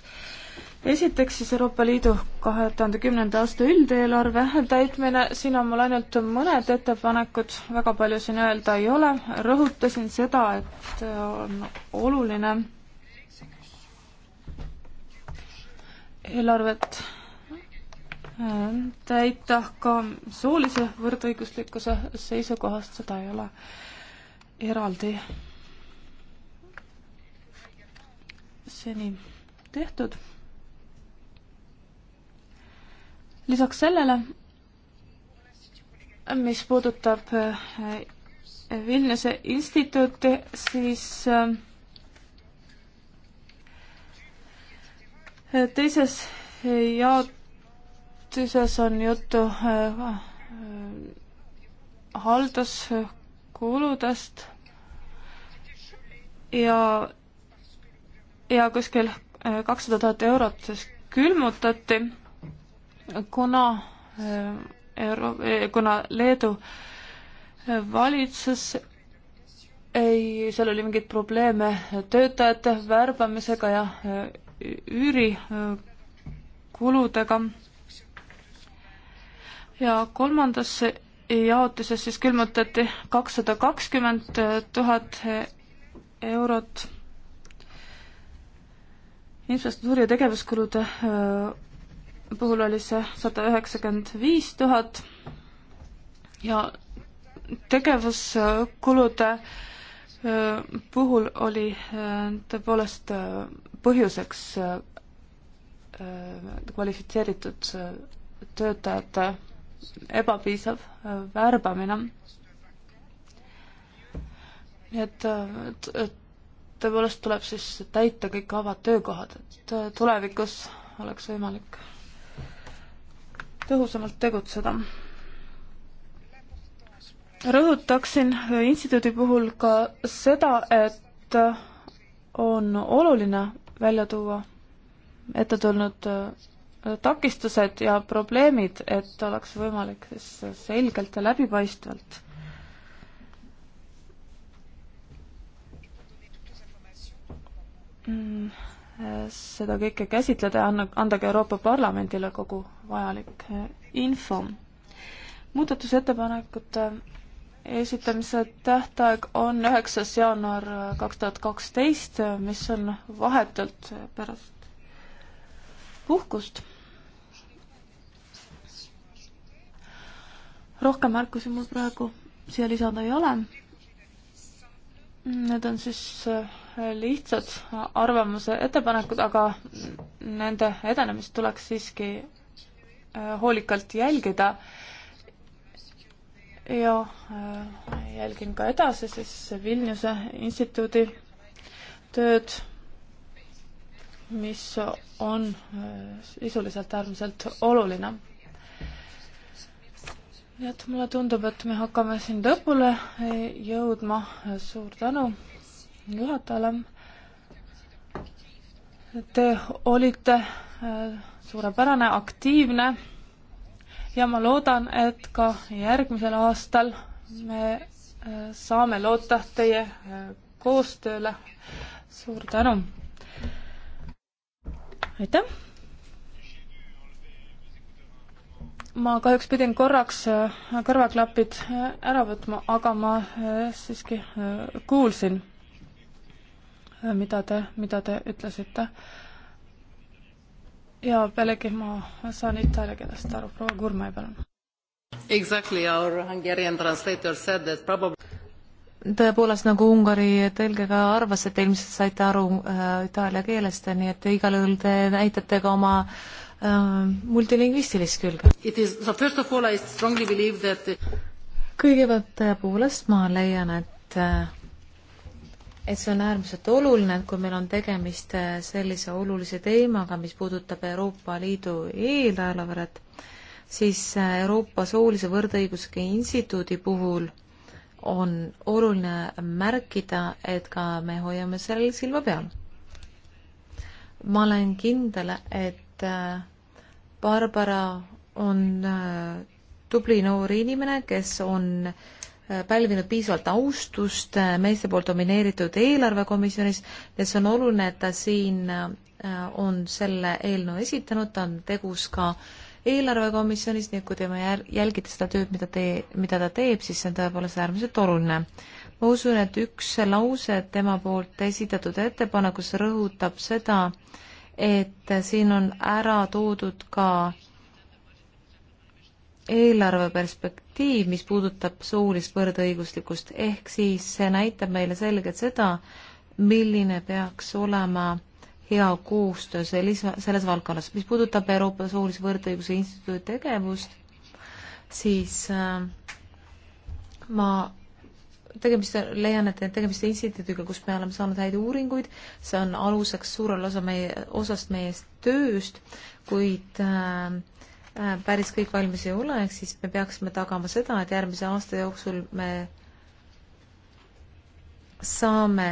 esiteks siis Euroopa Liidu kahe tuhande kümnenda aasta üldeelarve täitmine, siin on mul ainult mõned ettepanekud, väga palju siin öelda ei ole, rõhutasin seda, et on oluline eelarvet äh, täita ka soolise võrdõiguslikkuse seisukohast, seda ei ole äh, eraldi seni tehtud. lisaks sellele, mis puudutab äh, Vilniuse instituuti, siis äh, teises jaotuses on juttu äh, haldus- kuludest ja, ja kuskil äh, kakssada tuhat eurot siis külmutati, kuna äh, euro, äh, kuna Leedu valitsus ei, seal oli mingeid probleeme töötajate värbamisega ja üürikuludega. ja kolmandasse jaotuses siis külmutati kakssada kakskümmend äh, tuhat äh, eurot infrastruktuuri ja tegevuskulude äh, puhul oli see sada üheksakümmend viis tuhat ja tegevuskulude puhul oli tõepoolest põhjuseks kvalifitseeritud töötajate ebapiisav äh, värbamine. nii et, äh, et, et tõepoolest tuleb siis täita kõik vabad töökohad, et äh, tulevikus oleks võimalik tõhusamalt tegutseda. rõhutaksin instituudi puhul ka seda, et on oluline välja tuua ette tulnud Äh, takistused ja probleemid, et oleks võimalik siis selgelt ja läbipaistvalt mm, äh, seda kõike käsitleda ja anna, anda ka Euroopa Parlamendile kogu vajalik äh, info. muudatusettepanekute esitamise tähtaeg on üheksas jaanuar kaks tuhat kaksteist, mis on vahetult pärast puhkust. rohkem märkusi mul praegu siia lisada ei ole. Need on siis äh, lihtsad arvamuse ettepanekud, aga nende edenemist tuleks siiski äh, hoolikalt jälgida. ja äh, jälgin ka edasi siis Vilniuse instituudi tööd mis on äh, sisuliselt äärmiselt oluline. nii et mulle tundub, et me hakkame siin lõpule äh, jõudma. suur tänu juhatajale. Te olite äh, suurepärane, aktiivne ja ma loodan, et ka järgmisel aastal me saame loota teie koostööle. suur tänu! aitäh! ma kahjuks pidin korraks äh, kõrvaklapid äh, ära võtma, aga ma äh, siiski kuulsin, mida te, mida te ütlesite. ja pealegi ma saan itaalia keelest aru, proua Kurmai, palun. Exactly, our Hungarian translator said that probably tõepoolest, nagu Ungari tõlge ka arvas, et ilmselt saite aru äh, itaalia keelest, nii et igal juhul te näitate ka oma äh, multilingvistilist külge. That... kõigepealt tõepoolest ma leian, et äh, et see on äärmiselt oluline, et kui meil on tegemist äh, sellise olulise teemaga, mis puudutab Euroopa Liidu eelarvet, siis äh, Euroopa Soolise Võrdõiguslikkuse Instituudi puhul on oluline märkida, et ka me hoiame sellel silma peal. ma olen kindel, et äh, Barbara on äh, tubli noor inimene, kes on äh, pälvinud piisavalt austust meeste poolt domineeritud eelarvekomisjonis ja see on oluline, et ta siin on selle eelnõu esitanud, ta on tegus ka äh, eelarvekomisjonis, nii et kui tema jälgite seda tööd, mida tee, mida ta teeb, siis see on tõepoolest äärmiselt oluline. ma usun, et üks lause tema poolt esitatud ettepanekus rõhutab seda, et siin on ära toodud ka eelarve perspektiiv, mis puudutab soolist võrdõiguslikkust, ehk siis see näitab meile selgelt seda, milline peaks olema hea koostöö sellis, selles valdkonnas. mis puudutab Euroopa Soolise Võrdõiguse Instituudi tegevust, siis äh, ma tegemist, leian, et tegemist on instituudiga, kus me oleme saanud häid uuringuid, see on aluseks suurel osa meie, osast meie tööst, kuid äh, äh päris kõik valmis ei ole, ehk siis me peaksime tagama seda, et järgmise aasta jooksul me saame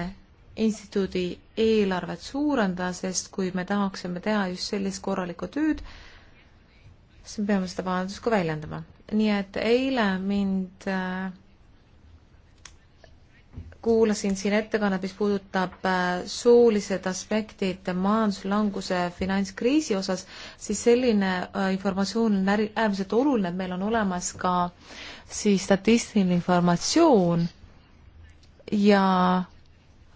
instituudi eelarvet suurendada, sest kui me tahaksime teha just sellist korralikku tööd, siis me peame seda vajadust ka väljendama. nii et eile mind äh, kuulasin siin ettekannet, mis puudutab äh, soolised aspektid majanduslanguse finantskriisi osas, siis selline äh, informatsioon on äärmiselt oluline, et meil on olemas ka siis statistiline informatsioon ja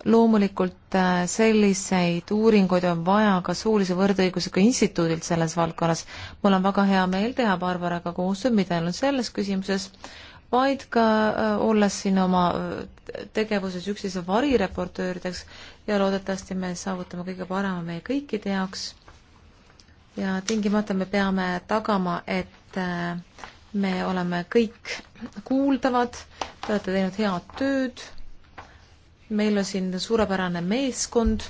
loomulikult äh, selliseid uuringuid on vaja ka suulise võrdõigusega instituudilt selles valdkonnas. mul on väga hea meel teha Barbaraga koostööd, mitte ainult selles küsimuses, vaid ka äh, olles siin oma äh, tegevuses üksteise varireportöörideks ja loodetavasti me saavutame kõige parema meie kõikide jaoks. ja tingimata me peame tagama, et me oleme kõik kuuldavad, te olete teinud head tööd meil on siin suurepärane meeskond.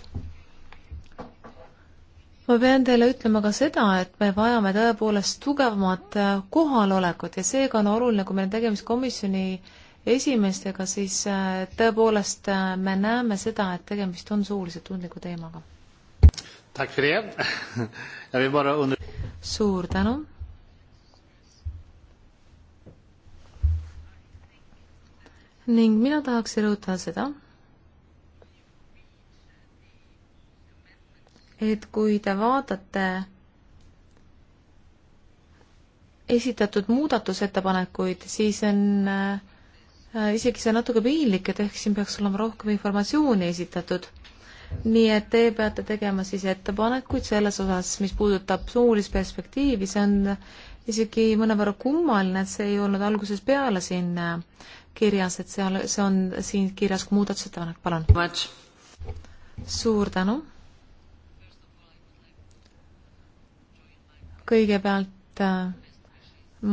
ma pean teile ütlema ka seda, et me vajame tõepoolest tugevamat kohalolekut ja seega on oluline, kui meil on tegemist komisjoni esimeestega, siis äh, tõepoolest äh, me näeme seda, et tegemist on suuliselt tundliku teemaga. suur tänu. ning mina tahaksin rõhutada seda et kui te vaatate esitatud muudatusettepanekuid, siis on äh, isegi see natuke piinlik, et ehk siin peaks olema rohkem informatsiooni esitatud. nii et te peate tegema siis ettepanekuid selles osas, mis puudutab suulist perspektiivi, see on isegi mõnevõrra kummaline, et see ei olnud algusest peale siin äh, kirjas, et seal, see on siin kirjas kui muudatusettepanek, palun. suur tänu kõigepealt äh,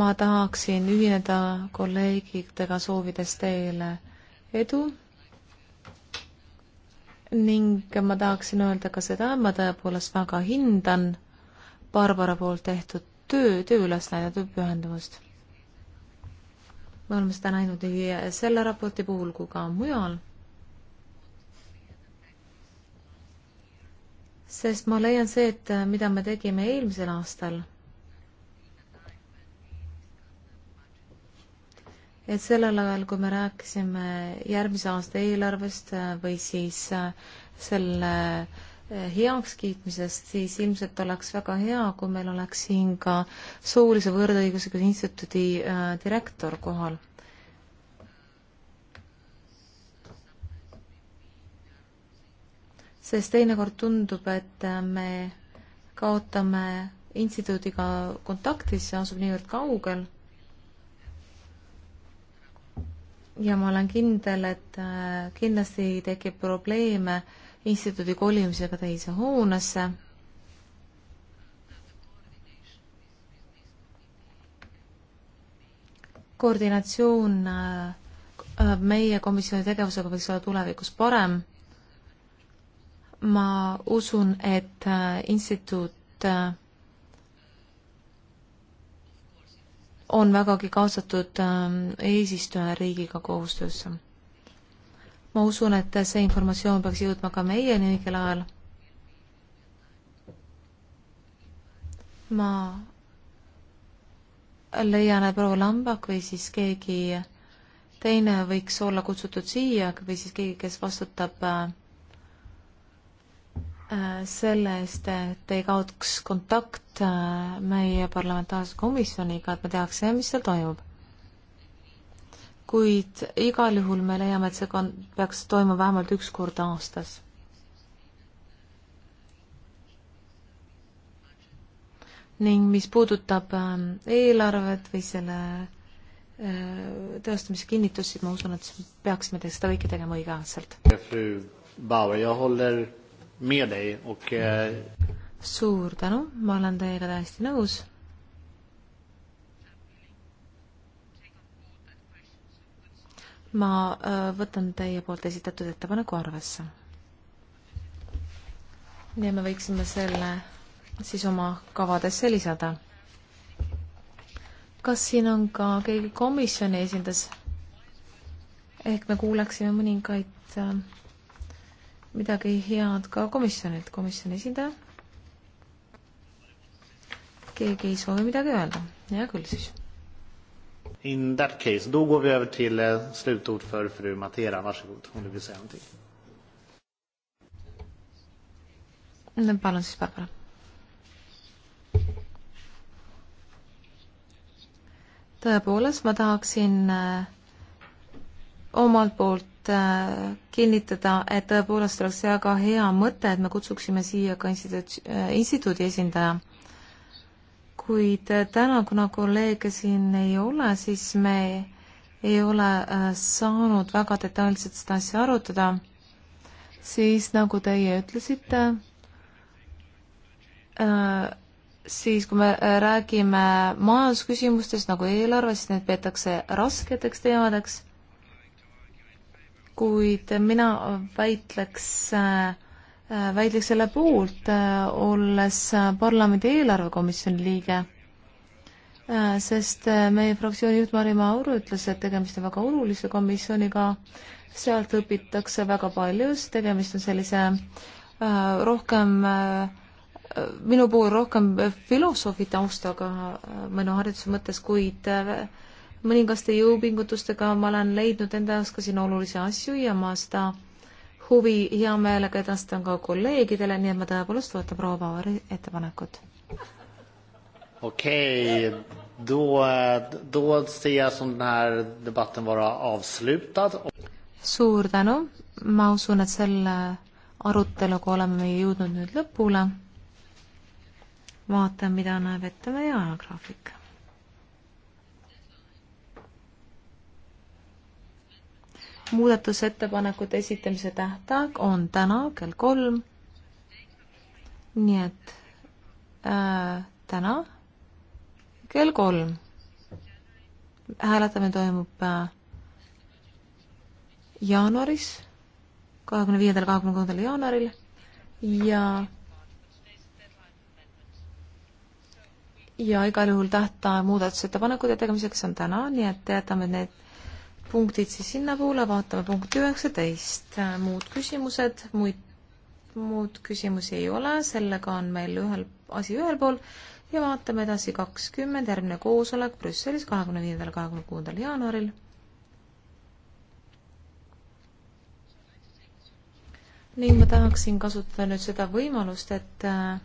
ma tahaksin ühineda kolleegidega, soovides teile edu ning ma tahaksin öelda ka seda, ma tõepoolest väga hindan Barbara poolt tehtud töö, töö üles näidatud pühendumust. me oleme seda näinud nii selle raporti puhul kui ka mujal sest ma leian see, et äh, mida me tegime eelmisel aastal, et sellel ajal, kui me rääkisime järgmise aasta eelarvest äh, või siis äh, selle heakskiitmisest, siis ilmselt oleks väga hea, kui meil oleks siin ka soolise võrdõigusega instituudi direktor kohal sest teinekord tundub, et me kaotame instituudiga kontaktis, see asub niivõrd kaugel. ja ma olen kindel, et äh, kindlasti tekib probleeme instituudi kolimisega teise hoonesse. koordinatsioon äh, äh, meie komisjoni tegevusega võiks olla tulevikus parem ma usun, et äh, instituut äh, on vägagi kaasatud ähm, eesistujariigiga koostöösse. ma usun, et see informatsioon peaks jõudma ka meieni õigel ajal. ma leian, et proua Lambak või siis keegi teine võiks olla kutsutud siia või siis keegi, kes vastutab äh, Äh, selle eest, et ei kaoks kontakt äh, meie parlamentaarse komisjoniga, et me teaksime, äh, mis seal toimub. kuid igal juhul me leiame, et see kon-, peaks toimuma vähemalt üks kord aastas. ning mis puudutab ähm, eelarvet või selle teostamise kinnitust, siis ma usun, et peaksime seda kõike tegema õigeaegselt med dig och... Eh, suur tänu, ma olen teiega täiesti nõus. ma äh, võtan teie poolt esitatud ettepaneku arvesse. ja me võiksime selle siis oma kavadesse lisada. kas siin on ka keegi komisjoni esindas? ehk me kuulaksime mõningaid äh, midagi head ka komisjonilt, komisjoni esindaja? keegi ei soovi midagi öelda, hea küll siis. In that case, då går vi över till eh, slutord för fru Matera, varsågod, om du vill säga någonting. Mm, palun siis, Barbara. tõepoolest, ma tahaksin äh, omalt poolt äh, kinnitada, et tõepoolest oleks väga hea mõte, et me kutsuksime siia ka instituut, äh, instituudi esindaja. kuid äh, täna, kuna kolleege siin ei ole, siis me ei ole saanud väga detailselt seda asja arutada, siis nagu teie ütlesite, siis kui me räägime majandusküsimustest nagu eelarvest, need peetakse rasketeks teemadeks kuid mina väitleks äh, äh, väidleks selle poolt, äh, olles parlamendi eelarvekomisjoni liige, sest meie fraktsiooni juht Mari Maur ütles, et tegemist on väga olulise komisjoniga, sealt õpitakse väga palju, sest tegemist on sellise rohkem, minu puhul rohkem filosoofi taustaga minu hariduse mõttes, kuid mõningaste jõupingutustega ma olen leidnud enda jaoks ka siin olulisi asju ja ma seda huvi hea meelega edastan ka kolleegidele, nii et ma tõepoolest toetan proua Pavari ettepanekut. okei okay,, då, då ser jag som den här debatten vara avslutad. suur tänu, ma usun, et selle aruteluga oleme me jõudnud nüüd lõpule. vaatan, mida näeb ette meie ajagraafik muudatusettepanekute esitamise tähtaeg on täna kell kolm. nii et äh, täna kell kolm. hääletamine toimub äh, jaanuaris, kahekümne viiendal, kahekümne kuuendal jaanuaril ja ja igal juhul tähtaeg muudatusettepanekute tegemiseks on täna, nii et jätame need punktid siis sinnapoole, vaatame punkti üheksateist, muud küsimused, muid, muud küsimusi ei ole, sellega on meil ühel, asi ühel pool ja vaatame edasi kakskümmend, järgmine koosolek Brüsselis kahekümne viiendal, kahekümne kuuendal jaanuaril. ning ma tahaksin kasutada nüüd seda võimalust, et äh,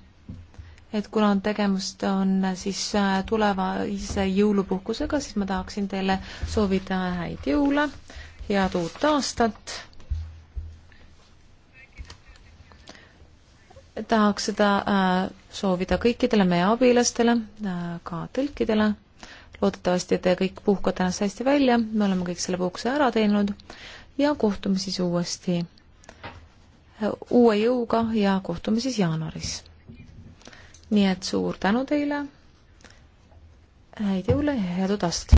et kuna on tegemist, on äh, siis äh, tulevase jõulupuhkusega, siis ma tahaksin teile soovida häid jõule, head uut aastat. tahaks seda äh, soovida kõikidele meie abilastele, ka tõlkidele. loodetavasti te kõik puhkate ennast hästi välja, me oleme kõik selle puhkuse ära teinud ja kohtume siis uuesti uue jõuga ja kohtume siis jaanuaris nii et suur tänu teile, häid jõule ja head udast!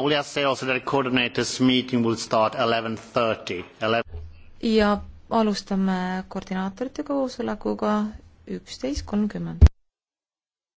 Aulia sales that coordinators meeting will start 11.30. 11... ja alustame koordinaatorite koosolekuga üksteist kolmkümmend.